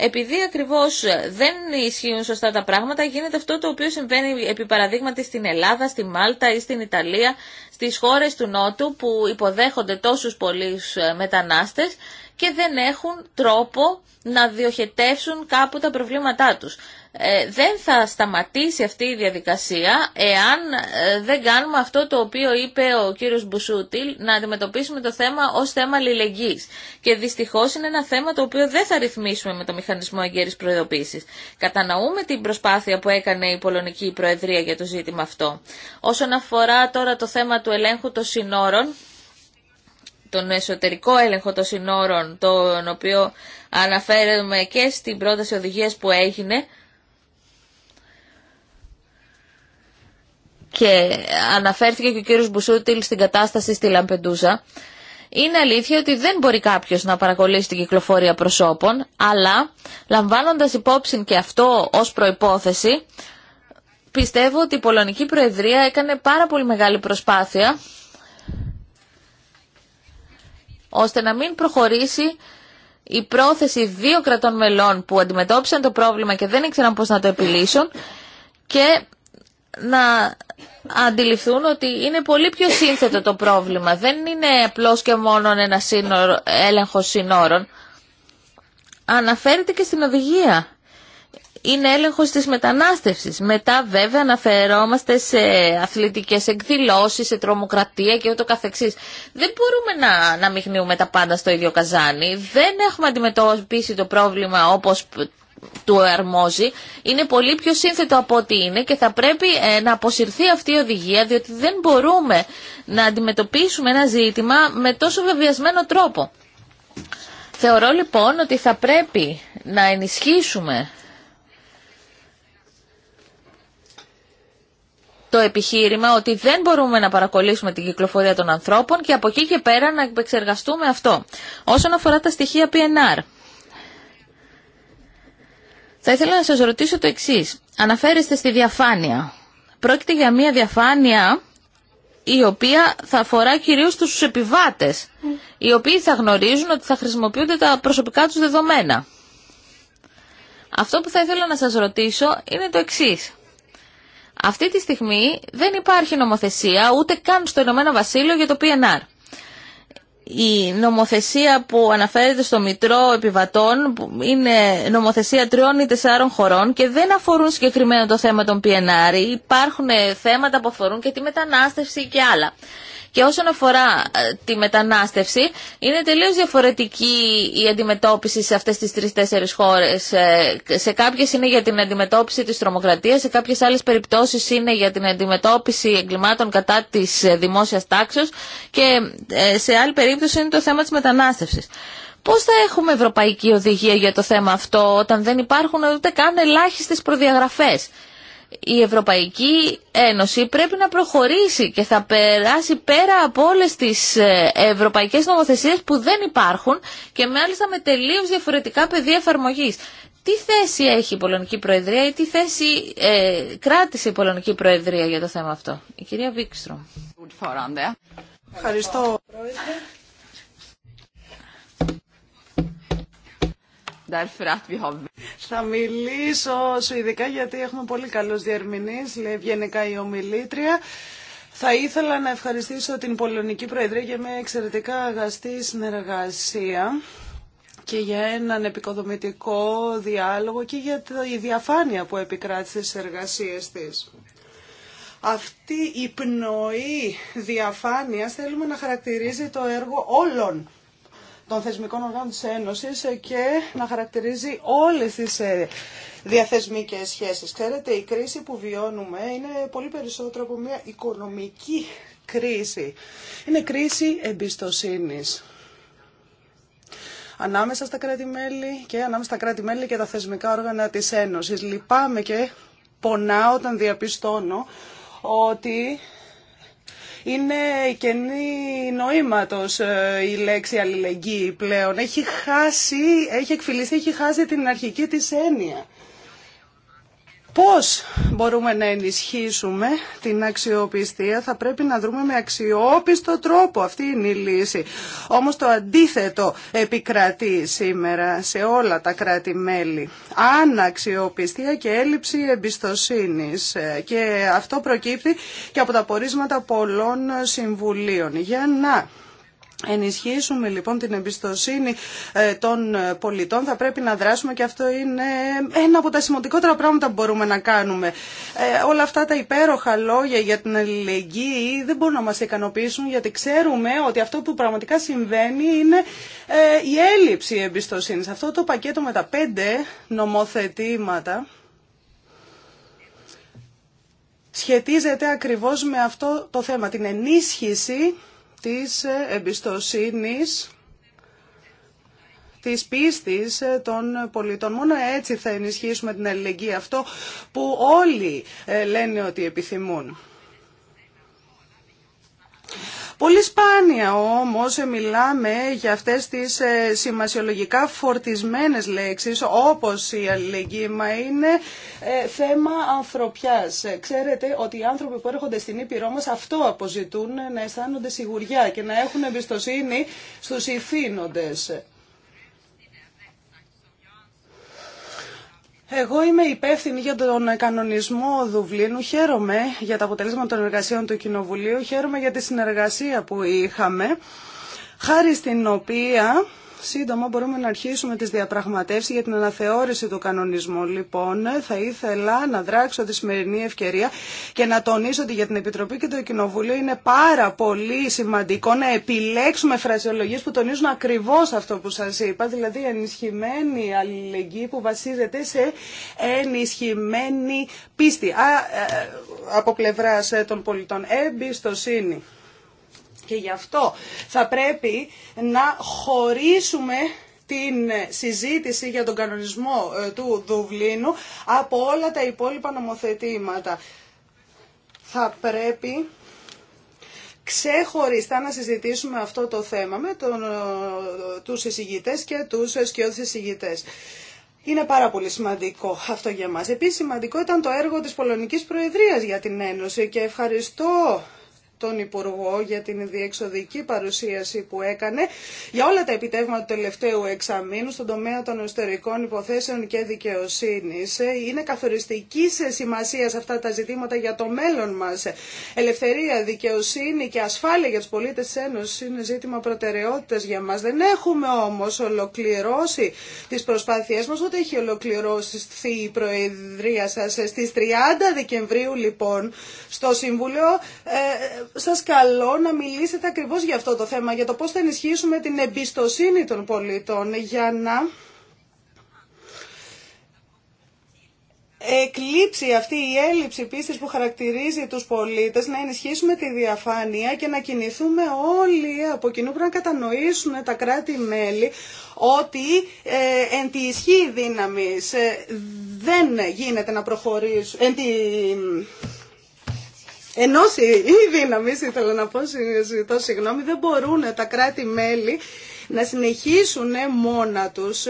Επειδή ακριβώς δεν ισχύουν σωστά τα πράγματα, γίνεται αυτό το οποίο συμβαίνει επί παραδείγματι στην Ελλάδα, στη Μάλτα ή στην Ιταλία, στις χώρες του Νότου που υποδέχονται τόσους πολλούς ε, μετανάστες και δεν έχουν τρόπο να διοχετεύσουν κάπου τα προβλήματά τους. Ε, δεν θα σταματήσει αυτή η διαδικασία εάν ε, δεν κάνουμε αυτό το οποίο είπε ο κύριος Μπουσούτιλ να αντιμετωπίσουμε το θέμα ως θέμα λιλεγγύης. Και δυστυχώς είναι ένα θέμα το οποίο δεν θα ρυθμίσουμε με το μηχανισμό εγκαίρης προειδοποίησης. Κατανοούμε την προσπάθεια που έκανε η Πολωνική Προεδρία για το ζήτημα αυτό. Όσον αφορά τώρα το θέμα του ελέγχου των συνόρων, τον εσωτερικό έλεγχο των συνόρων, τον οποίο αναφέρουμε και στην πρόταση οδηγίας που έγινε, και αναφέρθηκε και ο κύριος Μπουσούτιλ στην κατάσταση στη Λαμπεντούζα, είναι αλήθεια ότι δεν μπορεί κάποιο να παρακολύσει την κυκλοφορία προσώπων, αλλά λαμβάνοντα υπόψη και αυτό ω προπόθεση, πιστεύω ότι η Πολωνική Προεδρία έκανε πάρα πολύ μεγάλη προσπάθεια ώστε να μην προχωρήσει η πρόθεση δύο κρατών μελών που αντιμετώπισαν το πρόβλημα και δεν ήξεραν πώς να το επιλύσουν και να αντιληφθούν ότι είναι πολύ πιο σύνθετο το πρόβλημα. Δεν είναι απλώς και μόνο ένα σύνορο, έλεγχος σύνορων. Αναφέρεται και στην οδηγία. Είναι έλεγχος της μετανάστευσης. Μετά βέβαια αναφερόμαστε σε αθλητικές εκδηλώσεις, σε τρομοκρατία και ούτω καθεξής. Δεν μπορούμε να, να μιχνιούμε τα πάντα στο ίδιο καζάνι. Δεν έχουμε αντιμετωπίσει το πρόβλημα όπως του αρμόζει είναι πολύ πιο σύνθετο από ό,τι είναι και θα πρέπει ε, να αποσυρθεί αυτή η οδηγία διότι δεν μπορούμε να αντιμετωπίσουμε ένα ζήτημα με τόσο βεβαιασμένο τρόπο. Θεωρώ λοιπόν ότι θα πρέπει να ενισχύσουμε το επιχείρημα ότι δεν μπορούμε να παρακολύσουμε την κυκλοφορία των ανθρώπων και από εκεί και πέρα να επεξεργαστούμε αυτό. Όσον αφορά τα στοιχεία PNR, θα ήθελα να σας ρωτήσω το εξής. Αναφέρεστε στη διαφάνεια. Πρόκειται για μια διαφάνεια η οποία θα αφορά κυρίως τους επιβάτες, οι οποίοι θα γνωρίζουν ότι θα χρησιμοποιούνται τα προσωπικά τους δεδομένα. Αυτό που θα ήθελα να σας ρωτήσω είναι το εξής. Αυτή τη στιγμή δεν υπάρχει νομοθεσία ούτε καν στο Ηνωμένο Βασίλειο για το PNR η νομοθεσία που αναφέρεται στο Μητρό Επιβατών είναι νομοθεσία τριών ή τεσσάρων χωρών και δεν αφορούν συγκεκριμένα το θέμα των PNR. Υπάρχουν θέματα που αφορούν και τη μετανάστευση και άλλα. Και όσον αφορά ε, τη μετανάστευση, είναι τελείως διαφορετική η αντιμετώπιση σε αυτές τις τρεις-τέσσερις χώρες. Ε, σε κάποιες είναι για την αντιμετώπιση της τρομοκρατίας, σε κάποιες άλλες περιπτώσεις είναι για την αντιμετώπιση εγκλημάτων κατά της ε, δημόσιας τάξεως και σε άλλη περίπτωση περίπτωση είναι το θέμα της μετανάστευσης. Πώς θα έχουμε ευρωπαϊκή οδηγία για το θέμα αυτό όταν δεν υπάρχουν ούτε καν ελάχιστες προδιαγραφές. Η Ευρωπαϊκή Ένωση πρέπει να προχωρήσει και θα περάσει πέρα από όλες τις ε, ευρωπαϊκές νομοθεσίες που δεν υπάρχουν και μάλιστα με τελείως διαφορετικά πεδία εφαρμογής. Τι θέση έχει η Πολωνική Προεδρία ή τι θέση ε, κράτησε η Πολωνική Προεδρία για το θέμα αυτό. Η κυρία Βίκστρομ. Ευχαριστώ,
Θα μιλήσω σου ειδικά γιατί έχουμε πολύ καλούς διερμηνείς, λέει ευγενικά η ομιλήτρια. Θα ήθελα να ευχαριστήσω την Πολωνική Προεδρία για μια εξαιρετικά αγαστή συνεργασία και για έναν επικοδομητικό διάλογο και για τη διαφάνεια που επικράτησε στις εργασίες της. Αυτή η πνοή διαφάνειας θέλουμε να χαρακτηρίζει το έργο όλων των θεσμικών οργάνων της Ένωσης και να χαρακτηρίζει όλες τις ε, διαθεσμικές σχέσεις. Ξέρετε, η κρίση που βιώνουμε είναι πολύ περισσότερο από μια οικονομική κρίση. Είναι κρίση εμπιστοσύνης ανάμεσα στα κράτη-μέλη και ανάμεσα στα κράτη-μέλη και τα θεσμικά όργανα της Ένωσης. Λυπάμαι και πονάω όταν διαπιστώνω ότι είναι κενή νοήματος ε, η λέξη αλληλεγγύη πλέον. Έχει χάσει, έχει εκφυλιστεί, έχει χάσει την αρχική της έννοια πώς μπορούμε να ενισχύσουμε την αξιοπιστία θα πρέπει να δρούμε με αξιόπιστο τρόπο. Αυτή είναι η λύση. Όμως το αντίθετο επικρατεί σήμερα σε όλα τα κράτη-μέλη. Αναξιοπιστία και έλλειψη εμπιστοσύνης. Ε, και αυτό προκύπτει και από τα πορίσματα πολλών συμβουλίων. Για να ενισχύσουμε λοιπόν την εμπιστοσύνη ε, των ε, πολιτών θα πρέπει να δράσουμε και αυτό είναι ένα από τα σημαντικότερα πράγματα που μπορούμε να κάνουμε. Ε, όλα αυτά τα υπέροχα λόγια για την αλληλεγγύη δεν μπορούν να μας ικανοποιήσουν γιατί ξέρουμε ότι αυτό που πραγματικά συμβαίνει είναι η έλλειψη εμπιστοσύνης. Αυτό το πακέτο με τα πέντε νομοθετήματα σχετίζεται ακριβώς με αυτό το θέμα, την ενίσχυση της εμπιστοσύνης της πίστης των πολιτών. Μόνο έτσι θα ενισχύσουμε την αλληλεγγύη αυτό που όλοι ε, λένε ότι επιθυμούν. Πολύ σπάνια όμως ε, μιλάμε για αυτές τις ε, σημασιολογικά φορτισμένες λέξεις όπως η αλληλεγγύη μα είναι ε, θέμα ανθρωπιάς. Ξέρετε ότι οι άνθρωποι που έρχονται στην Ήπειρό μας αυτό αποζητούν να αισθάνονται σιγουριά και να έχουν εμπιστοσύνη στους ηθήνοντες. Εγώ είμαι υπεύθυνη για τον κανονισμό Δουβλίνου. Χαίρομαι για τα αποτελέσματα των εργασιών του Κοινοβουλίου. Χαίρομαι για τη συνεργασία που είχαμε, χάρη στην οποία Σύντομα μπορούμε να αρχίσουμε τις διαπραγματεύσεις για την αναθεώρηση του κανονισμού. Λοιπόν, θα ήθελα να δράξω τη σημερινή ευκαιρία και να τονίσω ότι για την Επιτροπή και το Κοινοβούλιο είναι πάρα πολύ σημαντικό να επιλέξουμε φρασιολογίες που τονίζουν ακριβώς αυτό που σας είπα, δηλαδή ενισχυμένη αλληλεγγύη που βασίζεται σε ενισχυμένη πίστη ε, ε, από πλευράς ε, των πολιτών. Εμπιστοσύνη. Και γι' αυτό θα πρέπει να χωρίσουμε την συζήτηση για τον κανονισμό ε, του Δουβλίνου από όλα τα υπόλοιπα νομοθετήματα. Θα πρέπει ξεχωριστά να συζητήσουμε αυτό το θέμα με τον, ε, τους εισηγητές και τους σκιώδης εισηγητές. Είναι πάρα πολύ σημαντικό αυτό για μας. Επίσης σημαντικό ήταν το έργο της Πολωνικής Προεδρίας για την Ένωση και ευχαριστώ τον Υπουργό για την διεξοδική παρουσίαση που έκανε για όλα τα επιτεύγματα του τελευταίου εξαμήνου στον τομέα των εσωτερικών υποθέσεων και δικαιοσύνη. Είναι καθοριστική σημασία αυτά τα ζητήματα για το μέλλον μα. Ελευθερία, δικαιοσύνη και ασφάλεια για του πολίτε τη Ένωση είναι ζήτημα προτεραιότητα για μα. Δεν έχουμε όμω ολοκληρώσει τι προσπάθειέ μα, ούτε έχει ολοκληρώσει η Προεδρία σα. Στι 30 Δεκεμβρίου, λοιπόν, στο Συμβούλιο, ε, σας καλώ να μιλήσετε ακριβώς για αυτό το θέμα, για το πώς θα ενισχύσουμε την εμπιστοσύνη των πολιτών για να εκλείψει αυτή η έλλειψη πίστης που χαρακτηρίζει τους πολίτες, να ενισχύσουμε τη διαφάνεια και να κινηθούμε όλοι από κοινού που να κατανοήσουν τα κράτη-μέλη ότι ε, εν τη ισχύ δύναμη δεν γίνεται να προχωρήσουν, ενώ ή δύναμη, ήθελα να πω, ζητώ συγγνώμη, δεν μπορούν τα κράτη-μέλη να συνεχίσουν μόνα τους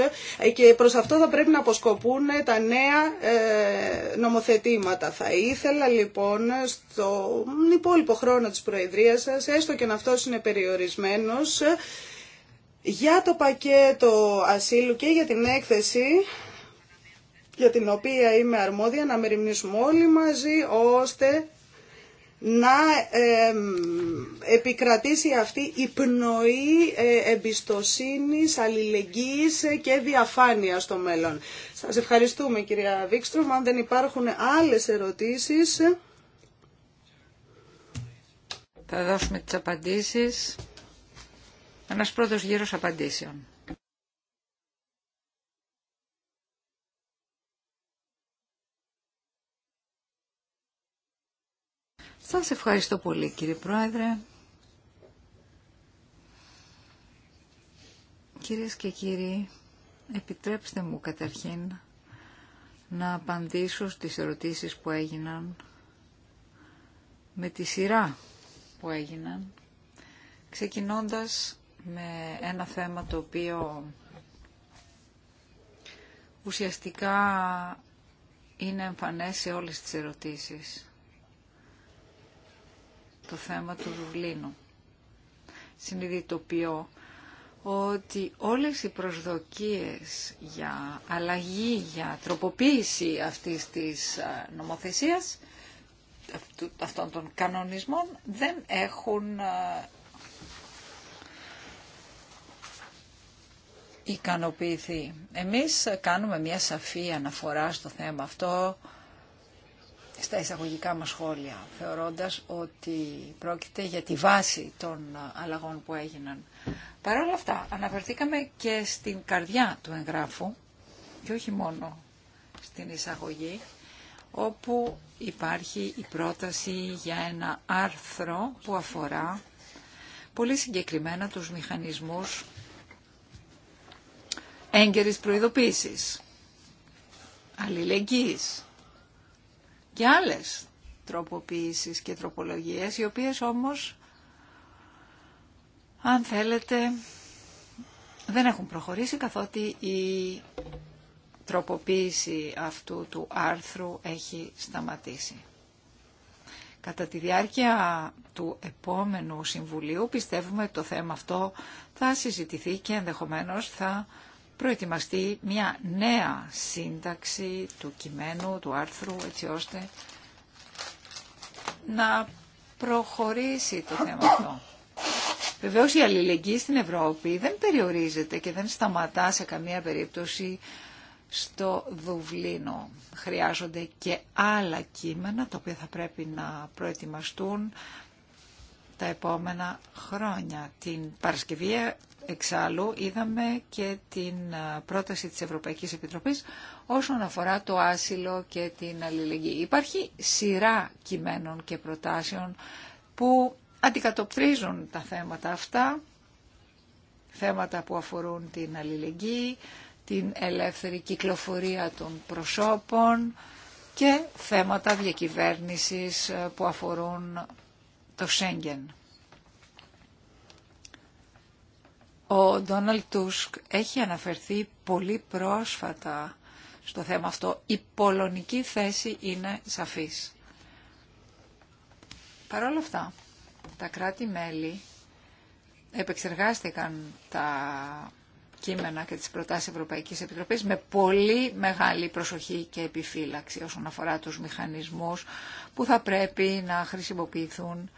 και προς αυτό θα πρέπει να αποσκοπούν τα νέα ε, νομοθετήματα. Θα ήθελα λοιπόν στον υπόλοιπο χρόνο της Προεδρίας σας, έστω και να αυτός είναι περιορισμένος, για το πακέτο ασύλου και για την έκθεση για την οποία είμαι αρμόδια να μεριμνήσουμε όλοι μαζί ώστε να επικρατήσει αυτή η πνοή ε, εμπιστοσύνης, αλληλεγγύης ε, και διαφάνεια στο μέλλον. Σας ευχαριστούμε κυρία Βίξτρομ. Αν δεν υπάρχουν άλλες ερωτήσεις...
Θα δώσουμε τις απαντήσεις. Ένας πρώτος γύρος απαντήσεων. Σας ευχαριστώ πολύ κύριε Πρόεδρε. Κυρίες και κύριοι, επιτρέψτε μου καταρχήν να απαντήσω στις ερωτήσεις που έγιναν με τη σειρά που έγιναν, ξεκινώντας με ένα θέμα το οποίο ουσιαστικά είναι εμφανές σε όλες τις ερωτήσεις το θέμα του Δουβλίνου. Συνειδητοποιώ ότι όλες οι προσδοκίες για αλλαγή, για τροποποίηση αυτής της νομοθεσίας, αυτών των κανονισμών, δεν έχουν ικανοποιηθεί. Εμείς κάνουμε μια σαφή αναφορά στο θέμα αυτό στα εισαγωγικά μας σχόλια, θεωρώντας ότι πρόκειται για τη βάση των αλλαγών που έγιναν. Παρ' όλα αυτά, αναφερθήκαμε και στην καρδιά του εγγράφου και όχι μόνο στην εισαγωγή, όπου υπάρχει η πρόταση για ένα άρθρο που αφορά πολύ συγκεκριμένα τους μηχανισμούς έγκαιρης προειδοποίησης, αλληλεγγύης και άλλες τροποποιήσεις και τροπολογίες, οι οποίες όμως, αν θέλετε, δεν έχουν προχωρήσει καθότι η τροποποίηση αυτού του άρθρου έχει σταματήσει. Κατά τη διάρκεια του επόμενου Συμβουλίου πιστεύουμε ότι το θέμα αυτό θα συζητηθεί και ενδεχομένως θα προετοιμαστεί μια νέα σύνταξη του κειμένου, του άρθρου, έτσι ώστε να προχωρήσει το θέμα αυτό. Βεβαίως η αλληλεγγύη στην Ευρώπη δεν περιορίζεται και δεν σταματά σε καμία περίπτωση στο Δουβλίνο. Χρειάζονται και άλλα κείμενα τα οποία θα πρέπει να προετοιμαστούν τα επόμενα χρόνια. Την Παρασκευή Εξάλλου είδαμε και την πρόταση της Ευρωπαϊκής Επιτροπής όσον αφορά το άσυλο και την αλληλεγγύη. Υπάρχει σειρά κειμένων και προτάσεων που αντικατοπτρίζουν τα θέματα αυτά, θέματα που αφορούν την αλληλεγγύη, την ελεύθερη κυκλοφορία των προσώπων και θέματα διακυβέρνησης ε, που αφορούν το Σέγγεν. Ο Ντόναλτ Τούσκ έχει αναφερθεί πολύ πρόσφατα στο θέμα αυτό. Η πολωνική θέση είναι σαφής. Παρ' όλα αυτά, τα κράτη-μέλη επεξεργάστηκαν τα κείμενα και τις προτάσεις Ευρωπαϊκής Επιτροπής με πολύ μεγάλη προσοχή και επιφύλαξη όσον αφορά τους μηχανισμούς που θα πρέπει να χρησιμοποιηθούν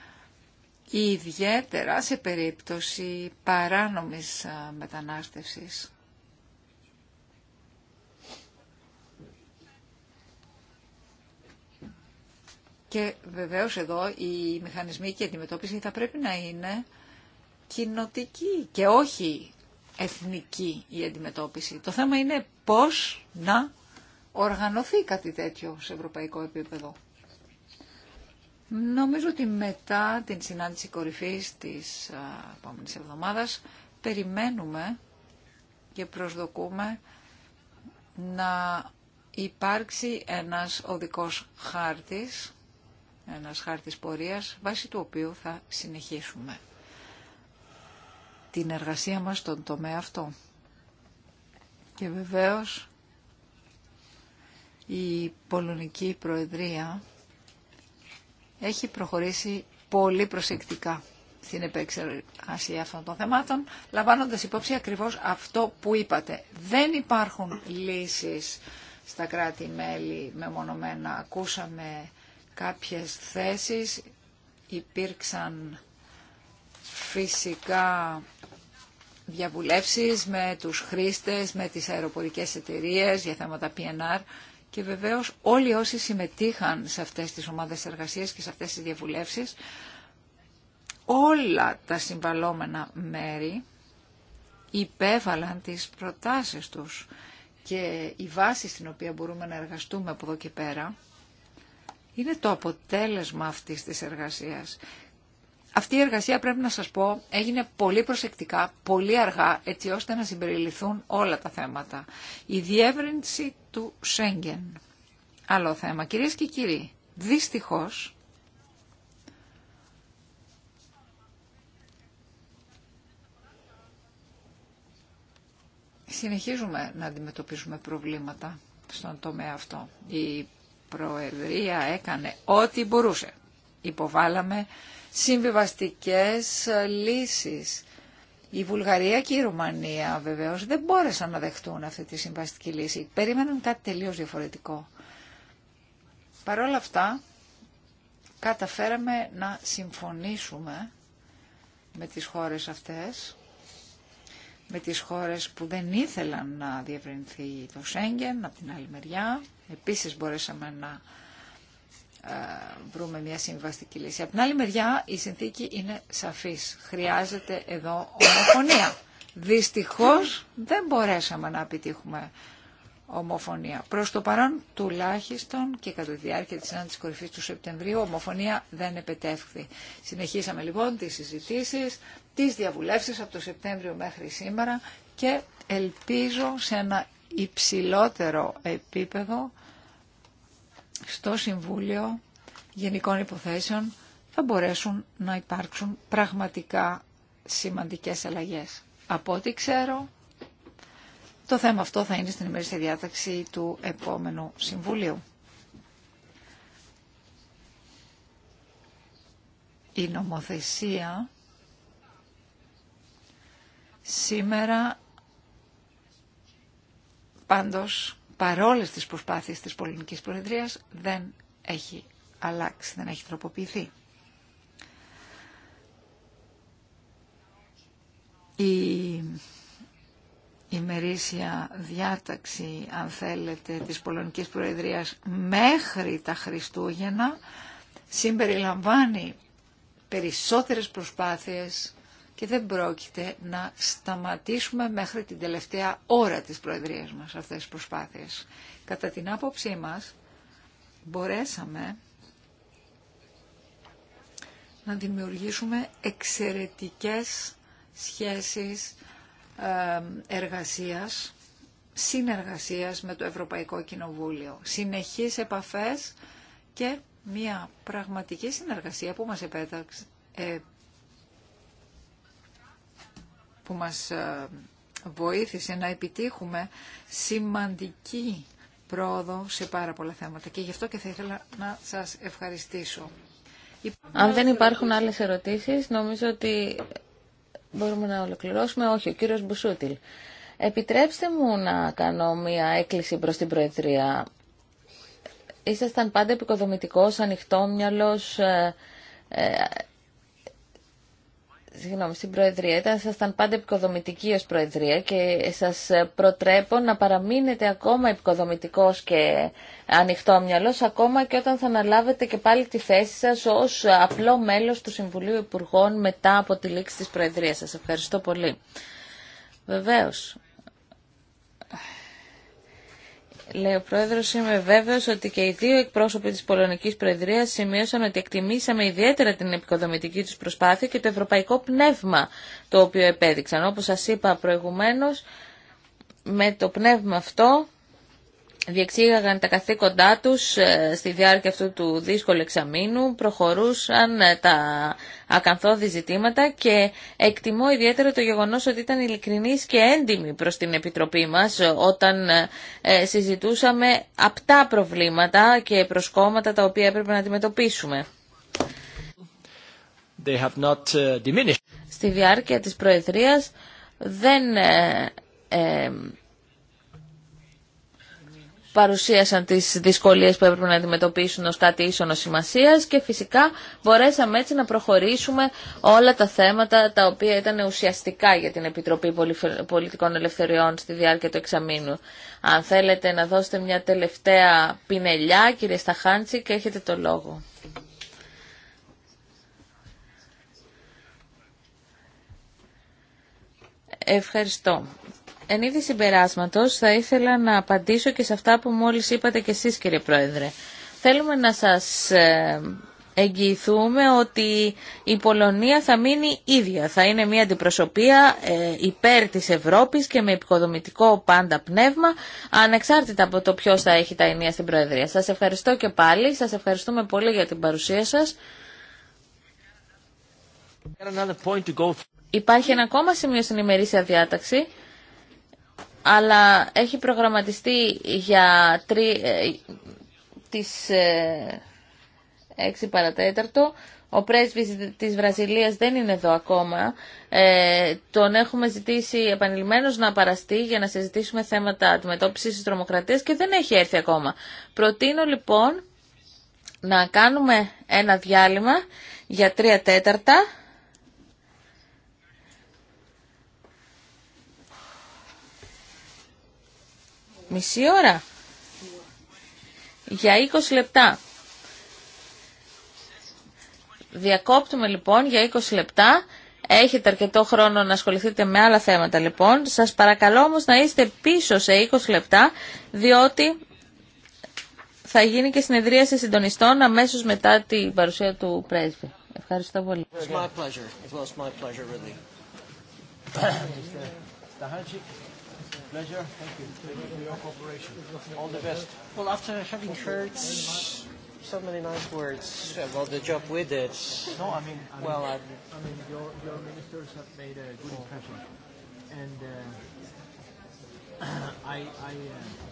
και ιδιαίτερα σε περίπτωση παράνομης μετανάστευσης. Και βεβαίως εδώ η μηχανισμοί και η αντιμετώπιση θα πρέπει να είναι κοινοτική και όχι εθνική η αντιμετώπιση. Το θέμα είναι πώς να οργανωθεί κάτι τέτοιο σε ευρωπαϊκό επίπεδο. Νομίζω ότι μετά την συνάντηση κορυφής της επόμενης εβδομάδας περιμένουμε και προσδοκούμε να υπάρξει ένας οδικός χάρτης, ένας χάρτης πορείας, βάσει του οποίου θα συνεχίσουμε την εργασία μας στον τομέα αυτό. Και βεβαίως η Πολωνική Προεδρία έχει προχωρήσει πολύ προσεκτικά στην επεξεργασία αυτών των θεμάτων, λαμβάνοντας υπόψη ακριβώς αυτό που είπατε. Δεν υπάρχουν λύσεις στα κράτη-μέλη μεμονωμένα. Ακούσαμε κάποιες θέσεις, υπήρξαν φυσικά διαβουλεύσεις με τους χρήστες, με τις αεροπορικές εταιρείες για θέματα PNR και βεβαίως όλοι όσοι συμμετείχαν σε αυτές τις ομάδες εργασίας και σε αυτές τις διαβουλεύσεις, όλα τα συμβαλόμενα μέρη υπέβαλαν τις προτάσεις τους και η βάση στην οποία μπορούμε να εργαστούμε από εδώ και πέρα είναι το αποτέλεσμα αυτής της εργασίας. Αυτή η εργασία πρέπει να σας πω έγινε πολύ προσεκτικά, πολύ αργά, έτσι ώστε να συμπεριληφθούν όλα τα θέματα. Η διεύρυνση του Σέγγεν. Άλλο θέμα. Κυρίες και κύριοι, δυστυχώς συνεχίζουμε να αντιμετωπίζουμε προβλήματα στον τομέα αυτό. Η Προεδρία έκανε ό,τι μπορούσε υποβάλαμε συμβιβαστικές ε, λύσεις. Η Βουλγαρία και η Ρουμανία βεβαίως δεν μπόρεσαν να δεχτούν αυτή τη συμβαστική λύση. Περίμεναν κάτι τελείως διαφορετικό. Παρ' όλα αυτά καταφέραμε να συμφωνήσουμε με τις χώρες αυτές, με τις χώρες που δεν ήθελαν να διευρυνθεί το Σέγγεν από την άλλη μεριά. Επίσης μπορέσαμε να βρούμε μια συμβαστική λύση. Από την άλλη μεριά η συνθήκη είναι σαφής. Χρειάζεται εδώ ομοφωνία. Δυστυχώς δεν μπορέσαμε να επιτύχουμε ομοφωνία. Προς το παρόν τουλάχιστον και κατά τη διάρκεια της συνάντησης κορυφής του Σεπτεμβρίου ομοφωνία δεν επετεύχθη. Συνεχίσαμε λοιπόν τις συζητήσεις, τις διαβουλεύσεις από το Σεπτέμβριο μέχρι σήμερα και ελπίζω σε ένα υψηλότερο επίπεδο στο Συμβούλιο Γενικών Υποθέσεων θα μπορέσουν να υπάρξουν πραγματικά σημαντικές αλλαγές. Από ό,τι ξέρω, το θέμα αυτό θα είναι στην ημερήσια διάταξη του επόμενου Συμβουλίου. Η νομοθεσία σήμερα πάντως παρόλες τις προσπάθειες της πολιτικής Προεδρίας δεν έχει αλλάξει, δεν έχει τροποποιηθεί. Η ημερήσια διάταξη, αν θέλετε, της Πολωνικής Προεδρίας μέχρι τα Χριστούγεννα συμπεριλαμβάνει περισσότερες προσπάθειες και δεν πρόκειται να σταματήσουμε μέχρι την τελευταία ώρα της Προεδρίας μας αυτές τις προσπάθειες. Κατά την άποψή μας μπορέσαμε να δημιουργήσουμε εξαιρετικές σχέσεις εργασίας, συνεργασίας με το Ευρωπαϊκό Κοινοβούλιο, συνεχείς επαφές και μια πραγματική συνεργασία που μας επέταξε, που μας ε, βοήθησε να επιτύχουμε σημαντική πρόοδο σε πάρα πολλά θέματα και γι' αυτό και θα ήθελα να σας ευχαριστήσω.
Αν δεν υπάρχουν άλλες ερωτήσεις, νομίζω ότι μπορούμε να ολοκληρώσουμε. Όχι, ο κύριος Μπουσούτιλ. Επιτρέψτε μου να κάνω μία έκκληση προς την Προεδρία. Ήσασταν πάντα επικοδομητικός, ανοιχτόμυαλος, ε, ε, συγγνώμη, στην Προεδρία. Ήταν, ήταν πάντα επικοδομητική ως Προεδρία και σας προτρέπω να παραμείνετε ακόμα επικοδομητικός και ανοιχτό μυαλός, ακόμα και όταν θα αναλάβετε και πάλι τη θέση σας ως απλό μέλος του Συμβουλίου Υπουργών μετά από τη λήξη της Προεδρίας σας. Ευχαριστώ πολύ. Βεβαίως, Λέει ο Πρόεδρο, είμαι βέβαιο ότι και οι δύο εκπρόσωποι της Πολωνικής Προεδρία σημείωσαν ότι εκτιμήσαμε ιδιαίτερα την επικοδομητική του προσπάθεια και το ευρωπαϊκό πνεύμα το οποίο επέδειξαν. Όπως σας είπα προηγουμένως, με το πνεύμα αυτό διεξήγαγαν τα καθήκοντά τους ε, στη διάρκεια αυτού του δύσκολου εξαμήνου, προχωρούσαν ε, τα ακαθόδη ζητήματα και εκτιμώ ιδιαίτερα το γεγονός ότι ήταν ειλικρινής και έντιμη προς την Επιτροπή μας ε, όταν συζητούσαμε απτά προβλήματα και προσκόμματα τα οποία έπρεπε να αντιμετωπίσουμε. have not Στη διάρκεια της Προεδρίας δεν παρουσίασαν τις δυσκολίες που έπρεπε να αντιμετωπίσουν ως κάτι ίσονο σημασία και φυσικά μπορέσαμε έτσι να προχωρήσουμε όλα τα θέματα τα οποία ήταν ουσιαστικά για την Επιτροπή Πολιτικών Ελευθεριών στη διάρκεια του εξαμήνου. Αν θέλετε να δώσετε μια τελευταία πινελιά, κύριε Σταχάντση και έχετε το λόγο. Ευχαριστώ εν είδη συμπεράσματο, θα ήθελα να απαντήσω και σε αυτά που μόλι είπατε και εσεί, κύριε Πρόεδρε. Θέλουμε να σα ε, εγγυηθούμε ότι η Πολωνία θα μείνει ίδια. Θα είναι μια αντιπροσωπεία ε, υπέρ της Ευρώπης και με υποδομητικό πάντα πνεύμα, ανεξάρτητα από το ποιος θα έχει τα ενία στην Προεδρία. Σας ευχαριστώ και πάλι. Σας ευχαριστούμε πολύ για την παρουσία σας. Υπάρχει ένα ακόμα σημείο στην ημερήσια διάταξη αλλά έχει προγραμματιστεί για τρι, ε, τις 6 ε, παρατέταρτο. Ο πρέσβης της Βραζιλίας δεν είναι εδώ ακόμα. Ε, τον έχουμε ζητήσει επανειλημμένως να παραστεί για να συζητήσουμε θέματα αντιμετώπισης της τρομοκρατίας και δεν έχει έρθει ακόμα. Προτείνω λοιπόν να κάνουμε ένα διάλειμμα για τρία τέταρτα Μισή ώρα. Για 20 λεπτά. Διακόπτουμε λοιπόν για 20 λεπτά. Έχετε αρκετό χρόνο να ασχοληθείτε με άλλα θέματα λοιπόν. Σας παρακαλώ όμως να είστε πίσω σε 20 λεπτά, διότι θα γίνει και συνεδρίαση συντονιστών αμέσως μετά την παρουσία του πρέσβη. Ευχαριστώ πολύ.
Pleasure. Thank you. Thank you for your cooperation. All the best. Well, after having heard so many nice words about the job we did. No, I mean, I well, I, I mean, your, your ministers have made a good impression, and uh, I, I. Uh,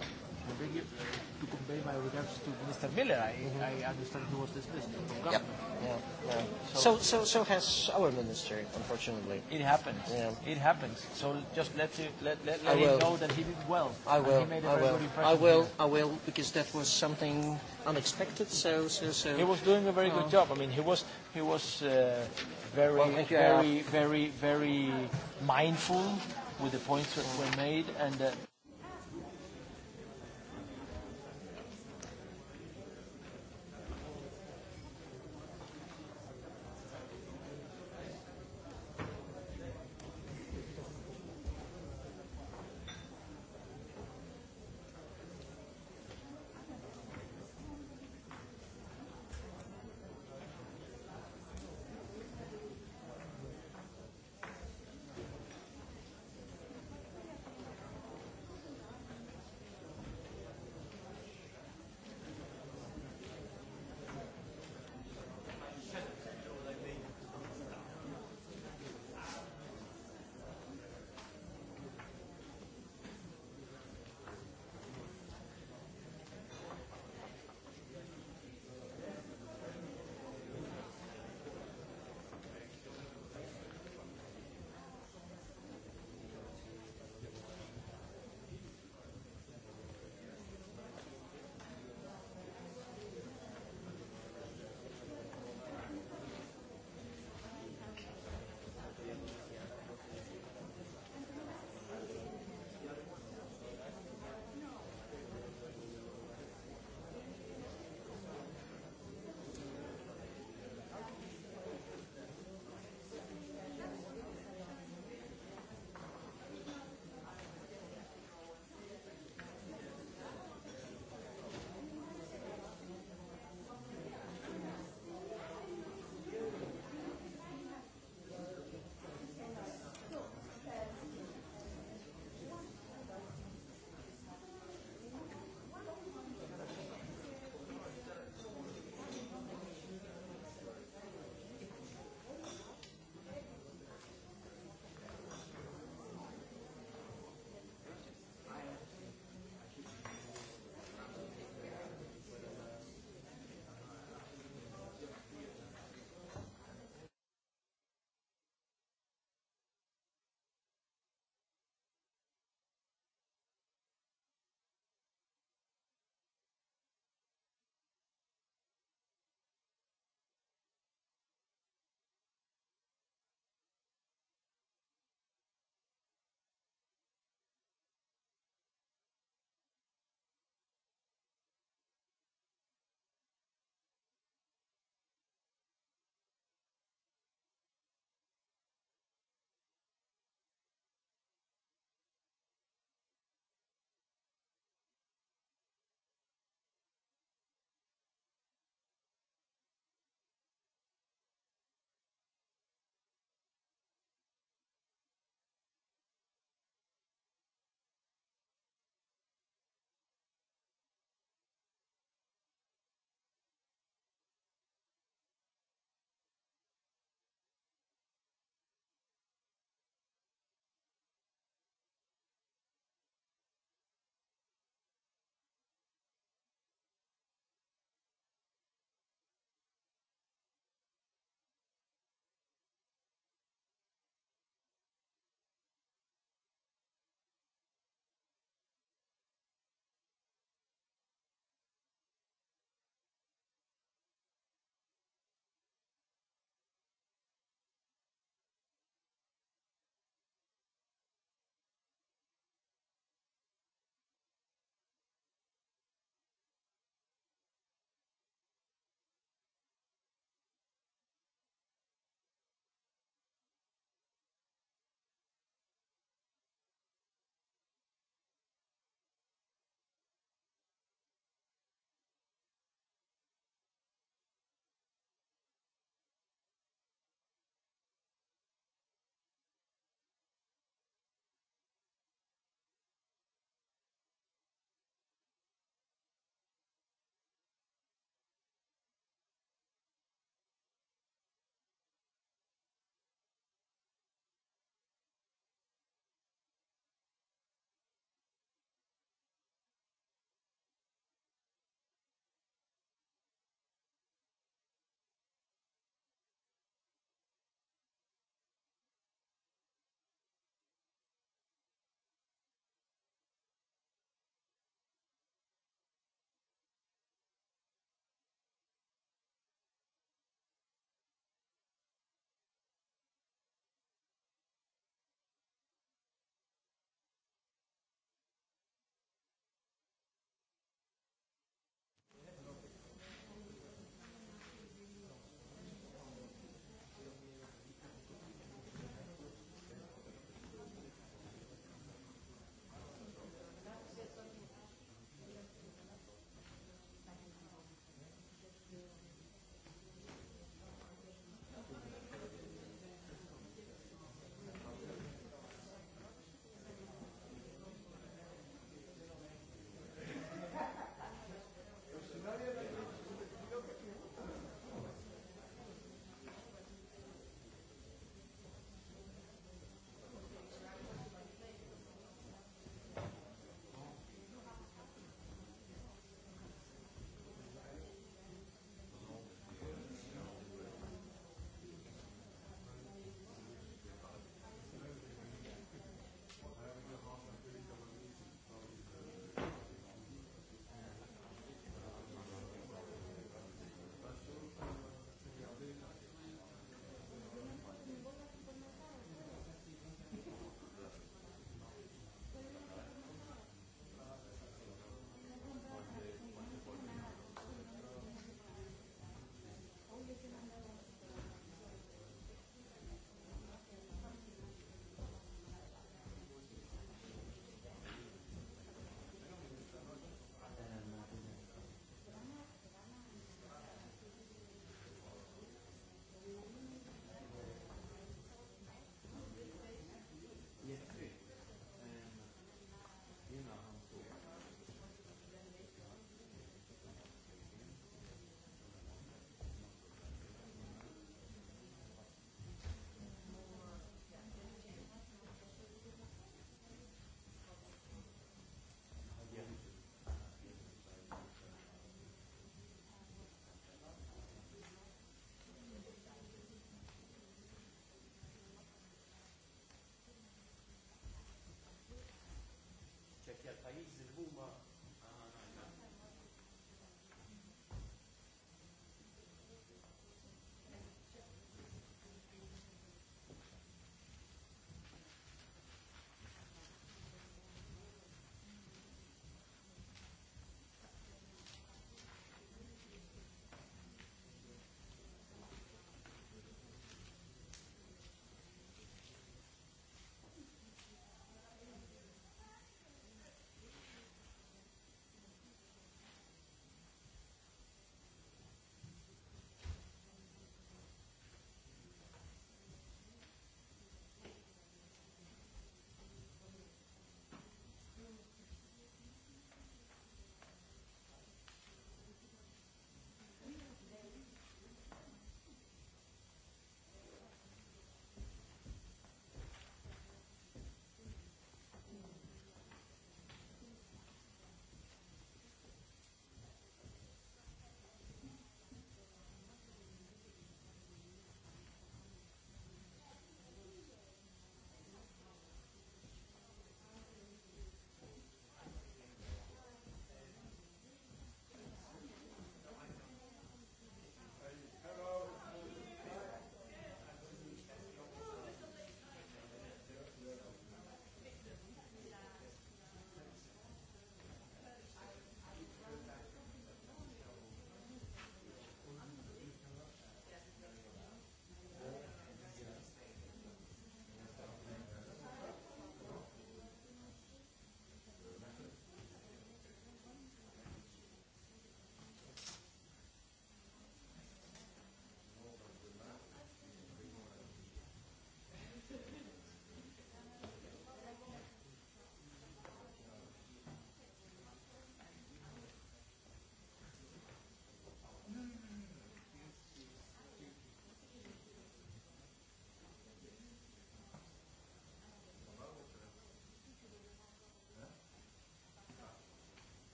to convey my regards to Mr. Miller. I, I understand he was dismissed from government. Yeah, yeah, So, so, so has our ministry, unfortunately. It happens. Yeah. It happens. So just let you, let, let, let him know that he did well. I will. I will. I will. I will, because that was something unexpected. So, so, so. He was doing a very good job. I mean, he was, he was uh, very, very, very, very mindful with the points that were made and. Uh,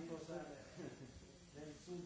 riposare nel sud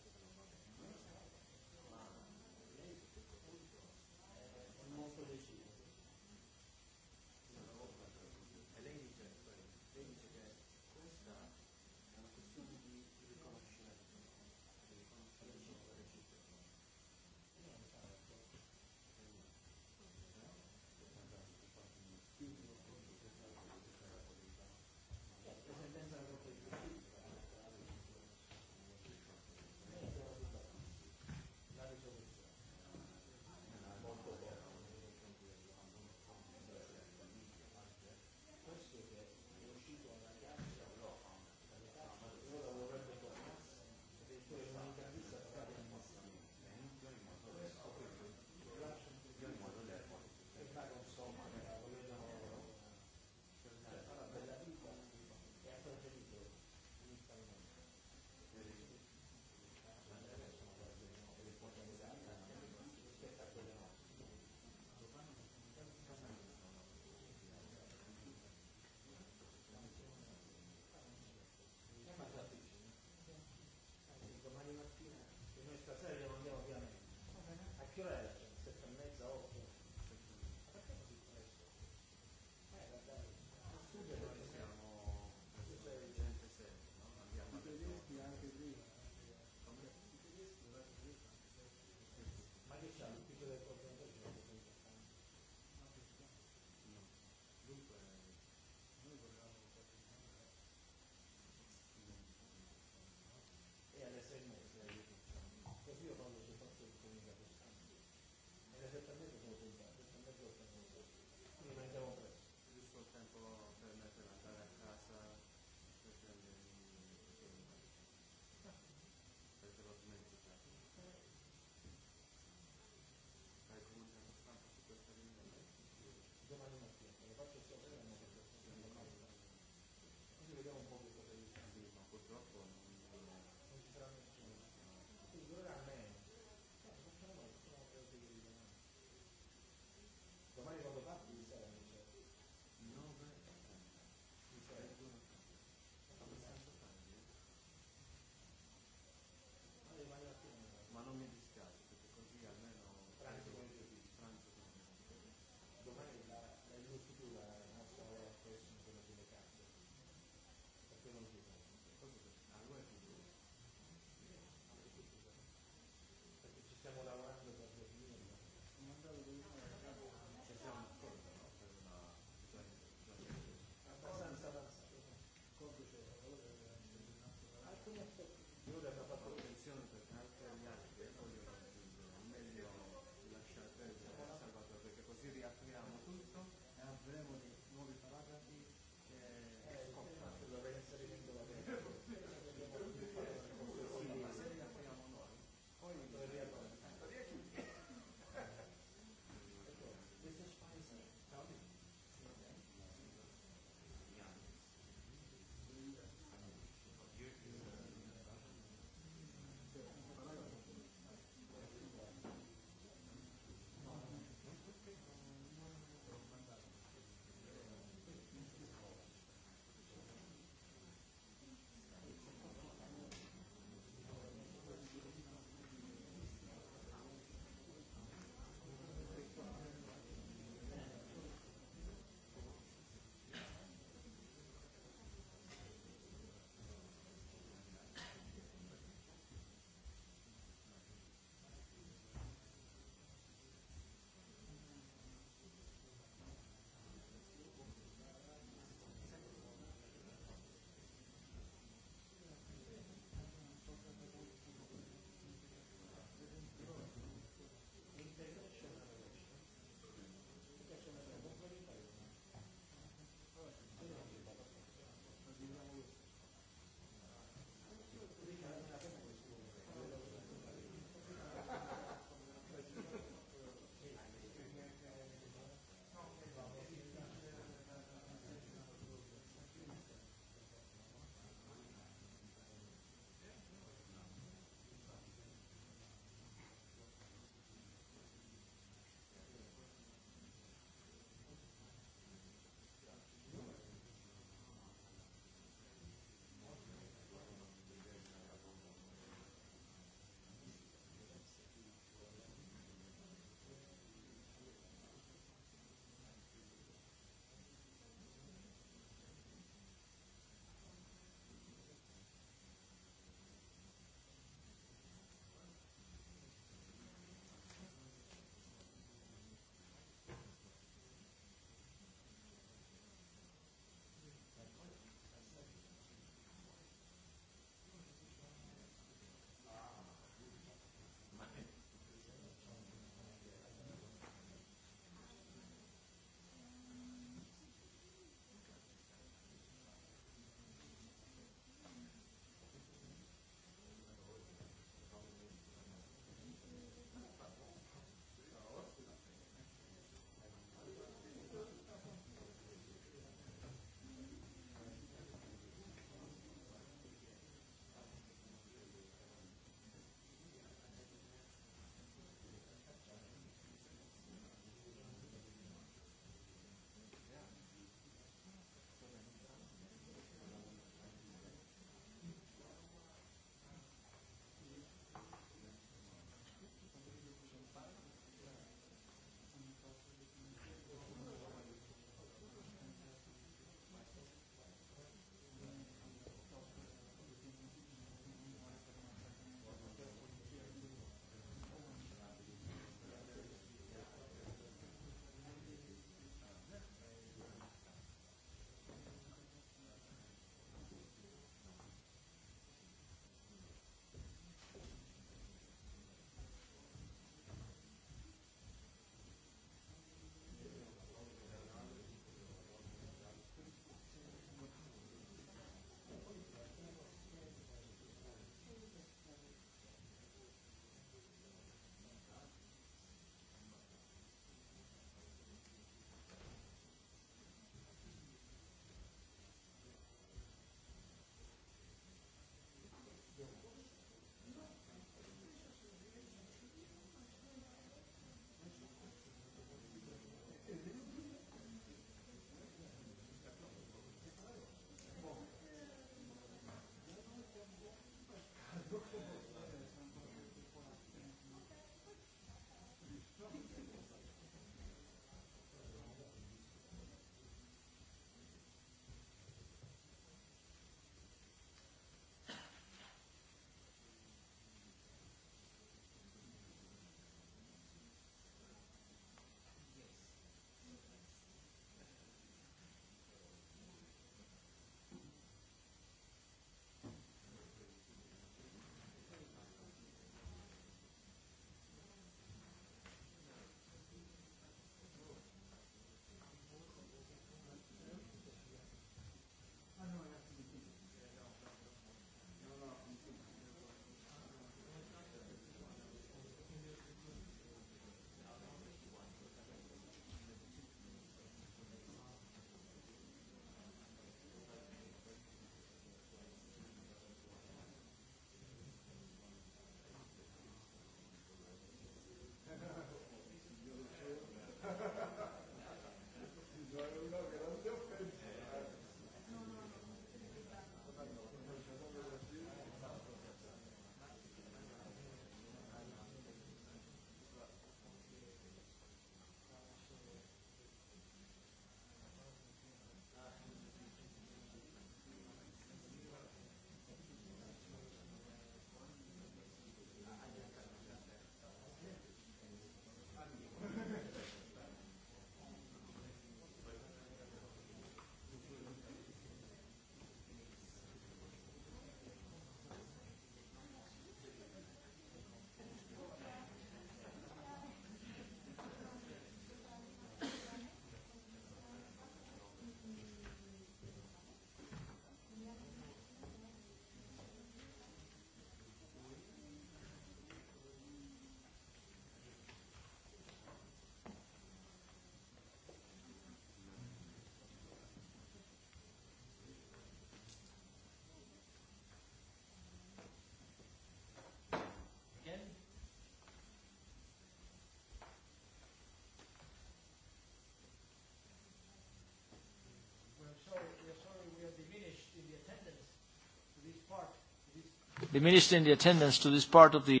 the minister in the attendance to this part of the...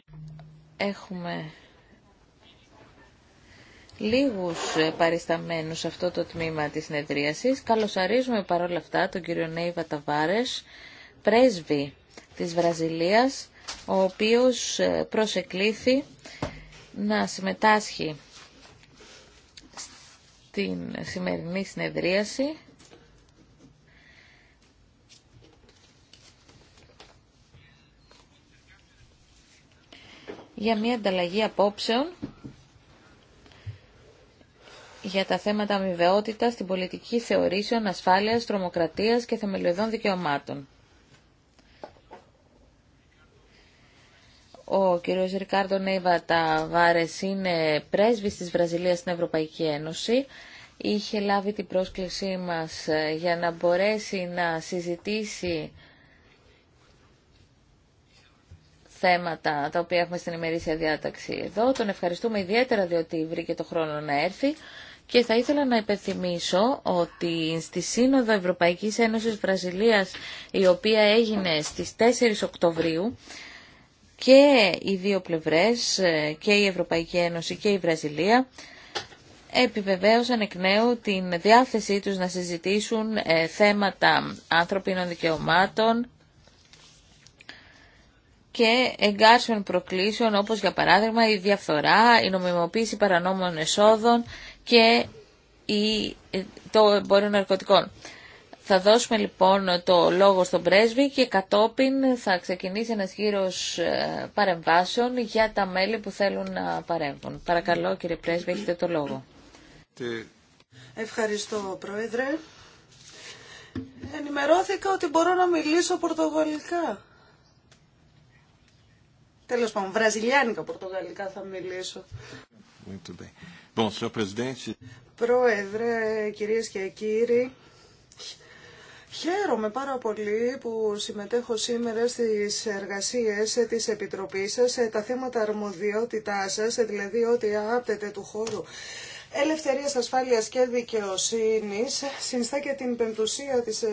Έχουμε λίγους ε, παρισταμένους σε αυτό το τμήμα της συνεδρίασης. Καλωσορίζουμε παρόλα αυτά τον κύριο Νέιβα Ταβάρες, πρέσβη της Βραζιλίας, ο οποίος ε, προσεκλήθη να συμμετάσχει στην σημερινή συνεδρίαση για μια ανταλλαγή απόψεων για τα θέματα αμοιβαιότητα στην πολιτική θεωρήσεων ασφάλειας, τρομοκρατίας και θεμελιωδών δικαιωμάτων. Ο κύριος Ρικάρντο Νέιβα Ταβάρες είναι πρέσβης της Βραζιλίας στην Ευρωπαϊκή Ένωση. Είχε λάβει την πρόσκλησή μας ε, για να μπορέσει να συζητήσει θέματα τα οποία έχουμε στην ημερήσια διάταξη εδώ. Τον ευχαριστούμε ιδιαίτερα διότι βρήκε το χρόνο να έρθει. Και θα ήθελα να υπενθυμίσω ότι στη Σύνοδο Ευρωπαϊκής Ένωσης Βραζιλίας, η οποία έγινε στις 4 Οκτωβρίου, και οι δύο πλευρές, και η Ευρωπαϊκή Ένωση και η Βραζιλία, επιβεβαίωσαν εκ νέου την διάθεσή τους να συζητήσουν ε, θέματα ανθρωπίνων δικαιωμάτων, και εγκάρσεων προκλήσεων όπως για παράδειγμα η διαφθορά, η νομιμοποίηση παρανόμων εσόδων και η, το εμπόριο ναρκωτικών. Θα δώσουμε λοιπόν το λόγο στον πρέσβη και κατόπιν θα ξεκινήσει ένας γύρος ε, παρεμβάσεων για τα μέλη που θέλουν να παρέμβουν. Παρακαλώ κύριε πρέσβη, έχετε το λόγο.
Ευχαριστώ πρόεδρε. Ενημερώθηκα ότι μπορώ να μιλήσω πορτογαλικά. Τέλος πάντων, βραζιλιάνικα, πορτογαλικά θα μιλήσω. Πρόεδρε, κυρίες και κύριοι, Χαίρομαι πάρα πολύ που συμμετέχω σήμερα στις εργασίες της Επιτροπής σας, τα θέματα αρμοδιότητά σας, δηλαδή ότι άπτεται του χώρου ελευθερίας, ασφάλειας και δικαιοσύνης, συνιστά και την πεμπτουσία της ε,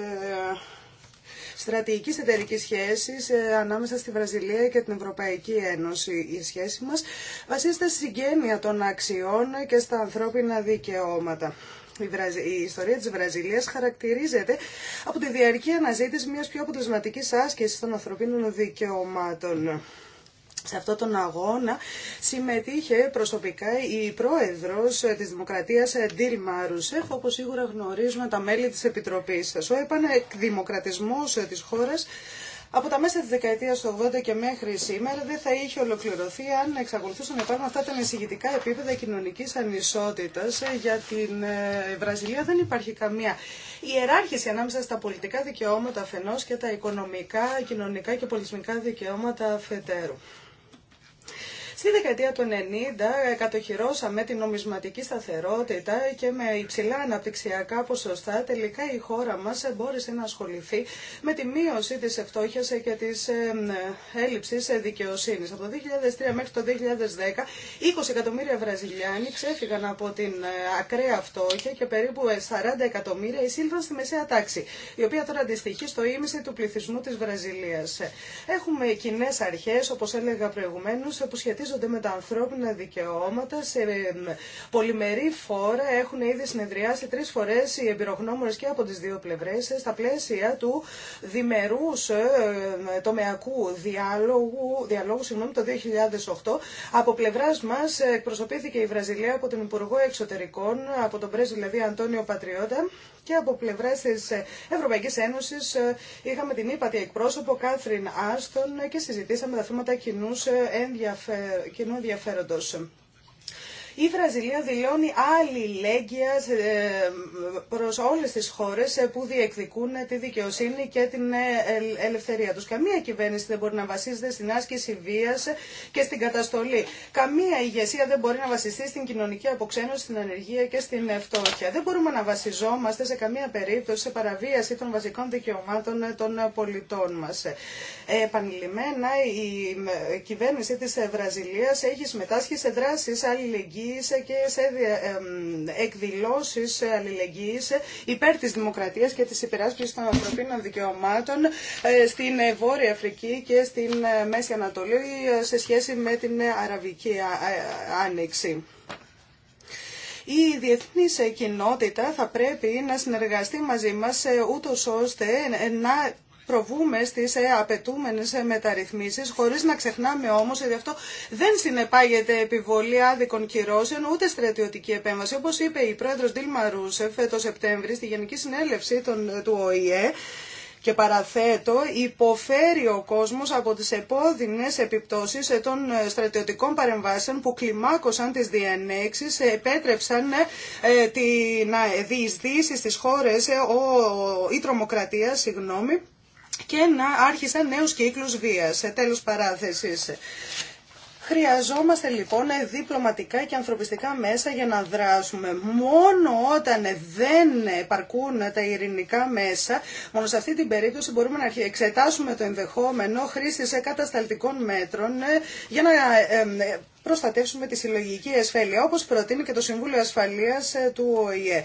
στρατηγικής εταιρικής σχέσης ε, ανάμεσα στη Βραζιλία και την Ευρωπαϊκή Ένωση. Η σχέση μας βασίζεται στη συγγένεια των αξιών και στα ανθρώπινα δικαιώματα. Η ιστορία της Βραζιλίας χαρακτηρίζεται από τη διαρκή αναζήτηση μιας πιο αποτελεσματικής άσκησης των ανθρωπίνων δικαιωμάτων. Σε αυτόν τον αγώνα συμμετείχε προσωπικά η πρόεδρος της Δημοκρατίας Ντίλμα Ρουσέφ, όπως σίγουρα γνωρίζουμε τα μέλη της Επιτροπής σας. Ο επανεκδημοκρατισμός της χώρας από τα μέσα τη δεκαετία του 80 και μέχρι σήμερα δεν θα είχε ολοκληρωθεί αν εξακολουθούσαν να υπάρχουν αυτά τα ανησυχητικά επίπεδα κοινωνική ανισότητα. Για την ε, Βραζιλία δεν υπάρχει καμία ιεράρχηση ανάμεσα στα πολιτικά δικαιώματα αφενό και τα οικονομικά, κοινωνικά και πολιτισμικά δικαιώματα αφετέρου. Στη δεκαετία των 90 κατοχυρώσαμε την νομισματική σταθερότητα και με υψηλά αναπτυξιακά ποσοστά τελικά η χώρα μας μπόρεσε να ασχοληθεί με τη μείωση της ευτόχειας και της έλλειψης δικαιοσύνης. Από το 2003 μέχρι το 2010 20 εκατομμύρια Βραζιλιάνοι ξέφυγαν από την ε, ακραία φτώχεια και περίπου 40 ε, εκατομμύρια εισήλθαν στη μεσαία τάξη, η οποία τώρα αντιστοιχεί στο ίμιση του πληθυσμού της Βραζιλίας. Έχουμε κοινέ αρχές, όπως έλεγα προηγουμένως, που σχετίζονται σχετίζονται με τα ανθρώπινα δικαιώματα σε ε, πολυμερή φόρα. Έχουν ήδη συνεδριάσει τρει φορέ οι εμπειρογνώμονε και από τι δύο πλευρέ ε, στα πλαίσια του διμερούς ε, τομεακού διάλογου, διαλόγου συγγνώμη, το 2008. Από πλευρά μα εκπροσωπήθηκε η Βραζιλία από τον Υπουργό Εξωτερικών, από τον πρέσβη δηλαδή Αντώνιο Πατριώτα και από πλευρά τη Ευρωπαϊκή Ένωση ε, είχαμε την ύπατη εκπρόσωπο Κάθριν Άστον και συζητήσαμε τα θέματα ε, κοινού ενδιαφέροντο. Η Βραζιλία δηλώνει αλληλέγγυα ε, προς όλες τις χώρες ε, που διεκδικούν τη δικαιοσύνη και την ε, ελευθερία τους. Καμία κυβέρνηση δεν μπορεί να βασίζεται στην άσκηση βίας και στην καταστολή. Καμία ηγεσία δεν μπορεί να βασιστεί στην κοινωνική αποξένωση, στην ανεργία και στην φτώχεια. Δεν μπορούμε να βασιζόμαστε σε καμία περίπτωση σε παραβίαση των βασικών δικαιωμάτων των πολιτών μας. Επανειλημμένα η κυβέρνηση της Βραζιλίας έχει συμμετάσχει σε δράσεις αλληλεγγύη και σε εκδηλώσεις αλληλεγγύης υπέρ της δημοκρατίας και της υπεράσπισης των ανθρωπίνων δικαιωμάτων ε, στην ε, Βόρεια Αφρική και στην ε, Μέση Ανατολή σε σχέση με την Αραβική Άνοιξη. Η διεθνής κοινότητα θα πρέπει να συνεργαστεί μαζί μας ούτως ώστε να προβούμε στις ε, απαιτούμενες ε, μεταρρυθμίσεις, χωρίς να ξεχνάμε όμως ότι αυτό δεν συνεπάγεται επιβολή άδικων κυρώσεων, ούτε στρατιωτική επέμβαση. Όπως είπε η πρόεδρος Ντίλμα Ρούσεφ ε, το Σεπτέμβρη στη Γενική Συνέλευση του ΟΗΕ, και παραθέτω, υποφέρει ο κόσμος από τις επώδυνες επιπτώσεις των στρατιωτικών παρεμβάσεων που κλιμάκωσαν τις διενέξεις, επέτρεψαν τη, να διεισδύσει στις χώρες ο, η τρομοκρατία, συγγνώμη, και να άρχισαν νέους κύκλους βίας. τέλο παράθεση. Χρειαζόμαστε λοιπόν διπλωματικά και ανθρωπιστικά μέσα για να δράσουμε. Μόνο όταν δεν επαρκούν τα ειρηνικά μέσα, μόνο σε αυτή την περίπτωση μπορούμε να εξετάσουμε το ενδεχόμενο χρήση κατασταλτικών μέτρων ε, για να ε, ε, προστατεύσουμε τη συλλογική ασφάλεια, όπως προτείνει και το Συμβούλιο Ασφαλείας του ΟΗΕ.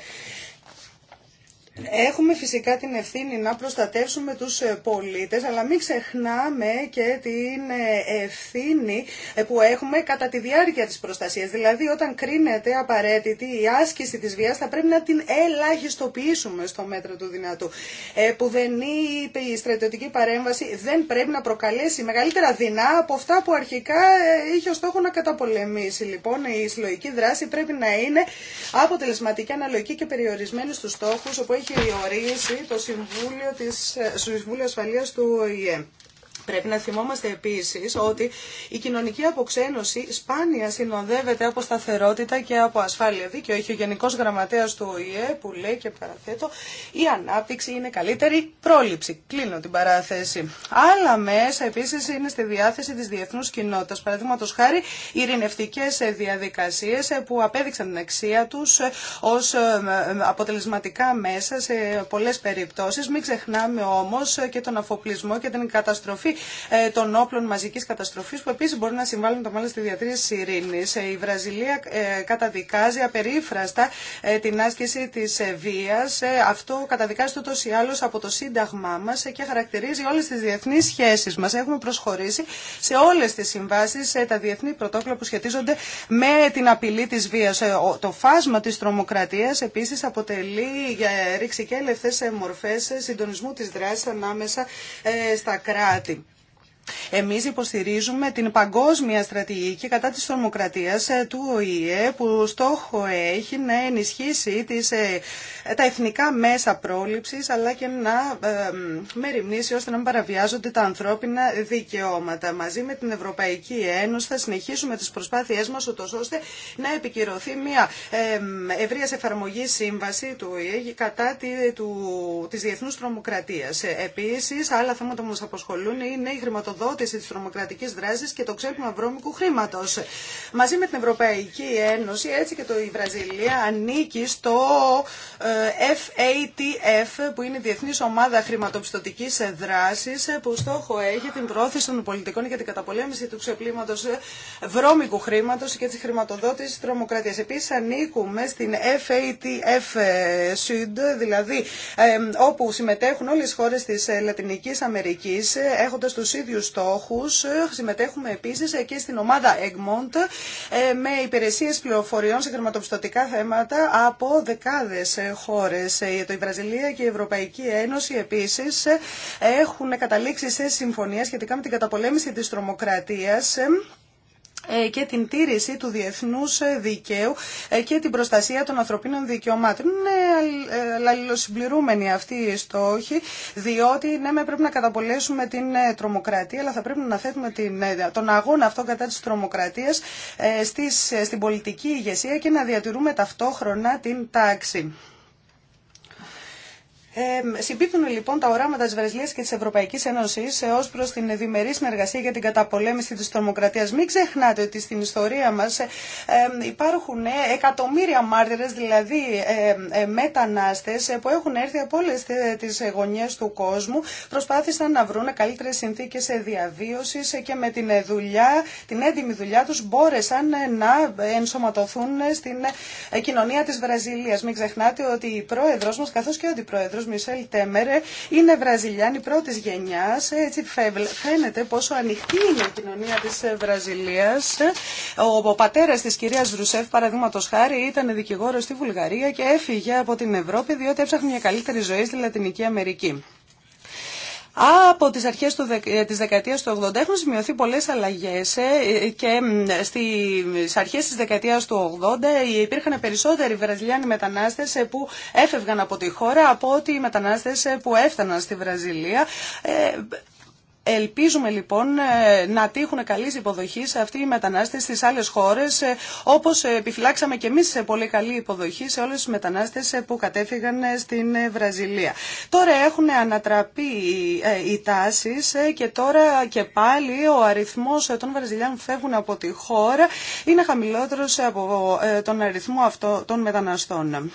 Έχουμε φυσικά την ευθύνη να προστατεύσουμε τους ε, πολίτες, αλλά μην ξεχνάμε και την ε, ευθύνη ε, που έχουμε κατά τη διάρκεια της προστασίας. Δηλαδή όταν κρίνεται απαραίτητη η άσκηση της βίας θα πρέπει να την ελαχιστοποιήσουμε στο μέτρο του δυνατού. Ε, που δεν είπε η στρατιωτική παρέμβαση δεν πρέπει να προκαλέσει μεγαλύτερα δεινά από αυτά που αρχικά είχε ως στόχο να καταπολεμήσει. Λοιπόν η συλλογική δράση πρέπει να είναι αποτελεσματική, αναλογική και περιορισμένη στους στόχους όπου και ορίζει το Συμβούλιο, της, ε, Συμβούλιο Ασφαλείας του ΟΗΕ. Πρέπει να θυμόμαστε επίση ότι η κοινωνική αποξένωση σπάνια συνοδεύεται από σταθερότητα και από ασφάλεια. Δίκιο έχει ο Γενικό Γραμματέας του ΟΗΕ που λέει και παραθέτω η ανάπτυξη είναι καλύτερη πρόληψη. Κλείνω την παράθεση. Άλλα μέσα επίση είναι στη διάθεση τη διεθνού κοινότητα, Παραδείγματο χάρη ειρηνευτικέ διαδικασίε που απέδειξαν την αξία του ω ε, ε, αποτελεσματικά μέσα σε πολλέ περιπτώσει. Μην ξεχνάμε όμω και τον αφοπλισμό και την καταστροφή ε, των όπλων μαζική καταστροφή που επίση μπορεί να συμβάλλουν το μάλλον στη διατήρηση ειρήνης. Ε, η Βραζιλία ε, καταδικάζει απερίφραστα την άσκηση της βίας. Αυτό καταδικάζει τούτο ή άλλως από το Σύνταγμά μας και χαρακτηρίζει όλε τι διεθνείς σχέσει μα Έχουμε προσχωρήσει σε όλε τι συμβάσει συμβάσεις τα διεθνή πρωτόκολλα που σχετίζονται με την απειλή της βίας. Το φάσμα τη τρομοκρατίας επίση αποτελεί για ρήξη και μορφέ συντονισμού τη δράση ανάμεσα στα κράτη. Εμείς υποστηρίζουμε την παγκόσμια στρατηγική κατά της τρομοκρατίας ε, του ΟΗΕ που στόχο έχει να ενισχύσει τις, ε, τα εθνικά μέσα πρόληψης αλλά και να ε, μεριμνήσει ώστε να μην παραβιάζονται τα ανθρώπινα δικαιώματα. Μαζί με την Ευρωπαϊκή Ένωση θα συνεχίσουμε τις προσπάθειές μας ώστε να επικυρωθεί μια ευρεία εφαρμογή σύμβαση του ΟΗΕ κατά τη, του, της διεθνούς Επίσης, άλλα θέματα που μας απασχολούν είναι η χρηματοδότηση χρηματοδότηση της τρομοκρατικής δράσης και το ξέπλυμα βρώμικου χρήματο. Μαζί με την Ευρωπαϊκή Ένωση, έτσι και το, η Βραζιλία ανήκει στο FATF, ε, που είναι η διεθνή Ομάδα χρηματοπιστωτική δράση, που στόχο έχει την πρόθεση των πολιτικών για την καταπολέμηση του ξέπλυματος ε, βρώμικου χρήματο και τη χρηματοδότηση τη τρομοκρατία. Επίση ανήκουμε στην FATF ε, Sud, δηλαδή όπου συμμετέχουν όλε οι χώρε τη Λατινική Αμερική, έχοντα του ίδιου στόχους. Ε, συμμετέχουμε επίση ε, και στην ομάδα Egmont ε, με υπηρεσίε πληροφοριών σε χρηματοπιστωτικά θέματα από δεκάδε χώρε. Το η Βραζιλία και η Ευρωπαϊκή Ένωση επίσης έχουν καταλήξει σε συμφωνία σχετικά με την καταπολέμηση της τρομοκρατίας ε, και την τήρηση του διεθνούς ε, δικαίου ε, και την προστασία των ανθρωπίνων δικαιωμάτων. Είναι αλληλοσυμπληρούμενοι αυτοί οι στόχοι, διότι ναι, πρέπει να καταπολέσουμε την τρομοκρατία, αλλά θα πρέπει να θέτουμε την, τον αγώνα αυτό κατά της τρομοκρατίας στην πολιτική ηγεσία και να διατηρούμε ταυτόχρονα την τάξη. Ε, συμπίπτουν λοιπόν τα οράματα τη Βραζιλίας και τη Ευρωπαϊκή Ένωση ω προ την διμερή συνεργασία για την καταπολέμηση τη τρομοκρατία. Μην ξεχνάτε ότι στην ιστορία μας υπάρχουν ε, εκατομμύρια μάρτυρε, δηλαδή ε, μετανάστες ε, που έχουν έρθει από όλες τι γωνιέ του κόσμου, προσπάθησαν να βρουν καλύτερες συνθήκες διαβίωσης και με την δουλειά, την έντιμη δουλειά του μπόρεσαν να ενσωματωθούν στην κοινωνία τη Βραζιλία. Μην ξεχνάτε ότι η πρόεδρο μα, καθώ και ο αντιπρόεδρο Μισελ Τέμερε είναι βραζιλιάνη πρώτης γενιάς. Έτσι φαίνεται πόσο ανοιχτή είναι η κοινωνία της Βραζίλία, Ο, ο πατέρας της κυρίας Ρουσέφ, παραδείγματος χάρη, ήταν δικηγόρο στη Βουλγαρία και έφυγε από την Ευρώπη διότι έψαχνε μια καλύτερη ζωή στη Λατινική Αμερική. Από τις αρχές του, ε, της δεκαετίας του 80 έχουν σημειωθεί πολλές αλλαγές ε, και στις αρχές της δεκαετίας του 80 υπήρχαν περισσότεροι Βραζιλιάνοι μετανάστες ε, που έφευγαν από τη χώρα από ότι οι μετανάστες που έφταναν στη Βραζιλία. Ελπίζουμε λοιπόν ε, να τύχουν υποδοχή σε αυτοί οι μετανάστες στις άλλες χώρες, ε, όπως ε, επιφυλάξαμε και εμείς σε πολύ καλή υποδοχή σε όλε τι μετανάστες που κατέφυγαν στην Βραζιλία. Τώρα έχουν ανατραπεί οι τάσει, και τώρα και πάλι ο αριθμός των Βραζιλιάνων που φεύγουν από τη χώρα είναι χαμηλότερος από τον αριθμό αυτό των μεταναστών.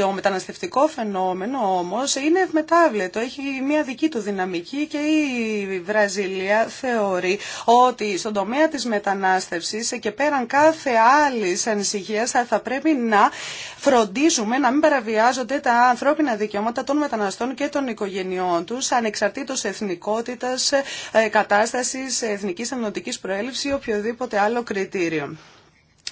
Το μεταναστευτικό φαινόμενο όμως είναι ευμετάβλετο, έχει μια δική του δυναμική και η Βραζιλία θεωρεί ότι στον τομέα της μετανάστευσης και πέραν κάθε άλλης ανησυχίας θα πρέπει να φροντίζουμε να μην παραβιάζονται τα ανθρώπινα δικαιώματα των μεταναστών και των οικογενειών τους ανεξαρτήτως εθνικότητας, ε, κατάστασης, εθνικής ενωτικής προέλευσης ή οποιοδήποτε άλλο κριτήριο.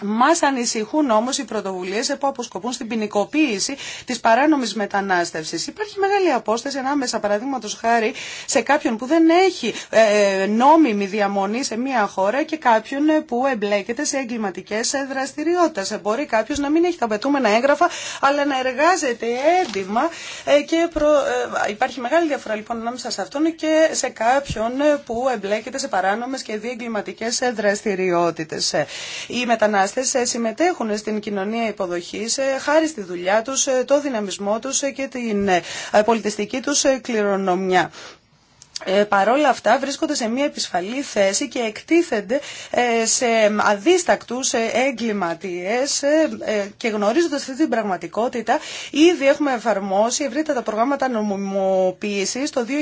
Μας ανησυχούν όμως οι πρωτοβουλίες που αποσκοπούν στην ποινικοποίηση της παράνομης μετανάστευσης. Υπάρχει μεγάλη απόσταση ανάμεσα παραδείγματος χάρη σε κάποιον που δεν έχει ε, ε, νόμιμη διαμονή σε μια χώρα και κάποιον ε, που εμπλέκεται σε εγκληματικές δραστηριότητες. Μπορεί κάποιο να μην έχει τα πετούμενα έγγραφα αλλά να εργάζεται έντιμα και προ... υπάρχει μεγάλη διαφορά λοιπόν ανάμεσα σε αυτόν και σε κάποιον που εμπλέκεται σε παράνομες και διεγκληματικές δραστηριότητες. Η εργαστές ε, συμμετέχουν στην κοινωνία υποδοχής ε, χάρη στη δουλειά τους, ε, το δυναμισμό τους και την πολιτιστική τους κληρονομιά ε, παρόλα αυτά βρίσκονται σε μια επισφαλή θέση και εκτίθενται ε, σε αδίστακτους ε, εγκληματίες ε, και γνωρίζοντας αυτή την πραγματικότητα ήδη έχουμε εφαρμόσει τα προγράμματα νομιμοποίησης. Το 2009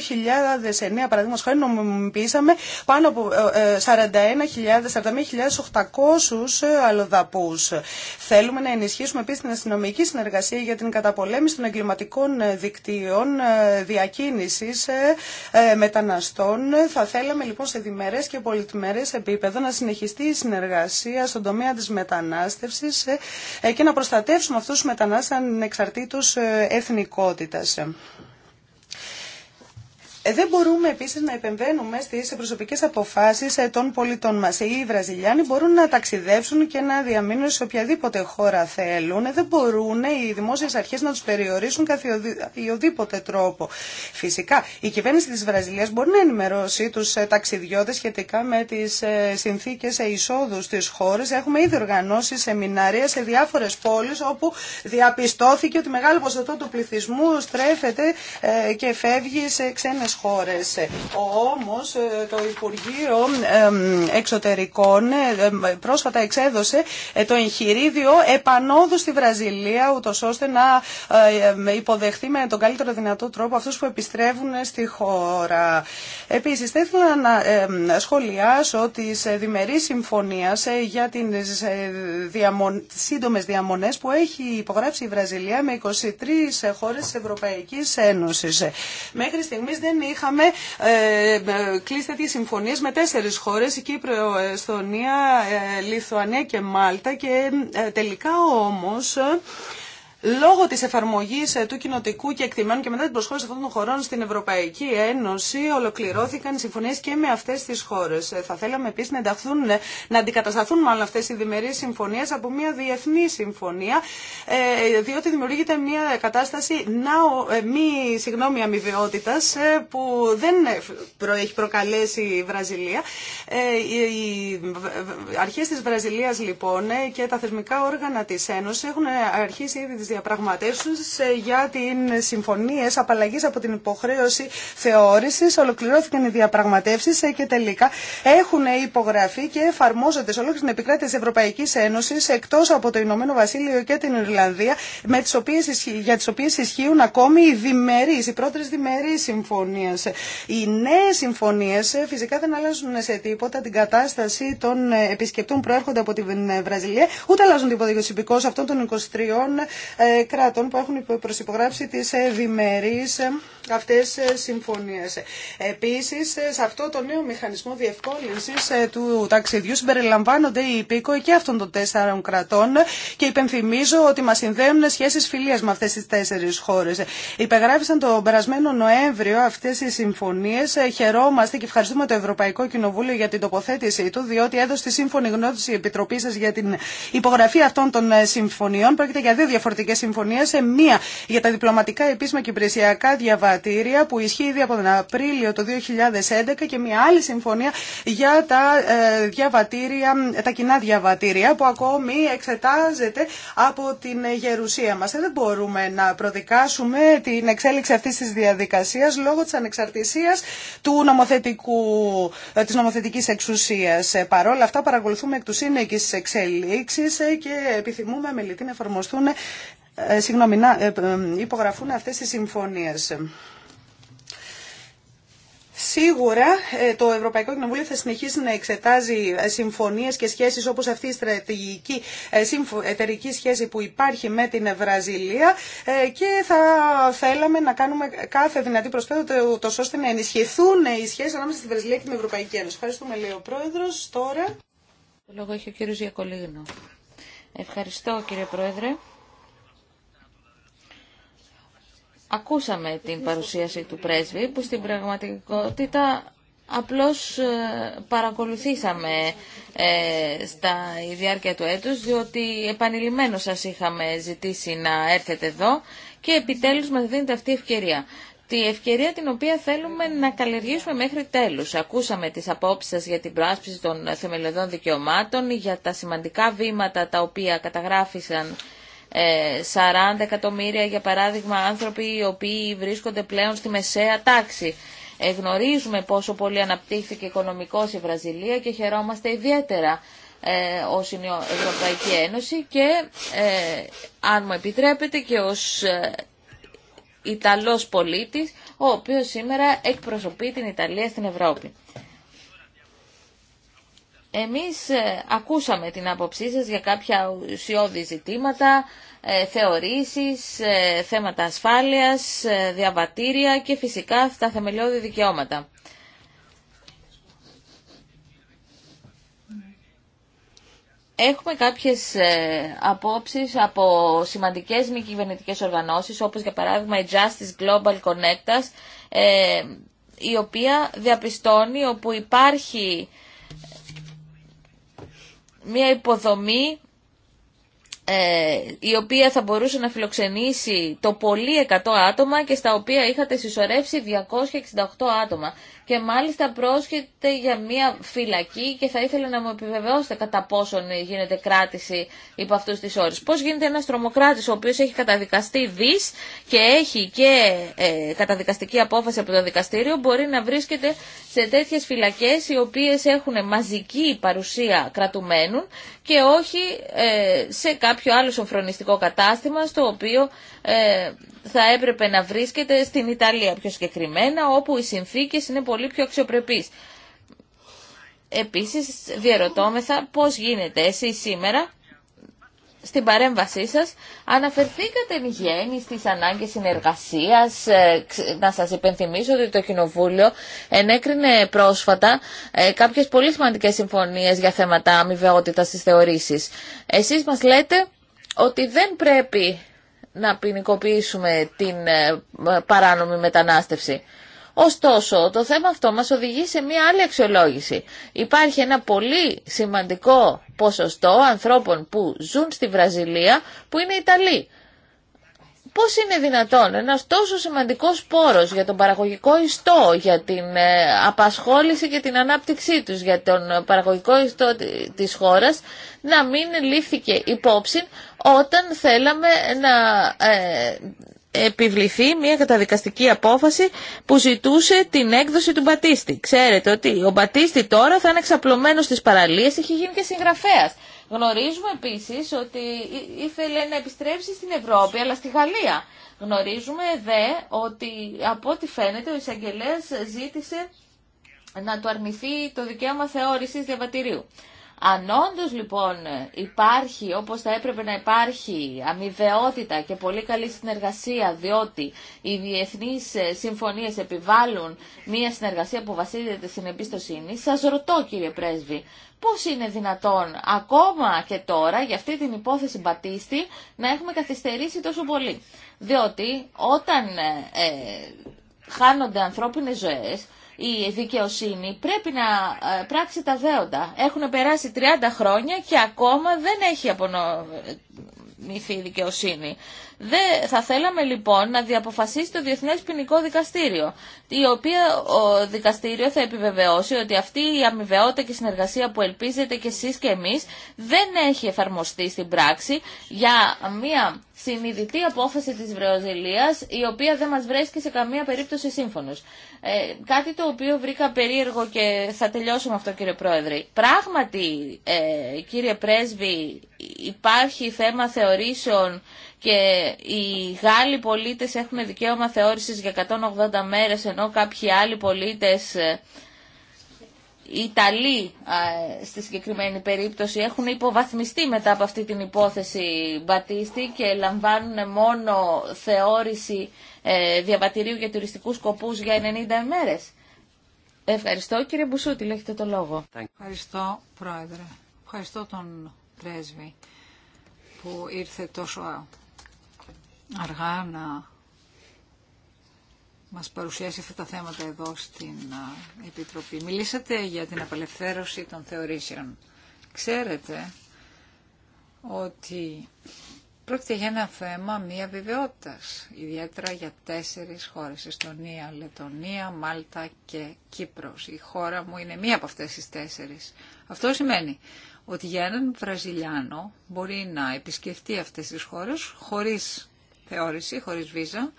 παραδειγμα χάρη νομιμοποιήσαμε πάνω από 41.000, 41.800 αλλοδαπούς. Θέλουμε να ενισχύσουμε επίσης την αστυνομική συνεργασία για την καταπολέμηση των εγκληματικών δικτύων διακίνησης μεταναστών. Θα θέλαμε λοιπόν σε διμερέ και πολυτιμερέ επίπεδο να συνεχιστεί η συνεργασία στον τομέα της μετανάστευση ε, και να προστατεύσουμε αυτούς του μετανάστες ανεξαρτήτως ε, εθνικότητας. Ε, δεν μπορούμε επίση να επεμβαίνουμε στις προσωπικές αποφάσεις ε, των πολιτών μας. Οι Βραζιλιάνοι μπορούν να ταξιδεύσουν και να διαμείνουν σε οποιαδήποτε χώρα θέλουν. Ε, δεν μπορούν οι δημόσιε αρχέ να του περιορίσουν οδήποτε τρόπο. Φυσικά, η κυβέρνηση τη Βραζιλία μπορεί να ενημερώσει τους ταξιδιώτε σχετικά με τις συνθήκες εισόδου στις χώρες. Έχουμε ήδη οργανώσει σεμινάρια σε διάφορε πόλει όπου διαπιστώθηκε ότι μεγάλο ποσοστό του πληθυσμού στρέφεται και φεύγει σε ξένε χώρες. Όμως ε, το Υπουργείο Εξωτερικών πρόσφατα εξέδωσε ε, το εγχειρίδιο επανόδου στη Βραζιλία ούτως ώστε να ε, υποδεχθεί με τον καλύτερο δυνατό τρόπο αυτούς που επιστρέφουν στη χώρα. Επίσης, θα να σχολιάσω τη διμερείς συμφωνίας για τις σύντομες διαμονές που έχει υπογράψει η Βραζιλία με 23 χώρες της Ευρωπαϊκής Ένωσης. Μέχρι στιγμής δεν είχαμε ε, ε, κλείσει τι συμφωνίε με τέσσερι χώρες, η Κύπρο, Εσθονία, ε, Λιθουανία και Μάλτα και τελικά όμως λόγω της εφαρμογής ε, του κοινοτικού και εκτιμένου και μετά την προσχώρηση αυτών των χωρών στην Ευρωπαϊκή Ένωση ολοκληρώθηκαν συμφωνίες και με αυτές τις χώρες. Ε, θα θέλαμε επίσης να ενταχθούν, ε, να αντικατασταθούν μάλλον αυτές οι διμερείς συμφωνίες από μια διεθνή συμφωνία, διότι δημιουργείται μια κατάσταση να, μη συγγνώμη αμοιβαιότητας που δεν έχει προκαλέσει η Βραζιλία. Οι αρχές της Βραζιλίας λοιπόν και τα θεσμικά όργανα της Ένωσης έχουν αρχίσει ήδη τις ε, για την συμφωνίες απαλλαγής από την υποχρέωση θεώρησης. Ολοκληρώθηκαν οι διαπραγματεύσεις ε, και τελικά έχουν υπογραφεί και εφαρμόζονται σε ολόκληρη την επικράτεια της Ευρωπαϊκής Ένωσης εκτός από το Ηνωμένο Βασίλειο και την Ιρλανδία με τις οποίες, για τις οποίες ισχύουν ακόμη οι διμερείς, οι πρώτερες διμερείς συμφωνίες. Οι νέες συμφωνίες ε, φυσικά δεν αλλάζουν σε τίποτα την κατάσταση των επισκεπτών προέρχονται από την Βραζιλία, ούτε αλλάζουν τίποτα για τους αυτών των 23 ε, κράτων που έχουν προσυπογράψει τις ευημερείς ε, αυτές ε, συμφωνίες. Επίσης, σε αυτό το νέο μηχανισμό διευκόλυνσης του ταξιδιού συμπεριλαμβάνονται οι υπήκοοι και αυτών των τέσσερων κρατών και υπενθυμίζω ότι μας συνδέουν σχέσεις φιλίας με αυτές τις τέσσερις χώρες. Υπεγράφησαν τον περασμένο Νοέμβριο αυτές οι συμφωνίες. Χαιρόμαστε και ευχαριστούμε το Ευρωπαϊκό Κοινοβούλιο για την τοποθέτησή του, διότι έδωσε τη σύμφωνη γνώση η Επιτροπή σας για την υπογραφή αυτών των συμφωνιών. Πρόκειται για δύο διαφορετικές Ευρωπαϊκή Συμφωνία σε μία για τα διπλωματικά επίσημα και υπηρεσιακά διαβατήρια που ισχύει ήδη από τον Απρίλιο το 2011 και μία άλλη συμφωνία για τα, ε, διαβατήρια, τα κοινά διαβατήρια που ακόμη εξετάζεται από την γερουσία μας. Ε, δεν μπορούμε να προδικάσουμε την εξέλιξη αυτής τη διαδικασίας λόγω της ανεξαρτησίας του νομοθετικού, ε, της νομοθετικής εξουσίας. Παρόλα αυτά παρακολουθούμε εκ του σύνεκης και επιθυμούμε μελητή να εφαρμοστούν ε, συγγνώμη, να ε, ε, υπογραφούν αυτές τις συμφωνίες. Σίγουρα το Ευρωπαϊκό Κοινοβούλιο θα συνεχίσει να εξετάζει συμφωνίες και σχέσεις όπως αυτή η στρατηγική εταιρική σχέση που υπάρχει με την Βραζιλία και θα θέλαμε να κάνουμε κάθε δυνατή προσπάθεια τόσο ώστε να ενισχυθούν οι σχέσεις ανάμεσα στην Βραζιλία και την Ευρωπαϊκή Ένωση.
Ευχαριστούμε λέει ο Πρόεδρος. Τώρα... Το λόγο έχει ο κύριος Γιακολίνο. Ευχαριστώ κύριε Πρόεδρε. Ακούσαμε την παρουσίαση του πρέσβη που στην πραγματικότητα απλώς ε, παρακολουθήσαμε ε, στα η διάρκεια του έτους διότι επανειλημμένως σας είχαμε ζητήσει να έρθετε εδώ και επιτέλους μας δίνετε αυτή η ευκαιρία. Τη ευκαιρία την οποία θέλουμε να καλλιεργήσουμε μέχρι τέλους. Ακούσαμε τις απόψεις σας για την προάσπιση των θεμελιωδών δικαιωμάτων, για τα σημαντικά βήματα τα οποία καταγράφησαν 40 ε, εκατομμύρια για παράδειγμα άνθρωποι οι οποίοι βρίσκονται πλέον στη μεσαία τάξη. Εγνωρίζουμε πόσο πολύ αναπτύχθηκε οικονομικώς η Βραζιλία και χαιρόμαστε ιδιαίτερα ε, ως η Ευρωπαϊκή Ένωση και ε, αν μου επιτρέπετε και ως ε, Ιταλός πολίτης ο οποίος σήμερα εκπροσωπεί την Ιταλία στην Ευρώπη. Εμείς ε, ακούσαμε την άποψή σας για κάποια ουσιώδη ζητήματα, ε, θεωρήσεις, ε, θέματα ασφάλειας, διαβατήρια και φυσικά τα θεμελιώδη δικαιώματα. Έχουμε κάποιες απόψεις από σημαντικές μη κυβερνητικέ οργανώσεις, όπως για παράδειγμα η Justice Global Connectors, η οποία διαπιστώνει όπου υπάρχει μια υποδομή ε, η οποία θα μπορούσε να φιλοξενήσει το πολύ 100 άτομα και στα οποία είχατε συσσωρεύσει 268 άτομα και μάλιστα πρόσχεται για μια φυλακή και θα ήθελα να μου επιβεβαιώσετε κατά πόσον γίνεται κράτηση υπό αυτού τις ώρες. Πώ γίνεται ένα τρομοκράτη ο οποίο έχει καταδικαστεί δι και έχει και ε, καταδικαστική απόφαση από το δικαστήριο μπορεί να βρίσκεται σε τέτοιε φυλακέ οι οποίε έχουν μαζική παρουσία κρατουμένων και όχι ε, σε κάποιο άλλο σοφρονιστικό κατάστημα στο οποίο ε, θα έπρεπε να βρίσκεται στην Ιταλία πιο συγκεκριμένα όπου οι συνθήκες είναι πολύ πολύ πιο αξιοπρεπείς. Επίσης, διαρωτώμεθα πώς γίνεται εσεί σήμερα στην παρέμβασή σας αναφερθήκατε εν γέννη στις ανάγκες συνεργασίας. Ε, να σας υπενθυμίσω ότι το Κοινοβούλιο ενέκρινε πρόσφατα ε, κάποιες πολύ σημαντικές συμφωνίες για θέματα αμοιβαιότητας στις θεωρήσεις. Εσείς μας λέτε ότι δεν πρέπει να ποινικοποιήσουμε την ε, παράνομη μετανάστευση. Ωστόσο, το θέμα αυτό μας οδηγεί σε μια άλλη αξιολόγηση. Υπάρχει ένα πολύ σημαντικό ποσοστό ανθρώπων που ζουν στη Βραζιλία που είναι Ιταλοί. Πώς είναι δυνατόν ένας τόσο σημαντικός πόρος για τον παραγωγικό ιστό, για την ε, απασχόληση και την ανάπτυξή τους, για τον παραγωγικό ιστό της χώρας, να μην λήφθηκε υπόψη όταν θέλαμε να ε, επιβληθεί μια καταδικαστική απόφαση που ζητούσε την έκδοση του Μπατίστη. Ξέρετε ότι ο Μπατίστη τώρα θα είναι εξαπλωμένος στις παραλίε, έχει γίνει και συγγραφέα. Γνωρίζουμε επίσης ότι ήθελε να επιστρέψει στην Ευρώπη αλλά στη Γαλλία. Γνωρίζουμε δε ότι από ό,τι φαίνεται ο εισαγγελέα ζήτησε να του αρνηθεί το δικαίωμα θεώρησης διαβατηρίου. Αν όντω λοιπόν υπάρχει όπως θα έπρεπε να υπάρχει αμοιβαιότητα και πολύ καλή συνεργασία διότι οι διεθνείς ε, συμφωνίες επιβάλλουν μια συνεργασία που βασίζεται στην εμπιστοσύνη, σας ρωτώ κύριε Πρέσβη, πώς είναι δυνατόν ακόμα και τώρα για αυτή την υπόθεση Μπατίστη να έχουμε καθυστερήσει τόσο πολύ. Διότι όταν ε, ε, χάνονται ανθρώπινες ζωές, η δικαιοσύνη πρέπει να ε, πράξει τα δέοντα. Έχουν περάσει 30 χρόνια και ακόμα δεν έχει απονομηθεί η δικαιοσύνη. δε θα θέλαμε λοιπόν να διαποφασίσει το Διεθνές Ποινικό Δικαστήριο, η οποία δικαστήριο θα επιβεβαιώσει ότι αυτή η αμοιβαιότητα και συνεργασία που ελπίζετε και εσείς και εμείς δεν έχει εφαρμοστεί στην πράξη για μια συνειδητή απόφαση της Βρεοζηλίας, η οποία δεν μας βρέσκει σε καμία περίπτωση σύμφωνος. Ε, κάτι το οποίο βρήκα περίεργο και θα τελειώσω με αυτό κύριε Πρόεδρε. Πράγματι, ε, κύριε Πρέσβη, υπάρχει θέμα θεωρήσεων και οι Γάλλοι πολίτες έχουν δικαίωμα θεώρησης για 180 μέρες, ενώ κάποιοι άλλοι πολίτες ε, οι Ιταλοί στη συγκεκριμένη περίπτωση έχουν υποβαθμιστεί μετά από αυτή την υπόθεση Μπατίστη και λαμβάνουν μόνο θεώρηση ε, διαβατηρίου για τουριστικούς σκοπούς για 90 μέρες. Ευχαριστώ κύριε Μπουσούτη, έχετε το λόγο. Ευχαριστώ πρόεδρε. Ευχαριστώ τον πρέσβη
που ήρθε τόσο αργά να μας παρουσιάσει αυτά τα θέματα εδώ στην Επιτροπή. Μιλήσατε για την απελευθέρωση των θεωρήσεων. Ξέρετε ότι πρόκειται για ένα θέμα μία βεβαιότητα. ιδιαίτερα για τέσσερις χώρες, Εστονία, Λετωνία, Μάλτα και Κύπρος. Η χώρα μου είναι μία από αυτές τις τέσσερις. Αυτό σημαίνει ότι για έναν Βραζιλιάνο μπορεί να επισκεφτεί αυτές τις χώρες χωρίς θεώρηση, χωρίς βίζα,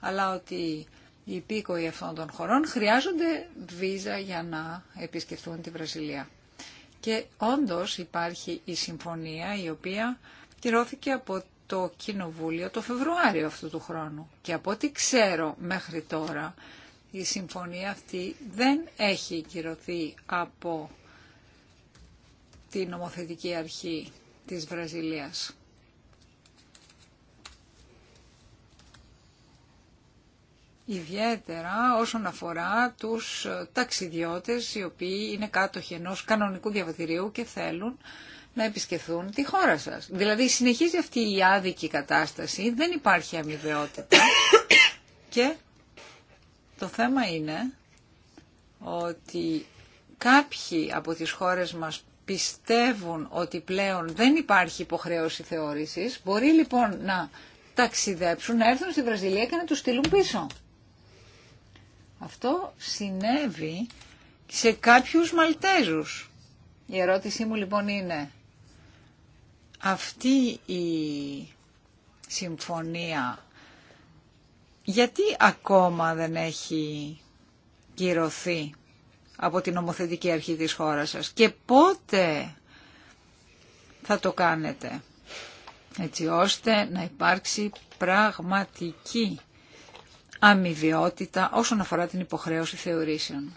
αλλά ότι οι υπήκοοι αυτών των χωρών χρειάζονται βίζα για να επισκεφθούν τη Βραζιλία. Και όντως υπάρχει η συμφωνία η οποία κυρώθηκε από το Κοινοβούλιο το Φεβρουάριο αυτού του χρόνου. Και από ό,τι ξέρω μέχρι τώρα η συμφωνία αυτή δεν έχει κυρωθεί από την νομοθετική αρχή της Βραζιλίας. Ιδιαίτερα όσον αφορά τους ταξιδιώτες οι οποίοι είναι κάτοχοι ενός κανονικού διαβατηρίου και θέλουν να επισκεφθούν τη χώρα σας. Δηλαδή συνεχίζει αυτή η άδικη κατάσταση, δεν υπάρχει αμοιβαιότητα και το θέμα είναι ότι κάποιοι από τις χώρες μας πιστεύουν ότι πλέον δεν υπάρχει υποχρέωση θεώρησης, μπορεί λοιπόν να ταξιδέψουν, να έρθουν στη Βραζιλία και να τους στείλουν πίσω. Αυτό συνέβη σε κάποιους Μαλτέζους. Η ερώτησή μου λοιπόν είναι, αυτή η συμφωνία γιατί ακόμα δεν έχει κυρωθεί από την νομοθετική αρχή της χώρας σας και πότε θα το κάνετε έτσι ώστε να υπάρξει πραγματική αμοιβαιότητα όσον αφορά την υποχρέωση θεωρήσεων.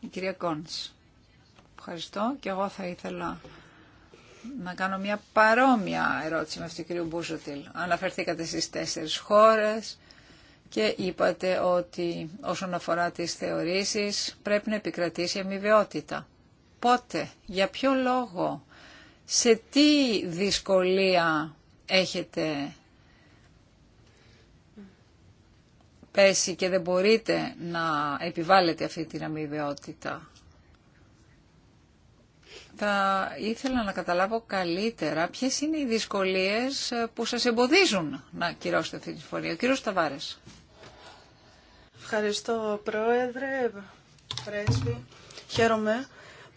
Η κυρία Κόνς. Ευχαριστώ και εγώ θα ήθελα να κάνω μια παρόμοια ερώτηση με αυτήν του κυρίου Μπούζοτιλ. Αναφερθήκατε στις τέσσερις χώρες και είπατε ότι όσον αφορά τις θεωρήσεις πρέπει να επικρατήσει αμοιβαιότητα. Πότε, για ποιο λόγο, σε τι δυσκολία έχετε πέσει και δεν μπορείτε να επιβάλλετε αυτή την αμοιβαιότητα. Θα ήθελα να καταλάβω καλύτερα ποιες είναι οι δυσκολίες που σας εμποδίζουν να κυρώσετε αυτή τη συμφωνία. Ο κύριος Ταβάρες. Ευχαριστώ
Πρόεδρε, Πρέσβη. Χαίρομαι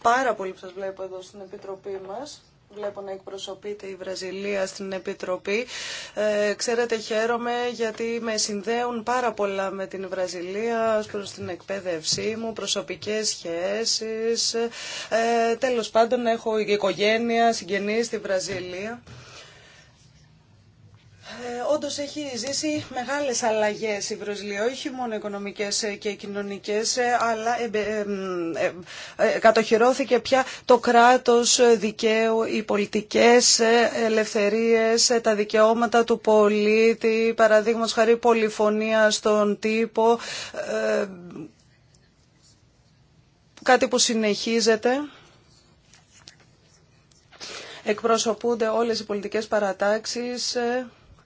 πάρα πολύ που σας βλέπω εδώ στην Επιτροπή μας βλέπω να εκπροσωπείται η Βραζιλία στην Επιτροπή. Ε, ξέρετε, χαίρομαι γιατί με συνδέουν πάρα πολλά με την Βραζιλία ως προς την εκπαίδευσή μου, προσωπικές σχέσεις. Ε, τέλος πάντων, έχω οικογένεια, συγγενείς στη Βραζιλία. Ε, Όντω έχει ζήσει μεγάλες αλλαγές η Βροσλία, όχι μόνο οικονομικές ε, και κοινωνικές, ε, αλλά κατοχυρώθηκε πια το κράτος δικαίου, οι πολιτικές ελευθερίες, τα δικαιώματα του πολίτη, παραδείγματος χαρή πολυφωνία στον τύπο, κάτι που συνεχίζεται εκπροσωπούνται όλες οι πολιτικές παρατάξεις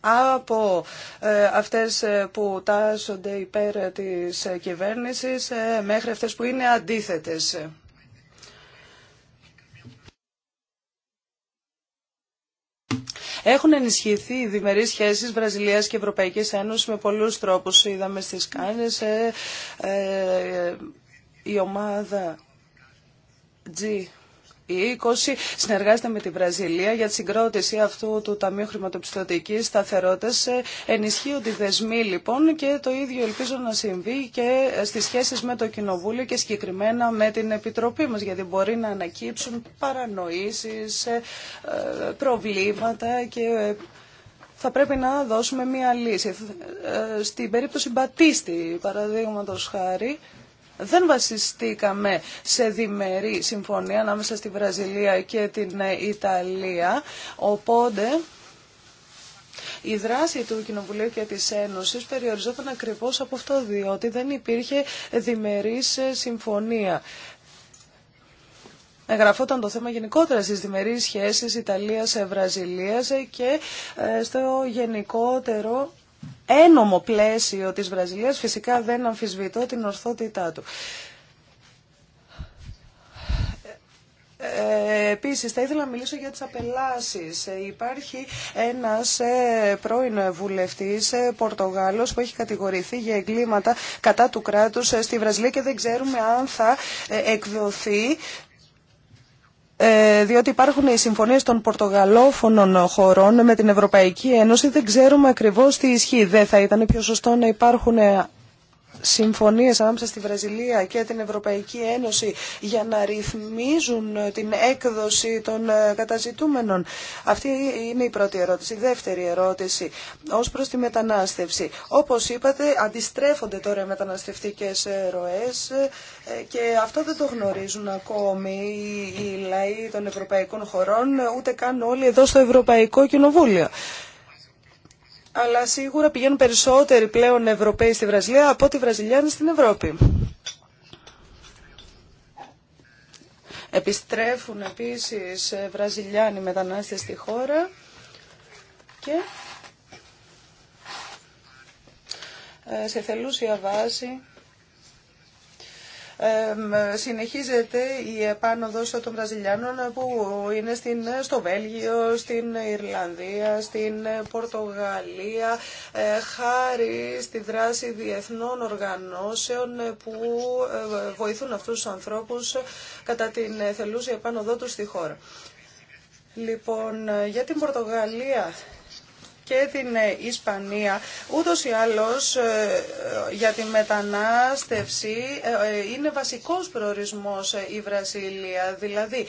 από ε, αυτές ε, που τάσσονται υπέρ της κυβέρνησης ε, μέχρι αυτές που είναι αντίθετες. Έχουν ενισχυθεί οι διμερείς σχέσεις Βραζιλίας και Ευρωπαϊκής Ένωσης με πολλούς τρόπους. Είδαμε στις Κάνες η ομάδα G συνεργάζεται με τη Βραζιλία για τη συγκρότηση αυτού του Ταμείου Χρηματοπιστωτικής Σταθερότητας. Ε, ενισχύονται οι δεσμοί λοιπόν και το ίδιο ελπίζω να συμβεί και στις σχέσεις με το Κοινοβούλιο και συγκεκριμένα με την Επιτροπή μας γιατί μπορεί να ανακύψουν παρανοήσεις, ε, ε, προβλήματα και θα πρέπει να δώσουμε μία λύση. Στην περίπτωση Μπατίστη, παραδείγματος χάρη, δεν βασιστήκαμε σε διμερή συμφωνία ανάμεσα στη Βραζιλία και την ε, Ιταλία, οπότε η δράση του Κοινοβουλίου και της Ένωσης περιοριζόταν ακριβώς από αυτό, διότι δεν υπήρχε διμερής ε, συμφωνία. Εγγραφόταν το θέμα γενικότερα στις διμερείς σχέσεις Ιταλίας-Βραζιλίας και ε, στο γενικότερο ένομο πλαίσιο της Βραζιλίας φυσικά δεν αμφισβητώ την ορθότητά του. Ε, επίσης, θα ήθελα να μιλήσω για τις απελάσεις. Ε, υπάρχει ένας ε, πρώην βουλευτής, ε, Πορτογάλος, που έχει κατηγορηθεί για εγκλήματα κατά του κράτους στη Βραζιλία και δεν ξέρουμε αν θα εκδοθεί ε, διότι υπάρχουν οι συμφωνίες των πορτογαλόφωνων χωρών με την Ευρωπαϊκή Ένωση. Δεν ξέρουμε ακριβώς τι ισχύει. Δεν θα ήταν πιο σωστό να υπάρχουν συμφωνίες ανάμεσα στη Βραζιλία και την Ευρωπαϊκή Ένωση για να ρυθμίζουν την έκδοση των ε, καταζητούμενων. Αυτή είναι η πρώτη ερώτηση. Η δεύτερη ερώτηση ω προ τη μετανάστευση. Όπως είπατε αντιστρέφονται τώρα οι μεταναστευτικέ ε, ροές ε, και αυτό δεν το γνωρίζουν ακόμη οι λαοί των ευρωπαϊκών χωρών ούτε καν όλοι εδώ στο Ευρωπαϊκό Κοινοβούλιο αλλά σίγουρα πηγαίνουν περισσότεροι πλέον Ευρωπαίοι στη Βραζιλία από ότι Βραζιλιάνοι στην Ευρώπη. Επιστρέφουν επίσης ε, Βραζιλιάνοι μετανάστες στη χώρα και ε, σε θελούσια βάση συνεχίζεται η επάνωδος των Βραζιλιάνων που είναι στην, στο Βέλγιο, στην Ιρλανδία, στην Πορτογαλία, ε, χάρη στη δράση διεθνών οργανώσεων που ε, βοηθούν αυτούς τους ανθρώπους κατά την θελούσια επάνωδό τους στη χώρα. Λοιπόν, ε, για την Πορτογαλία και την ε, Ισπανία. Ούτως ή άλλως ε, για τη μετανάστευση ε, είναι βασικός προορισμός η Βραζιλία. Δηλαδή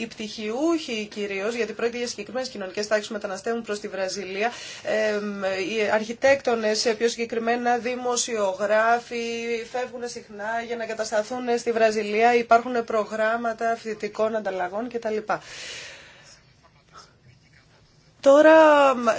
οι πτυχιούχοι κυρίω, γιατί πρόκειται για συγκεκριμένες κοινωνικές τάξεις μεταναστεύουν προς τη Βραζιλία, οι αρχιτέκτονες, πιο συγκεκριμένα δημοσιογράφοι, φεύγουν συχνά για να κατασταθούν στη Βραζιλία, υπάρχουν προγράμματα φοιτητικών ανταλλαγών κτλ. Τώρα,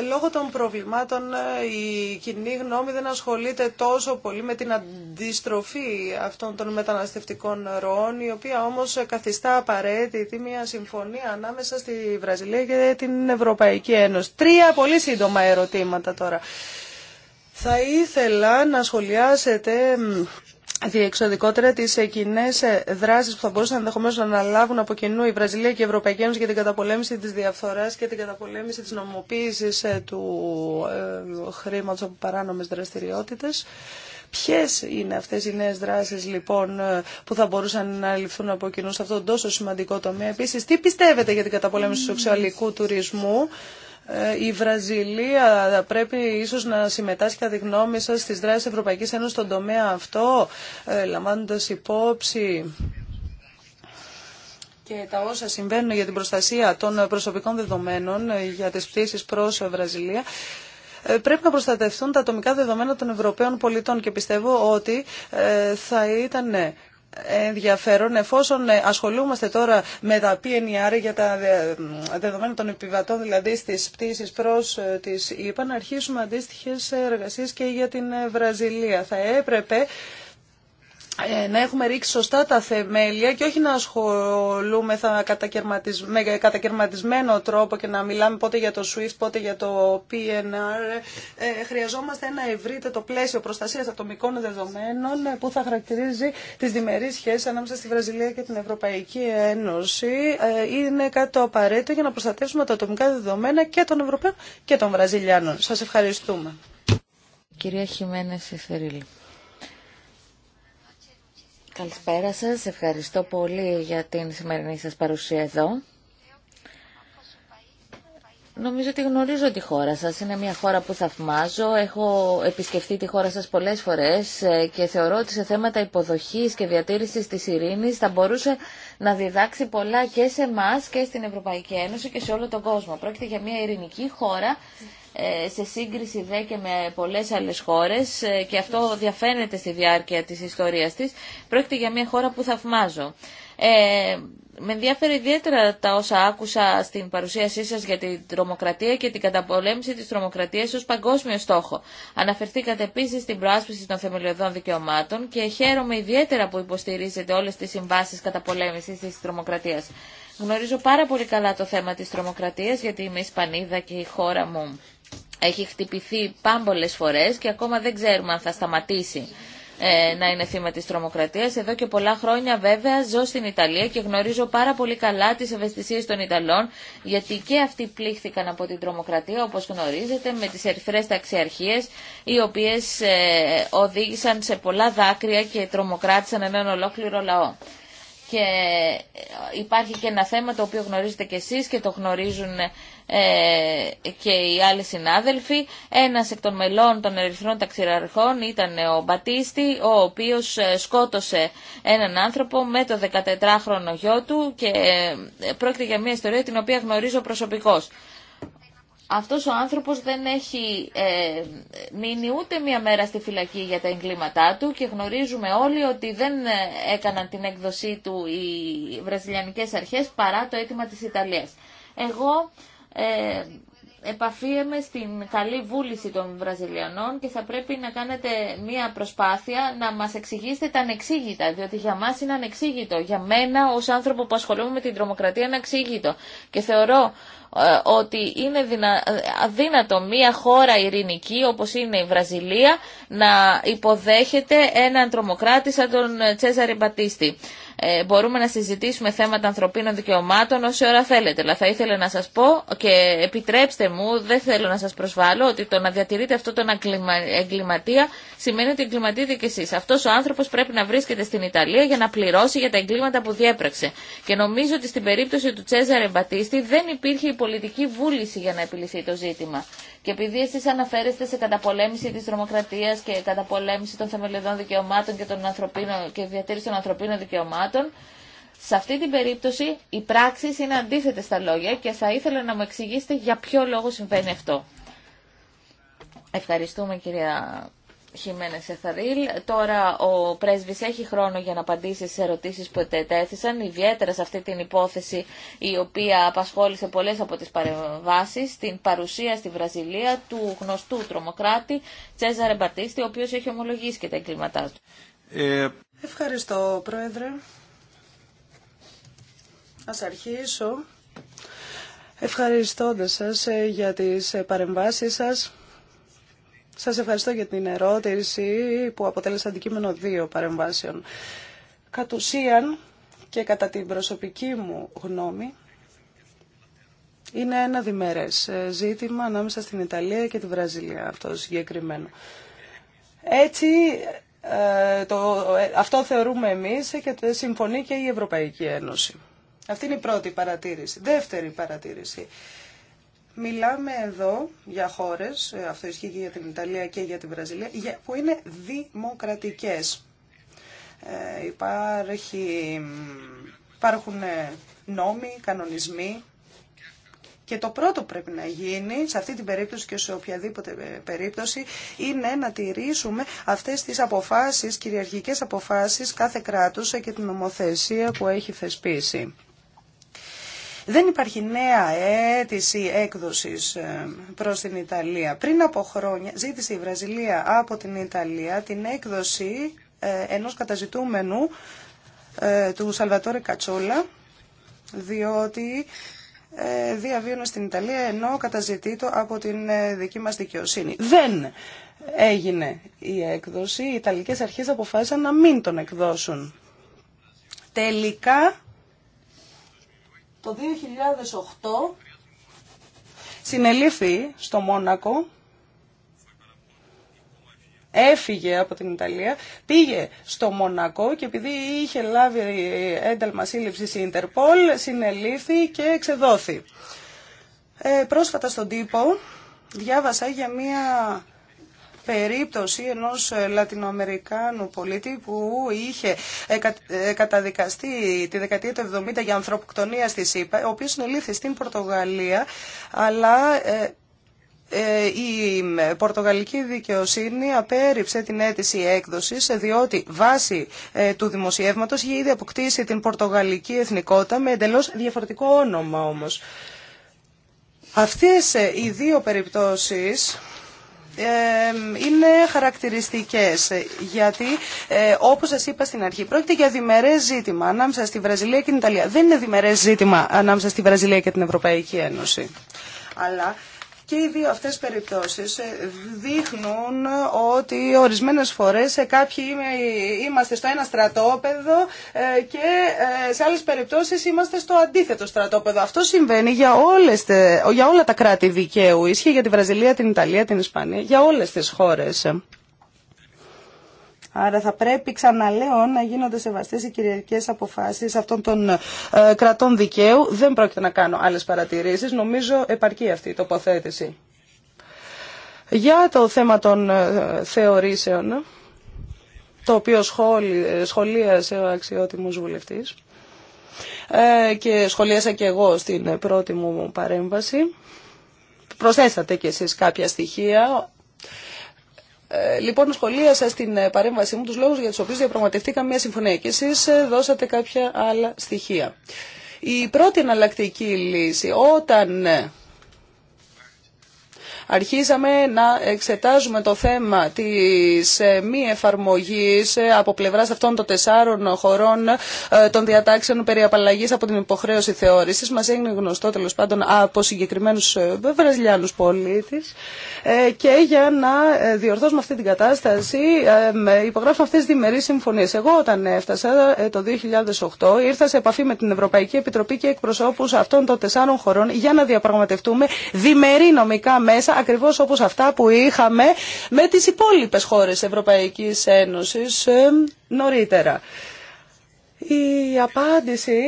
λόγω των προβλημάτων, ε, η κοινή γνώμη δεν ασχολείται τόσο πολύ με την αντιστροφή αυτών των μεταναστευτικών ροών, η οποία όμως καθιστά απαραίτητη μια συμφωνία ανάμεσα στη Βραζιλία και την Ευρωπαϊκή Ένωση. Τρία πολύ σύντομα ερωτήματα τώρα. Θα ήθελα να σχολιάσετε διεξοδικότερα τι ε, κοινέ ε, δράσει που θα μπορούσαν ενδεχομένω να αναλάβουν από κοινού η Βραζιλία και η Ευρωπαϊκή Ένωση για την καταπολέμηση τη διαφθορά και την καταπολέμηση τη νομοποίηση ε, του χρήματο από παράνομε δραστηριότητε. Ποιε είναι αυτέ οι νέε δράσει λοιπόν που θα μπορούσαν να ληφθούν από κοινού σε αυτόν τον τόσο σημαντικό τομέα. Επίση, τι πιστεύετε για την καταπολέμηση του σεξουαλικού τουρισμού η Βραζιλία πρέπει ίσως να συμμετάσχει κατά τη γνώμη σας στις δράσεις Ευρωπαϊκής Ένωσης στον τομέα αυτό, ε, λαμβάνοντας υπόψη και τα όσα συμβαίνουν για την προστασία των προσωπικών δεδομένων ε, για τις πτήσεις προς Βραζιλία ε, πρέπει να προστατευτούν τα ατομικά δεδομένα των Ευρωπαίων πολιτών και πιστεύω ότι θα ήταν ενδιαφέρον εφόσον ε, ασχολούμαστε τώρα με τα PNR e για τα ε, δεδομένα των επιβατών, δηλαδή στις πτήσεις προς ε, τις ΥΠΑ να αρχίσουμε αντίστοιχες εργασίες και για την Βραζιλία. Θα έπρεπε ε, να έχουμε ρίξει σωστά τα θεμέλια και όχι να ασχολούμε θα με κατακαιρματισμένο τρόπο και να μιλάμε πότε για το SWIFT, πότε για το PNR. Ε, χρειαζόμαστε ένα ευρύτερο πλαίσιο προστασίας ατομικών δεδομένων ε, που θα χαρακτηρίζει τις διμερεί σχέσεις ανάμεσα στη Βραζιλία και την Ευρωπαϊκή Ένωση. είναι κάτι το απαραίτητο για να προστατεύσουμε τα ατομικά δεδομένα και των Ευρωπαίων και των Βραζιλιάνων. Σα ευχαριστούμε.
Κυρία Καλησπέρα σας. Ευχαριστώ πολύ για την σημερινή σας παρουσία εδώ. Νομίζω ότι γνωρίζω τη χώρα σας. Είναι μια χώρα που θαυμάζω. Έχω επισκεφτεί τη χώρα σας πολλές φορές ε, και θεωρώ ότι σε θέματα υποδοχής και διατήρησης της ειρήνης θα μπορούσε να διδάξει πολλά και σε εμά και στην Ευρωπαϊκή Ένωση και σε όλο τον κόσμο. Πρόκειται για μια ειρηνική χώρα ε, σε σύγκριση δε και με πολλές άλλες χώρες ε, και αυτό διαφαίνεται στη διάρκεια της ιστορίας της. Πρόκειται για μια χώρα που θαυμάζω. Με ενδιαφέρει ιδιαίτερα τα όσα άκουσα στην παρουσίασή σας για την τρομοκρατία και την καταπολέμηση της τρομοκρατίας ως παγκόσμιο στόχο. Αναφερθήκατε επίσης στην προάσπιση των θεμελιωδών δικαιωμάτων και χαίρομαι ιδιαίτερα που υποστηρίζετε όλες τις συμβάσεις καταπολέμησης της τρομοκρατίας. Γνωρίζω πάρα πολύ καλά το θέμα της τρομοκρατίας γιατί είμαι Ισπανίδα και η χώρα μου έχει χτυπηθεί πάμπολες φορές και ακόμα δεν ξέρουμε αν θα σταματήσει. Ε, να είναι θύμα της τρομοκρατίας. Εδώ και πολλά χρόνια βέβαια ζω στην Ιταλία και γνωρίζω πάρα πολύ καλά τις ευαισθησίες των Ιταλών γιατί και αυτοί πλήχθηκαν από την τρομοκρατία όπως γνωρίζετε με τις ερυθρές ταξιαρχίες οι οποίες ε, οδήγησαν σε πολλά δάκρυα και τρομοκράτησαν έναν ολόκληρο λαό. Και ε, υπάρχει και ένα θέμα το οποίο γνωρίζετε και εσείς και το γνωρίζουν ε, και οι άλλοι συνάδελφοι. Ένας εκ των μελών των Ερυθρών Ταξιραρχών ήταν ο Μπατίστη, ο οποίος ε, σκότωσε έναν άνθρωπο με το 14χρονο γιο του και ε, πρόκειται για μια ιστορία την οποία γνωρίζω προσωπικώς. Αυτός ο άνθρωπος δεν έχει ε, μείνει ούτε μία μέρα στη φυλακή για τα εγκλήματά του και γνωρίζουμε όλοι ότι δεν έκαναν την έκδοσή του οι βραζιλιανικές αρχές παρά το αίτημα της Ιταλίας. Εγώ ε, στην καλή βούληση των Βραζιλιανών και θα πρέπει να κάνετε μία προσπάθεια να μας εξηγήσετε τα ανεξήγητα, διότι για μας είναι ανεξήγητο. Για μένα ως άνθρωπο που ασχολούμαι με την τρομοκρατία είναι ανεξήγητο. Και θεωρώ ε, ότι είναι δυνα... αδύνατο μία χώρα ειρηνική όπως είναι η Βραζιλία να υποδέχεται έναν τρομοκράτη σαν τον Τσέζαρη Μπατίστη. Ε, μπορούμε να συζητήσουμε θέματα ανθρωπίνων δικαιωμάτων όση ώρα θέλετε. Αλλά θα ήθελα να σας πω και επιτρέψτε μου, δεν θέλω να σας προσβάλλω, ότι το να διατηρείτε αυτό τον εγκληματία σημαίνει ότι εγκληματείτε και εσείς. Αυτός ο άνθρωπος πρέπει να βρίσκεται στην Ιταλία για να πληρώσει για τα εγκλήματα που διέπραξε. Και νομίζω ότι στην περίπτωση του Τσέζαρε Μπατίστη δεν υπήρχε η πολιτική βούληση για να επιληθεί το ζήτημα. Και επειδή εσεί αναφέρεστε σε καταπολέμηση τη τρομοκρατία και καταπολέμηση των θεμελιωδών δικαιωμάτων και, των ανθρωπίνων, και διατήρηση των ανθρωπίνων δικαιωμάτων, σε αυτή την περίπτωση οι πράξει είναι αντίθετε στα λόγια και θα ήθελα να μου εξηγήσετε για ποιο λόγο συμβαίνει αυτό. Ευχαριστούμε κυρία Χιμένε Εθαρίλ. Τώρα ο Πρέσβη έχει χρόνο για να απαντήσει σε ερωτήσει που ετέθησαν, ιδιαίτερα σε αυτή την υπόθεση η οποία απασχόλησε πολλέ από τι παρεμβάσει, την παρουσία στη Βραζιλία του γνωστού τρομοκράτη Τσέζαρε Μπατίστη, ο οποίο έχει ομολογήσει και τα εγκλήματά του. Ε, Ευχαριστώ, Πρόεδρε.
Α αρχίσω ευχαριστώντας σας ε, για τις παρεμβάσεις σας. Σας ευχαριστώ για την ερώτηση που αποτέλεσε αντικείμενο δύο παρεμβάσεων. Κατ' ουσίαν και κατά την προσωπική μου γνώμη, είναι ένα διμερές ε, ζήτημα ανάμεσα στην Ιταλία και τη Βραζιλία αυτό συγκεκριμένο. Έτσι, ε, το, ε, αυτό θεωρούμε εμείς και συμφωνεί και η Ευρωπαϊκή Ένωση. Αυτή είναι η πρώτη παρατήρηση. Δεύτερη παρατήρηση. Μιλάμε εδώ για χώρες, ε, αυτό ισχύει και για την Ιταλία και για την Βραζιλία, που είναι δημοκρατικές. Ε, υπάρχει, υπάρχουν ε, νόμοι, κανονισμοί και το πρώτο που πρέπει να γίνει, σε αυτή την περίπτωση και σε οποιαδήποτε ε, περίπτωση, είναι να τηρήσουμε αυτές τις αποφάσεις, κυριαρχικές αποφάσεις κάθε κράτους και την νομοθεσία που έχει θεσπίσει. Δεν υπάρχει νέα αίτηση έκδοση ε, προς την Ιταλία. Πριν από χρόνια ζήτησε η Βραζιλία από την Ιταλία την έκδοση ε, ενός καταζητούμενου ε, του Σαλβατόρε Κατσόλα, διότι διαβίωνε στην Ιταλία ενώ καταζητεί το από την δική μας δικαιοσύνη. Δεν έγινε η έκδοση, οι Ιταλικές αρχές αποφάσισαν να μην τον εκδώσουν. Τελικά το 2008 συνελήφθη στο Μόνακο, έφυγε από την Ιταλία, πήγε στο Μονακό και επειδή είχε λάβει ένταλμα σύλληψης Ιντερπολ, συνελήφθη και εξεδόθη. Ε, πρόσφατα στον τύπο διάβασα για μία περίπτωση ενός ε, Λατινοαμερικάνου πολίτη που είχε ε, ε, καταδικαστεί τη δεκαετία του 70 για ανθρωποκτονία στη ΣΥΠΑ, ο οποίος συνελήφθη στην Πορτογαλία, αλλά η πορτογαλική δικαιοσύνη απέρριψε την αίτηση έκδοσης διότι βάσει του δημοσιεύματος είχε ήδη αποκτήσει την πορτογαλική εθνικότητα με εντελώς διαφορετικό όνομα όμως. Αυτές οι δύο περιπτώσεις είναι χαρακτηριστικές γιατί ε, όπως σας είπα στην αρχή πρόκειται για διμερές ζήτημα ανάμεσα στη Βραζιλία και την Ιταλία. Δεν είναι διμερές ζήτημα ανάμεσα στη Βραζιλία και την Ευρωπαϊκή Ένωση. Αλλά και οι δύο αυτές περιπτώσεις ε, δείχνουν ότι ορισμένες φορές ε, κάποιοι είμαστε στο ένα στρατόπεδο ε, και σε άλλες περιπτώσεις είμαστε στο αντίθετο στρατόπεδο. Αυτό συμβαίνει για, όλες, για όλα τα κράτη δικαίου. Ίσχυε για τη Βραζιλία, την Ιταλία, την Ισπανία, για όλες τις χώρες. Άρα θα πρέπει ξαναλέω να γίνονται σεβαστές οι κυριαρχικές αποφάσεις αυτών των ε, κρατών δικαίου. Δεν πρόκειται να κάνω άλλες παρατηρήσεις. Νομίζω επαρκεί αυτή η τοποθέτηση. Για το θέμα των ε, θεωρήσεων, το οποίο ε, σχολίασε ο αξιότιμος βουλευτής ε, και σχολίασα και εγώ στην πρώτη μου παρέμβαση. Προσθέσατε κι εσείς κάποια στοιχεία ε, λοιπόν, σχολίασα στην ε, παρέμβασή μου τους λόγους για τους οποίους διαπραγματευτήκαμε μια συμφωνία και εσείς ε, δώσατε κάποια άλλα στοιχεία. Η πρώτη εναλλακτική λύση, όταν Αρχίσαμε να εξετάζουμε το θέμα της ε, μη εφαρμογής ε, από πλευράς αυτών των τεσσάρων χωρών ε, των διατάξεων περί απαλλαγής από την υποχρέωση θεώρησης. Μας έγινε γνωστό τέλος πάντων από συγκεκριμένους βραζιλιάνους πολίτες και για να διορθώσουμε αυτή την κατάσταση υπογράφουμε αυτές τις διμερείς συμφωνίες. Εγώ όταν έφτασα το 2008 ήρθα σε επαφή με την Ευρωπαϊκή Επιτροπή και εκπροσώπους αυτών των τεσσάρων χωρών για να διαπραγματευτούμε διμερεί νομικά μέσα ακριβώς όπως αυτά που είχαμε με τις υπόλοιπες χώρες Ευρωπαϊκής Ένωσης ε, νωρίτερα. Η απάντηση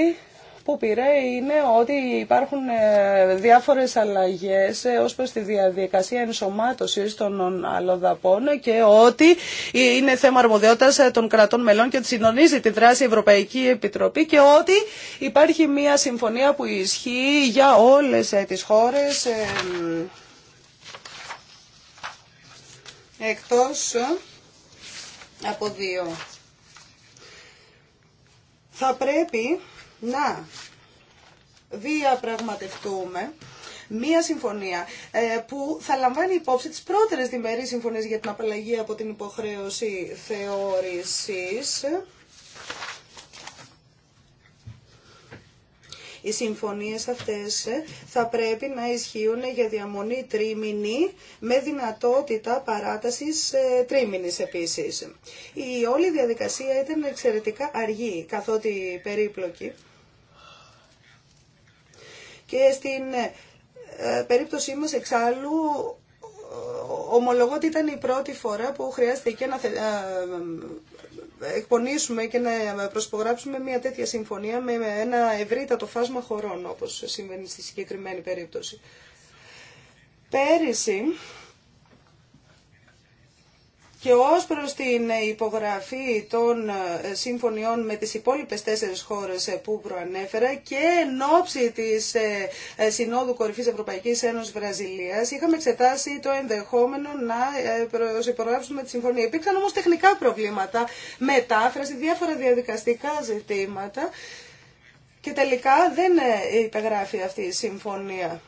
που πήρε είναι ότι υπάρχουν ε, διάφορες αλλαγές ε, ως προς τη διαδικασία ενσωμάτωσης των αλλοδαπών και ότι είναι θέμα αρμοδιότητας των κρατών μελών και ότι συντονίζει τη δράση Ευρωπαϊκή Επιτροπή και ότι υπάρχει μια συμφωνία που ισχύει για όλες τις χώρες εκτός ε, από δύο. Θα πρέπει να διαπραγματευτούμε μία συμφωνία ε, που θα λαμβάνει υπόψη τις πρώτερες διμερείς συμφωνίες για την απαλλαγή από την υποχρέωση θεώρησης Οι συμφωνίες αυτές ε, θα πρέπει να ισχύουν για διαμονή τρίμηνη με δυνατότητα παράτασης ε, τρίμηνης επίσης. Η όλη διαδικασία ήταν εξαιρετικά αργή καθότι περίπλοκη και στην ε, περίπτωσή μας εξάλλου ομολογώ ότι ήταν η πρώτη φορά που χρειάστηκε να εκπονήσουμε και να προσπογράψουμε μια τέτοια συμφωνία με ένα ευρύτατο φάσμα χωρών, όπως συμβαίνει στη συγκεκριμένη περίπτωση. Πέρυσι, και ως προς την υπογραφή των ε, συμφωνιών με τις υπόλοιπες τέσσερις χώρες ε, που προανέφερα και εν ώψη της ε, Συνόδου Κορυφής Ευρωπαϊκής Ένωσης Βραζιλίας είχαμε εξετάσει το ενδεχόμενο να προσυπογράψουμε τη συμφωνία. Υπήρξαν όμως τεχνικά προβλήματα, μετάφραση, διάφορα διαδικαστικά ζητήματα και τελικά δεν υπεγράφει αυτή η συμφωνία.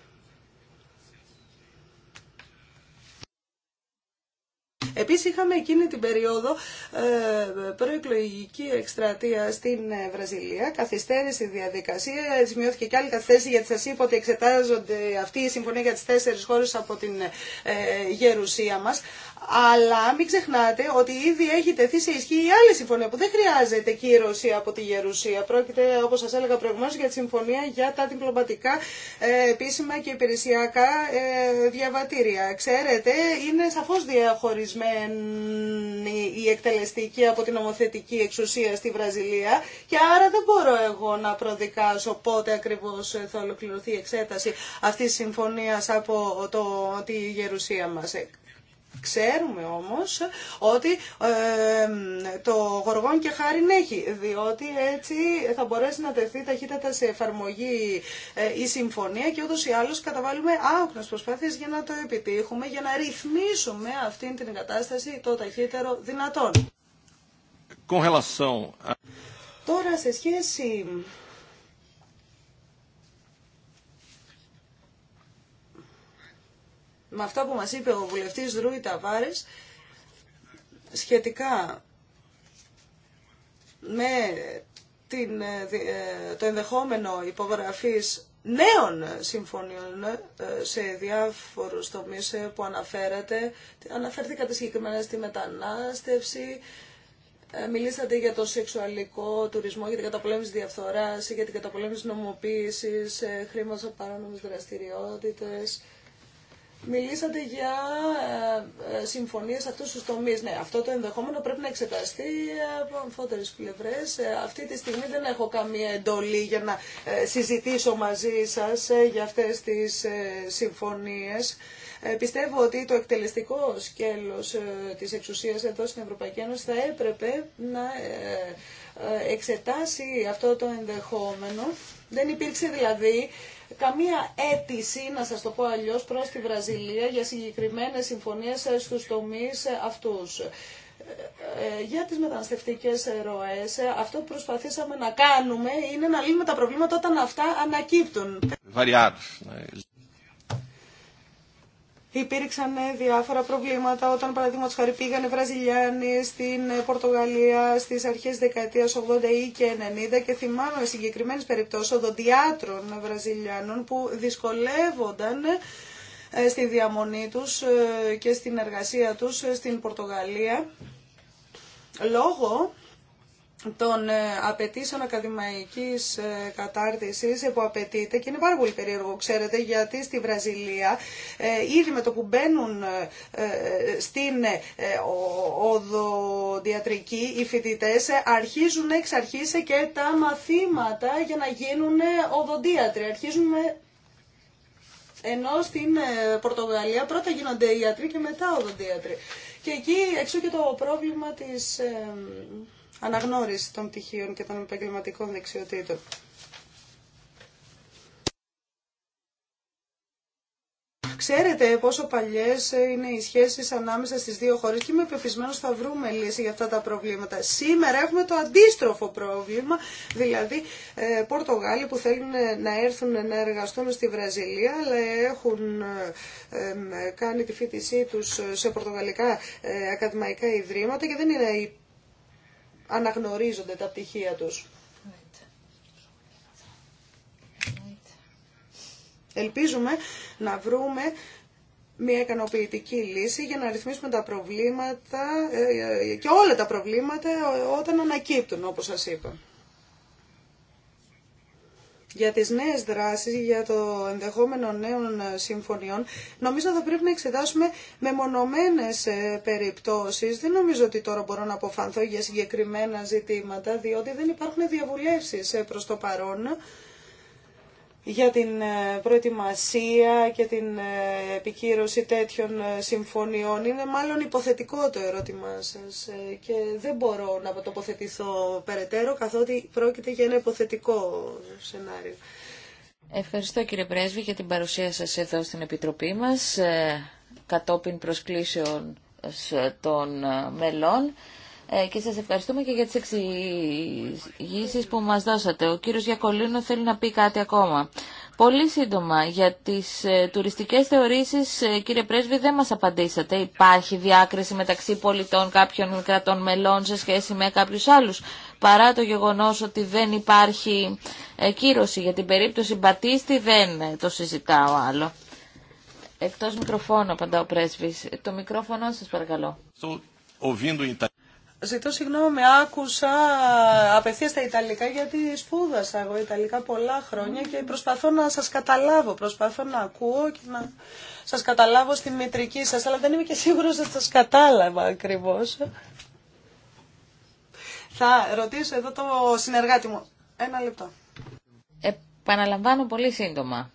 Επίσης είχαμε εκείνη την περίοδο ε, προεκλογική εκστρατεία στην ε, Βραζιλία, καθυστέρηση η διαδικασία, σημειώθηκε και άλλη καθυστέρηση γιατί σας είπα ότι εξετάζονται αυτή η συμφωνία για τις τέσσερις χώρες από την ε, γερουσία μας. Αλλά μην ξεχνάτε ότι ήδη έχει τεθεί σε ισχύ η άλλη συμφωνία που δεν χρειάζεται κύρωση από τη Γερουσία. Πρόκειται, όπω σα έλεγα προηγουμένω, για τη συμφωνία για τα διπλωματικά ε, επίσημα και υπηρεσιακά ε, διαβατήρια. Ξέρετε, είναι σαφώ διαχωρισμένη η εκτελεστική από την νομοθετική εξουσία στη Βραζιλία και άρα δεν μπορώ εγώ να προδικάσω πότε ακριβώ θα ολοκληρωθεί η εξέταση αυτή τη συμφωνία από το, τη Γερουσία μα. Ξέρουμε όμως ότι ε, το γοργόν και χάριν έχει, διότι έτσι θα μπορέσει να τεθεί ταχύτατα σε εφαρμογή ε, η συμφωνία και ούτως ή άλλως καταβάλουμε άοκνες προσπάθειες για να το επιτύχουμε, για να ρυθμίσουμε αυτή την κατάσταση το ταχύτερο δυνατόν. Τώρα σε σχέση με αυτά που μας είπε ο βουλευτής Ρούι Βάρης, σχετικά με την, ε, ε, το ενδεχόμενο υπογραφής νέων συμφωνιών ε, σε διάφορους τομείς που αναφέρατε. Αναφέρθηκατε συγκεκριμένα στη μετανάστευση, μιλήσατε για το σεξουαλικό τουρισμό, για την καταπολέμηση διαφθοράς, για την καταπολέμηση νομοποίησης, χρήματος από παράνομες δραστηριότητες. Μιλήσατε για ε, ε, συμφωνίες αυτού αυτούς τους Ναι, αυτό το ενδεχόμενο πρέπει να εξεταστεί από αμφότερες πλευρές. Ε, αυτή τη στιγμή δεν έχω καμία εντολή για να συζητήσω μαζί σας για αυτές τις συμφωνίες. Πιστεύω ότι το εκτελεστικό σκέλος της εξουσίας εδώ στην Ευρωπαϊκή Ένωση θα έπρεπε να εξετάσει αυτό το ενδεχόμενο. Δεν υπήρξε δηλαδή καμία αίτηση, να σας το πω αλλιώς, προς τη Βραζιλία για συγκεκριμένες συμφωνίες στους τομείς αυτούς ε, ε, για τις μεταναστευτικές ροές, αυτό που προσπαθήσαμε να κάνουμε είναι να λύνουμε τα προβλήματα όταν αυτά ανακύπτουν.
Ναι.
Υπήρξαν ε, διάφορα προβλήματα όταν παραδείγματο χάρη πήγανε Βραζιλιάνοι στην ε, Πορτογαλία στις αρχές δεκαετίας 80 ή και 90 και θυμάμαι συγκεκριμένες περιπτώσεις οδοντιάτρων Βραζιλιάνων που δυσκολεύονταν ε, στη διαμονή τους και στην εργασία τους στην Πορτογαλία λόγω των ε, απαιτήσεων ακαδημαϊκής ε, κατάρτισης που απαιτείται και είναι πάρα πολύ περίεργο ξέρετε γιατί στη Βραζιλία ε, ήδη με το που μπαίνουν στην οδοντιατρική οι φοιτητές αρχίζουν εξ αρχής και τα μαθήματα για να γίνουν οδοντίατροι. Αρχίζουν με ενώ στην Πορτογαλία πρώτα γίνονται ιατροί και μετά οδοντίατροι. Και εκεί έξω και το πρόβλημα της αναγνώριση των πτυχίων και των επαγγελματικών δεξιοτήτων. Ξέρετε πόσο παλιέ είναι οι σχέσει ανάμεσα στι δύο χώρε και είμαι πεπισμένο θα βρούμε λύση για αυτά τα προβλήματα. Σήμερα έχουμε το αντίστροφο πρόβλημα, δηλαδή ε, Πορτογάλοι που θέλουν να έρθουν να εργαστούν στη Βραζιλία, αλλά έχουν ε, κάνει τη φοιτησή του σε πορτογαλικά ε, ακαδημαϊκά ιδρύματα και δεν είναι αναγνωρίζονται τα πτυχία τους. Ελπίζουμε να βρούμε μια ικανοποιητική λύση για να ρυθμίσουμε τα προβλήματα ε, ε, και όλα τα προβλήματα ε, όταν ανακύπτουν, όπως σας είπα για τις νέες δράσεις, για το ενδεχόμενο νέων συμφωνιών, νομίζω θα πρέπει να εξετάσουμε με μονομένες ε, περιπτώσεις. Δεν νομίζω ότι τώρα μπορώ να αποφανθώ για συγκεκριμένα ζητήματα, διότι δεν υπάρχουν διαβουλεύσεις ε, προς το παρόν για την ε, προετοιμασία και την ε, επικύρωση τέτοιων ε, συμφωνιών. Είναι μάλλον υποθετικό το ερώτημά σας και δεν μπορώ να τοποθετηθώ περαιτέρω καθότι πρόκειται για ένα υποθετικό
σενάριο. Ευχαριστώ κύριε Πρέσβη για την παρουσία σας εδώ στην Επιτροπή μας κατόπιν προσκλήσεων των μελών. Ε, και σας ευχαριστούμε και για τις εξηγήσεις που μας δώσατε. Ο κύριος Γιακολίνο θέλει να πει κάτι ακόμα. Πολύ σύντομα, για τις ε, τουριστικές θεωρήσεις, ε, κύριε Πρέσβη, δεν μας απαντήσατε. Υπάρχει διάκριση μεταξύ πολιτών κάποιων κρατών μελών σε σχέση με κάποιους άλλους, παρά το γεγονός ότι δεν υπάρχει κύρωση. Για την περίπτωση Μπατίστη δεν το συζητάω άλλο. Εκτός μικροφώνου, απαντά ο Πρέσβης. Το μικρόφωνο σας παρακαλώ. Ζητώ συγγνώμη, άκουσα απευθεία στα Ιταλικά γιατί σπούδασα εγώ Ιταλικά
πολλά χρόνια και προσπαθώ να σας καταλάβω, προσπαθώ να ακούω και να σας καταλάβω στη μητρική σας, αλλά δεν είμαι και σίγουρος ότι σας κατάλαβα ακριβώς. Θα ρωτήσω εδώ το συνεργάτη μου. Ένα λεπτό.
Επαναλαμβάνω πολύ σύντομα.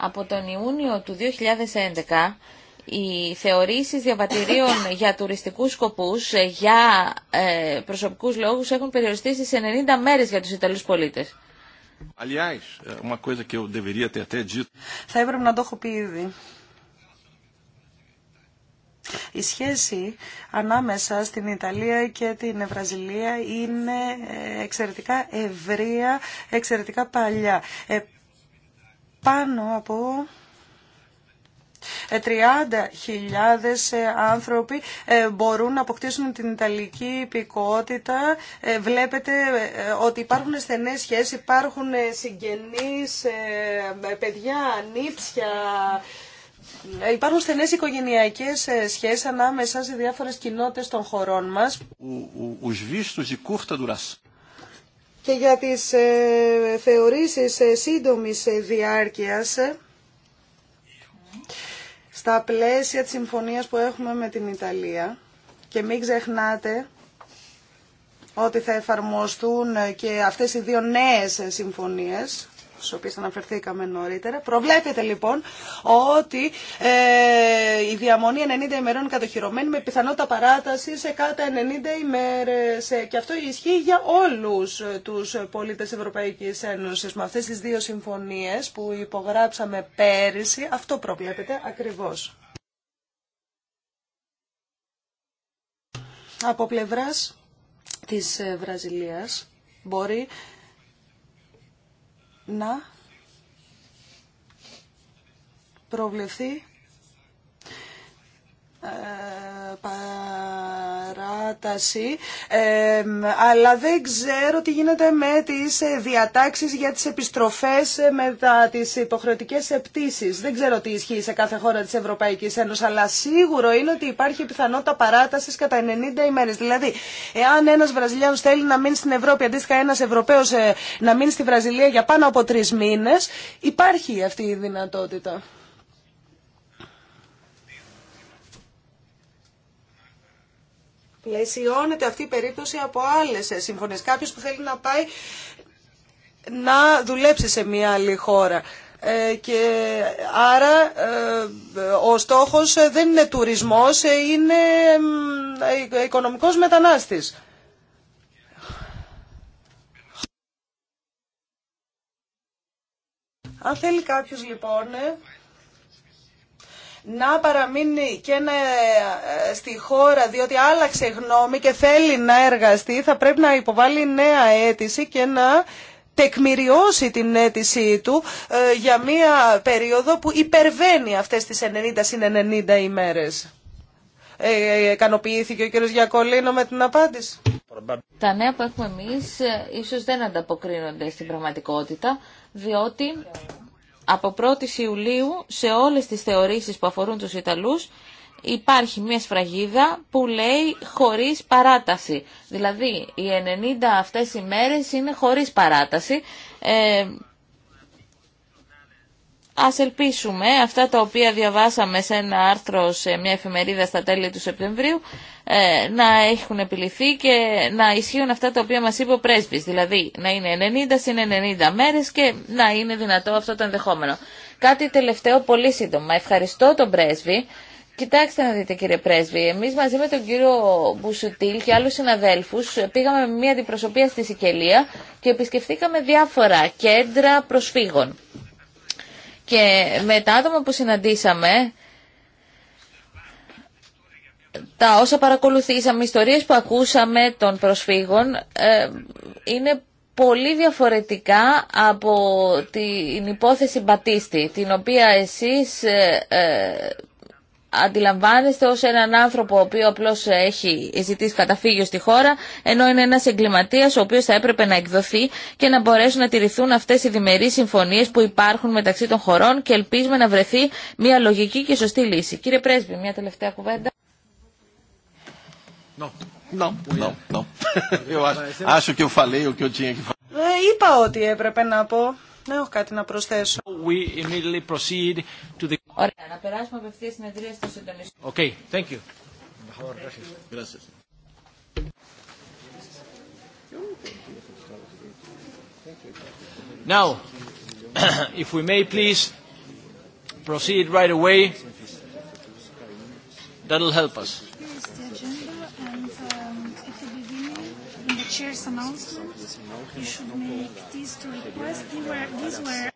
Από τον Ιούνιο του 2011 οι θεωρήσεις διαβατηρίων για τουριστικούς σκοπούς, ε, για ε, προσωπικούς λόγους, έχουν περιοριστεί στις 90 μέρες για τους Ιταλούς πολίτες. Θα έπρεπε να το έχω πει ήδη.
Η σχέση ανάμεσα στην Ιταλία και την Βραζιλία είναι ε, εξαιρετικά ευρεία, εξαιρετικά παλιά. Ε, πάνω από 30.000 ε, ε, άνθρωποι ε, μπορούν να αποκτήσουν την Ιταλική υπηκότητα. Βλέπετε ότι υπάρχουν στενές σχέσεις, υπάρχουν συγγενείς, παιδιά, νύψια Υπάρχουν στενές οικογενειακές σχέσεις ανάμεσα σε διάφορες κοινότητες των χωρών μας. Και για τις θεωρήσεις σύντομης διάρκειας, στα πλαίσια της συμφωνίας που έχουμε με την Ιταλία και μην ξεχνάτε ότι θα εφαρμοστούν και αυτές οι δύο νέες συμφωνίες στις οποίες αναφερθήκαμε νωρίτερα. Προβλέπεται λοιπόν ότι ε, η διαμονή 90 ημερών είναι κατοχυρωμένη με πιθανότητα παράταση σε κάτω 90 ημέρες. Ε, και αυτό ισχύει για όλους ε, τους πολίτες Ευρωπαϊκής Ένωσης. Με αυτές τις δύο συμφωνίες που υπογράψαμε πέρυσι, αυτό προβλέπεται ακριβώς. Από πλευράς της Βραζιλίας μπορεί να προβλεφθεί ε, παράταση ε, αλλά δεν ξέρω τι γίνεται με τις διατάξεις για τις επιστροφές μετά τις υποχρεωτικές επτήσεις. Δεν ξέρω τι ισχύει σε κάθε χώρα της Ευρωπαϊκής Ένωσης αλλά σίγουρο είναι ότι υπάρχει πιθανότητα παράτασης κατά 90 ημέρες. Δηλαδή, εάν ένας Βραζιλιάνος θέλει να μείνει στην Ευρώπη, αντίστοιχα ένας Ευρωπαίος ε, να μείνει στη Βραζιλία για πάνω από τρει μήνες, υπάρχει αυτή η δυνατότητα. πλαισιώνεται αυτή η περίπτωση από άλλε συμφωνίε. Κάποιο που θέλει να πάει να δουλέψει σε μια άλλη χώρα. Ε, και άρα ε, ο στόχος δεν είναι τουρισμός, ε, είναι οικονομικός μετανάστης. Αν θέλει κάποιος λοιπόν να παραμείνει και ε, στη χώρα διότι άλλαξε γνώμη και θέλει να εργαστεί θα πρέπει να υποβάλει νέα αίτηση και να τεκμηριώσει την αίτησή του ε, για μία περίοδο που υπερβαίνει αυτές τις 90
συν 90 ημέρες. Ε, ε ο κ. Γιακολίνο με την απάντηση. Τα νέα που έχουμε εμείς ίσως δεν ανταποκρίνονται στην πραγματικότητα διότι από 1η Ιουλίου σε όλες τις θεωρήσεις που αφορούν τους Ιταλούς υπάρχει μια σφραγίδα που λέει χωρίς παράταση. Δηλαδή οι 90 αυτές οι μέρες είναι χωρίς παράταση. Ε, Ας ελπίσουμε αυτά τα οποία διαβάσαμε σε ένα άρθρο σε μια εφημερίδα στα τέλη του Σεπτεμβρίου ε, να έχουν επιληθεί και να ισχύουν αυτά τα οποία μας είπε ο πρέσβης. Δηλαδή να είναι 90 συν 90 μέρες και να είναι δυνατό αυτό το ενδεχόμενο. Κάτι τελευταίο πολύ σύντομα. Ευχαριστώ τον πρέσβη. Κοιτάξτε να δείτε κύριε Πρέσβη, εμείς μαζί με τον κύριο Μπουσουτήλ και άλλους συναδέλφους πήγαμε με μια αντιπροσωπεία στη Σικελία και επισκεφθήκαμε διάφορα κέντρα προσφύγων. Και με τα άτομα που συναντήσαμε, τα όσα παρακολουθήσαμε, ιστορίες που ακούσαμε των προσφύγων, ε, είναι πολύ διαφορετικά από την υπόθεση Μπατίστη, την οποία εσείς ε, ε, αντιλαμβάνεστε ως έναν άνθρωπο ο οποίος απλώς έχει ζητήσει καταφύγιο στη χώρα, ενώ είναι ένας εγκληματίας ο οποίος θα έπρεπε να εκδοθεί και να μπορέσουν να τηρηθούν αυτές οι διμερείς συμφωνίες που υπάρχουν μεταξύ των χωρών και ελπίζουμε να βρεθεί μια λογική και σωστή λύση. Κύριε Πρέσβη, μια τελευταία κουβέντα. Είπα ότι έπρεπε να
πω.
Δεν έχω κάτι We immediately proceed to the...
Ωραία, απευθείας στο
Okay, thank you. Now, if we may please proceed right away, that'll help us.
and the you should make these two requests. These were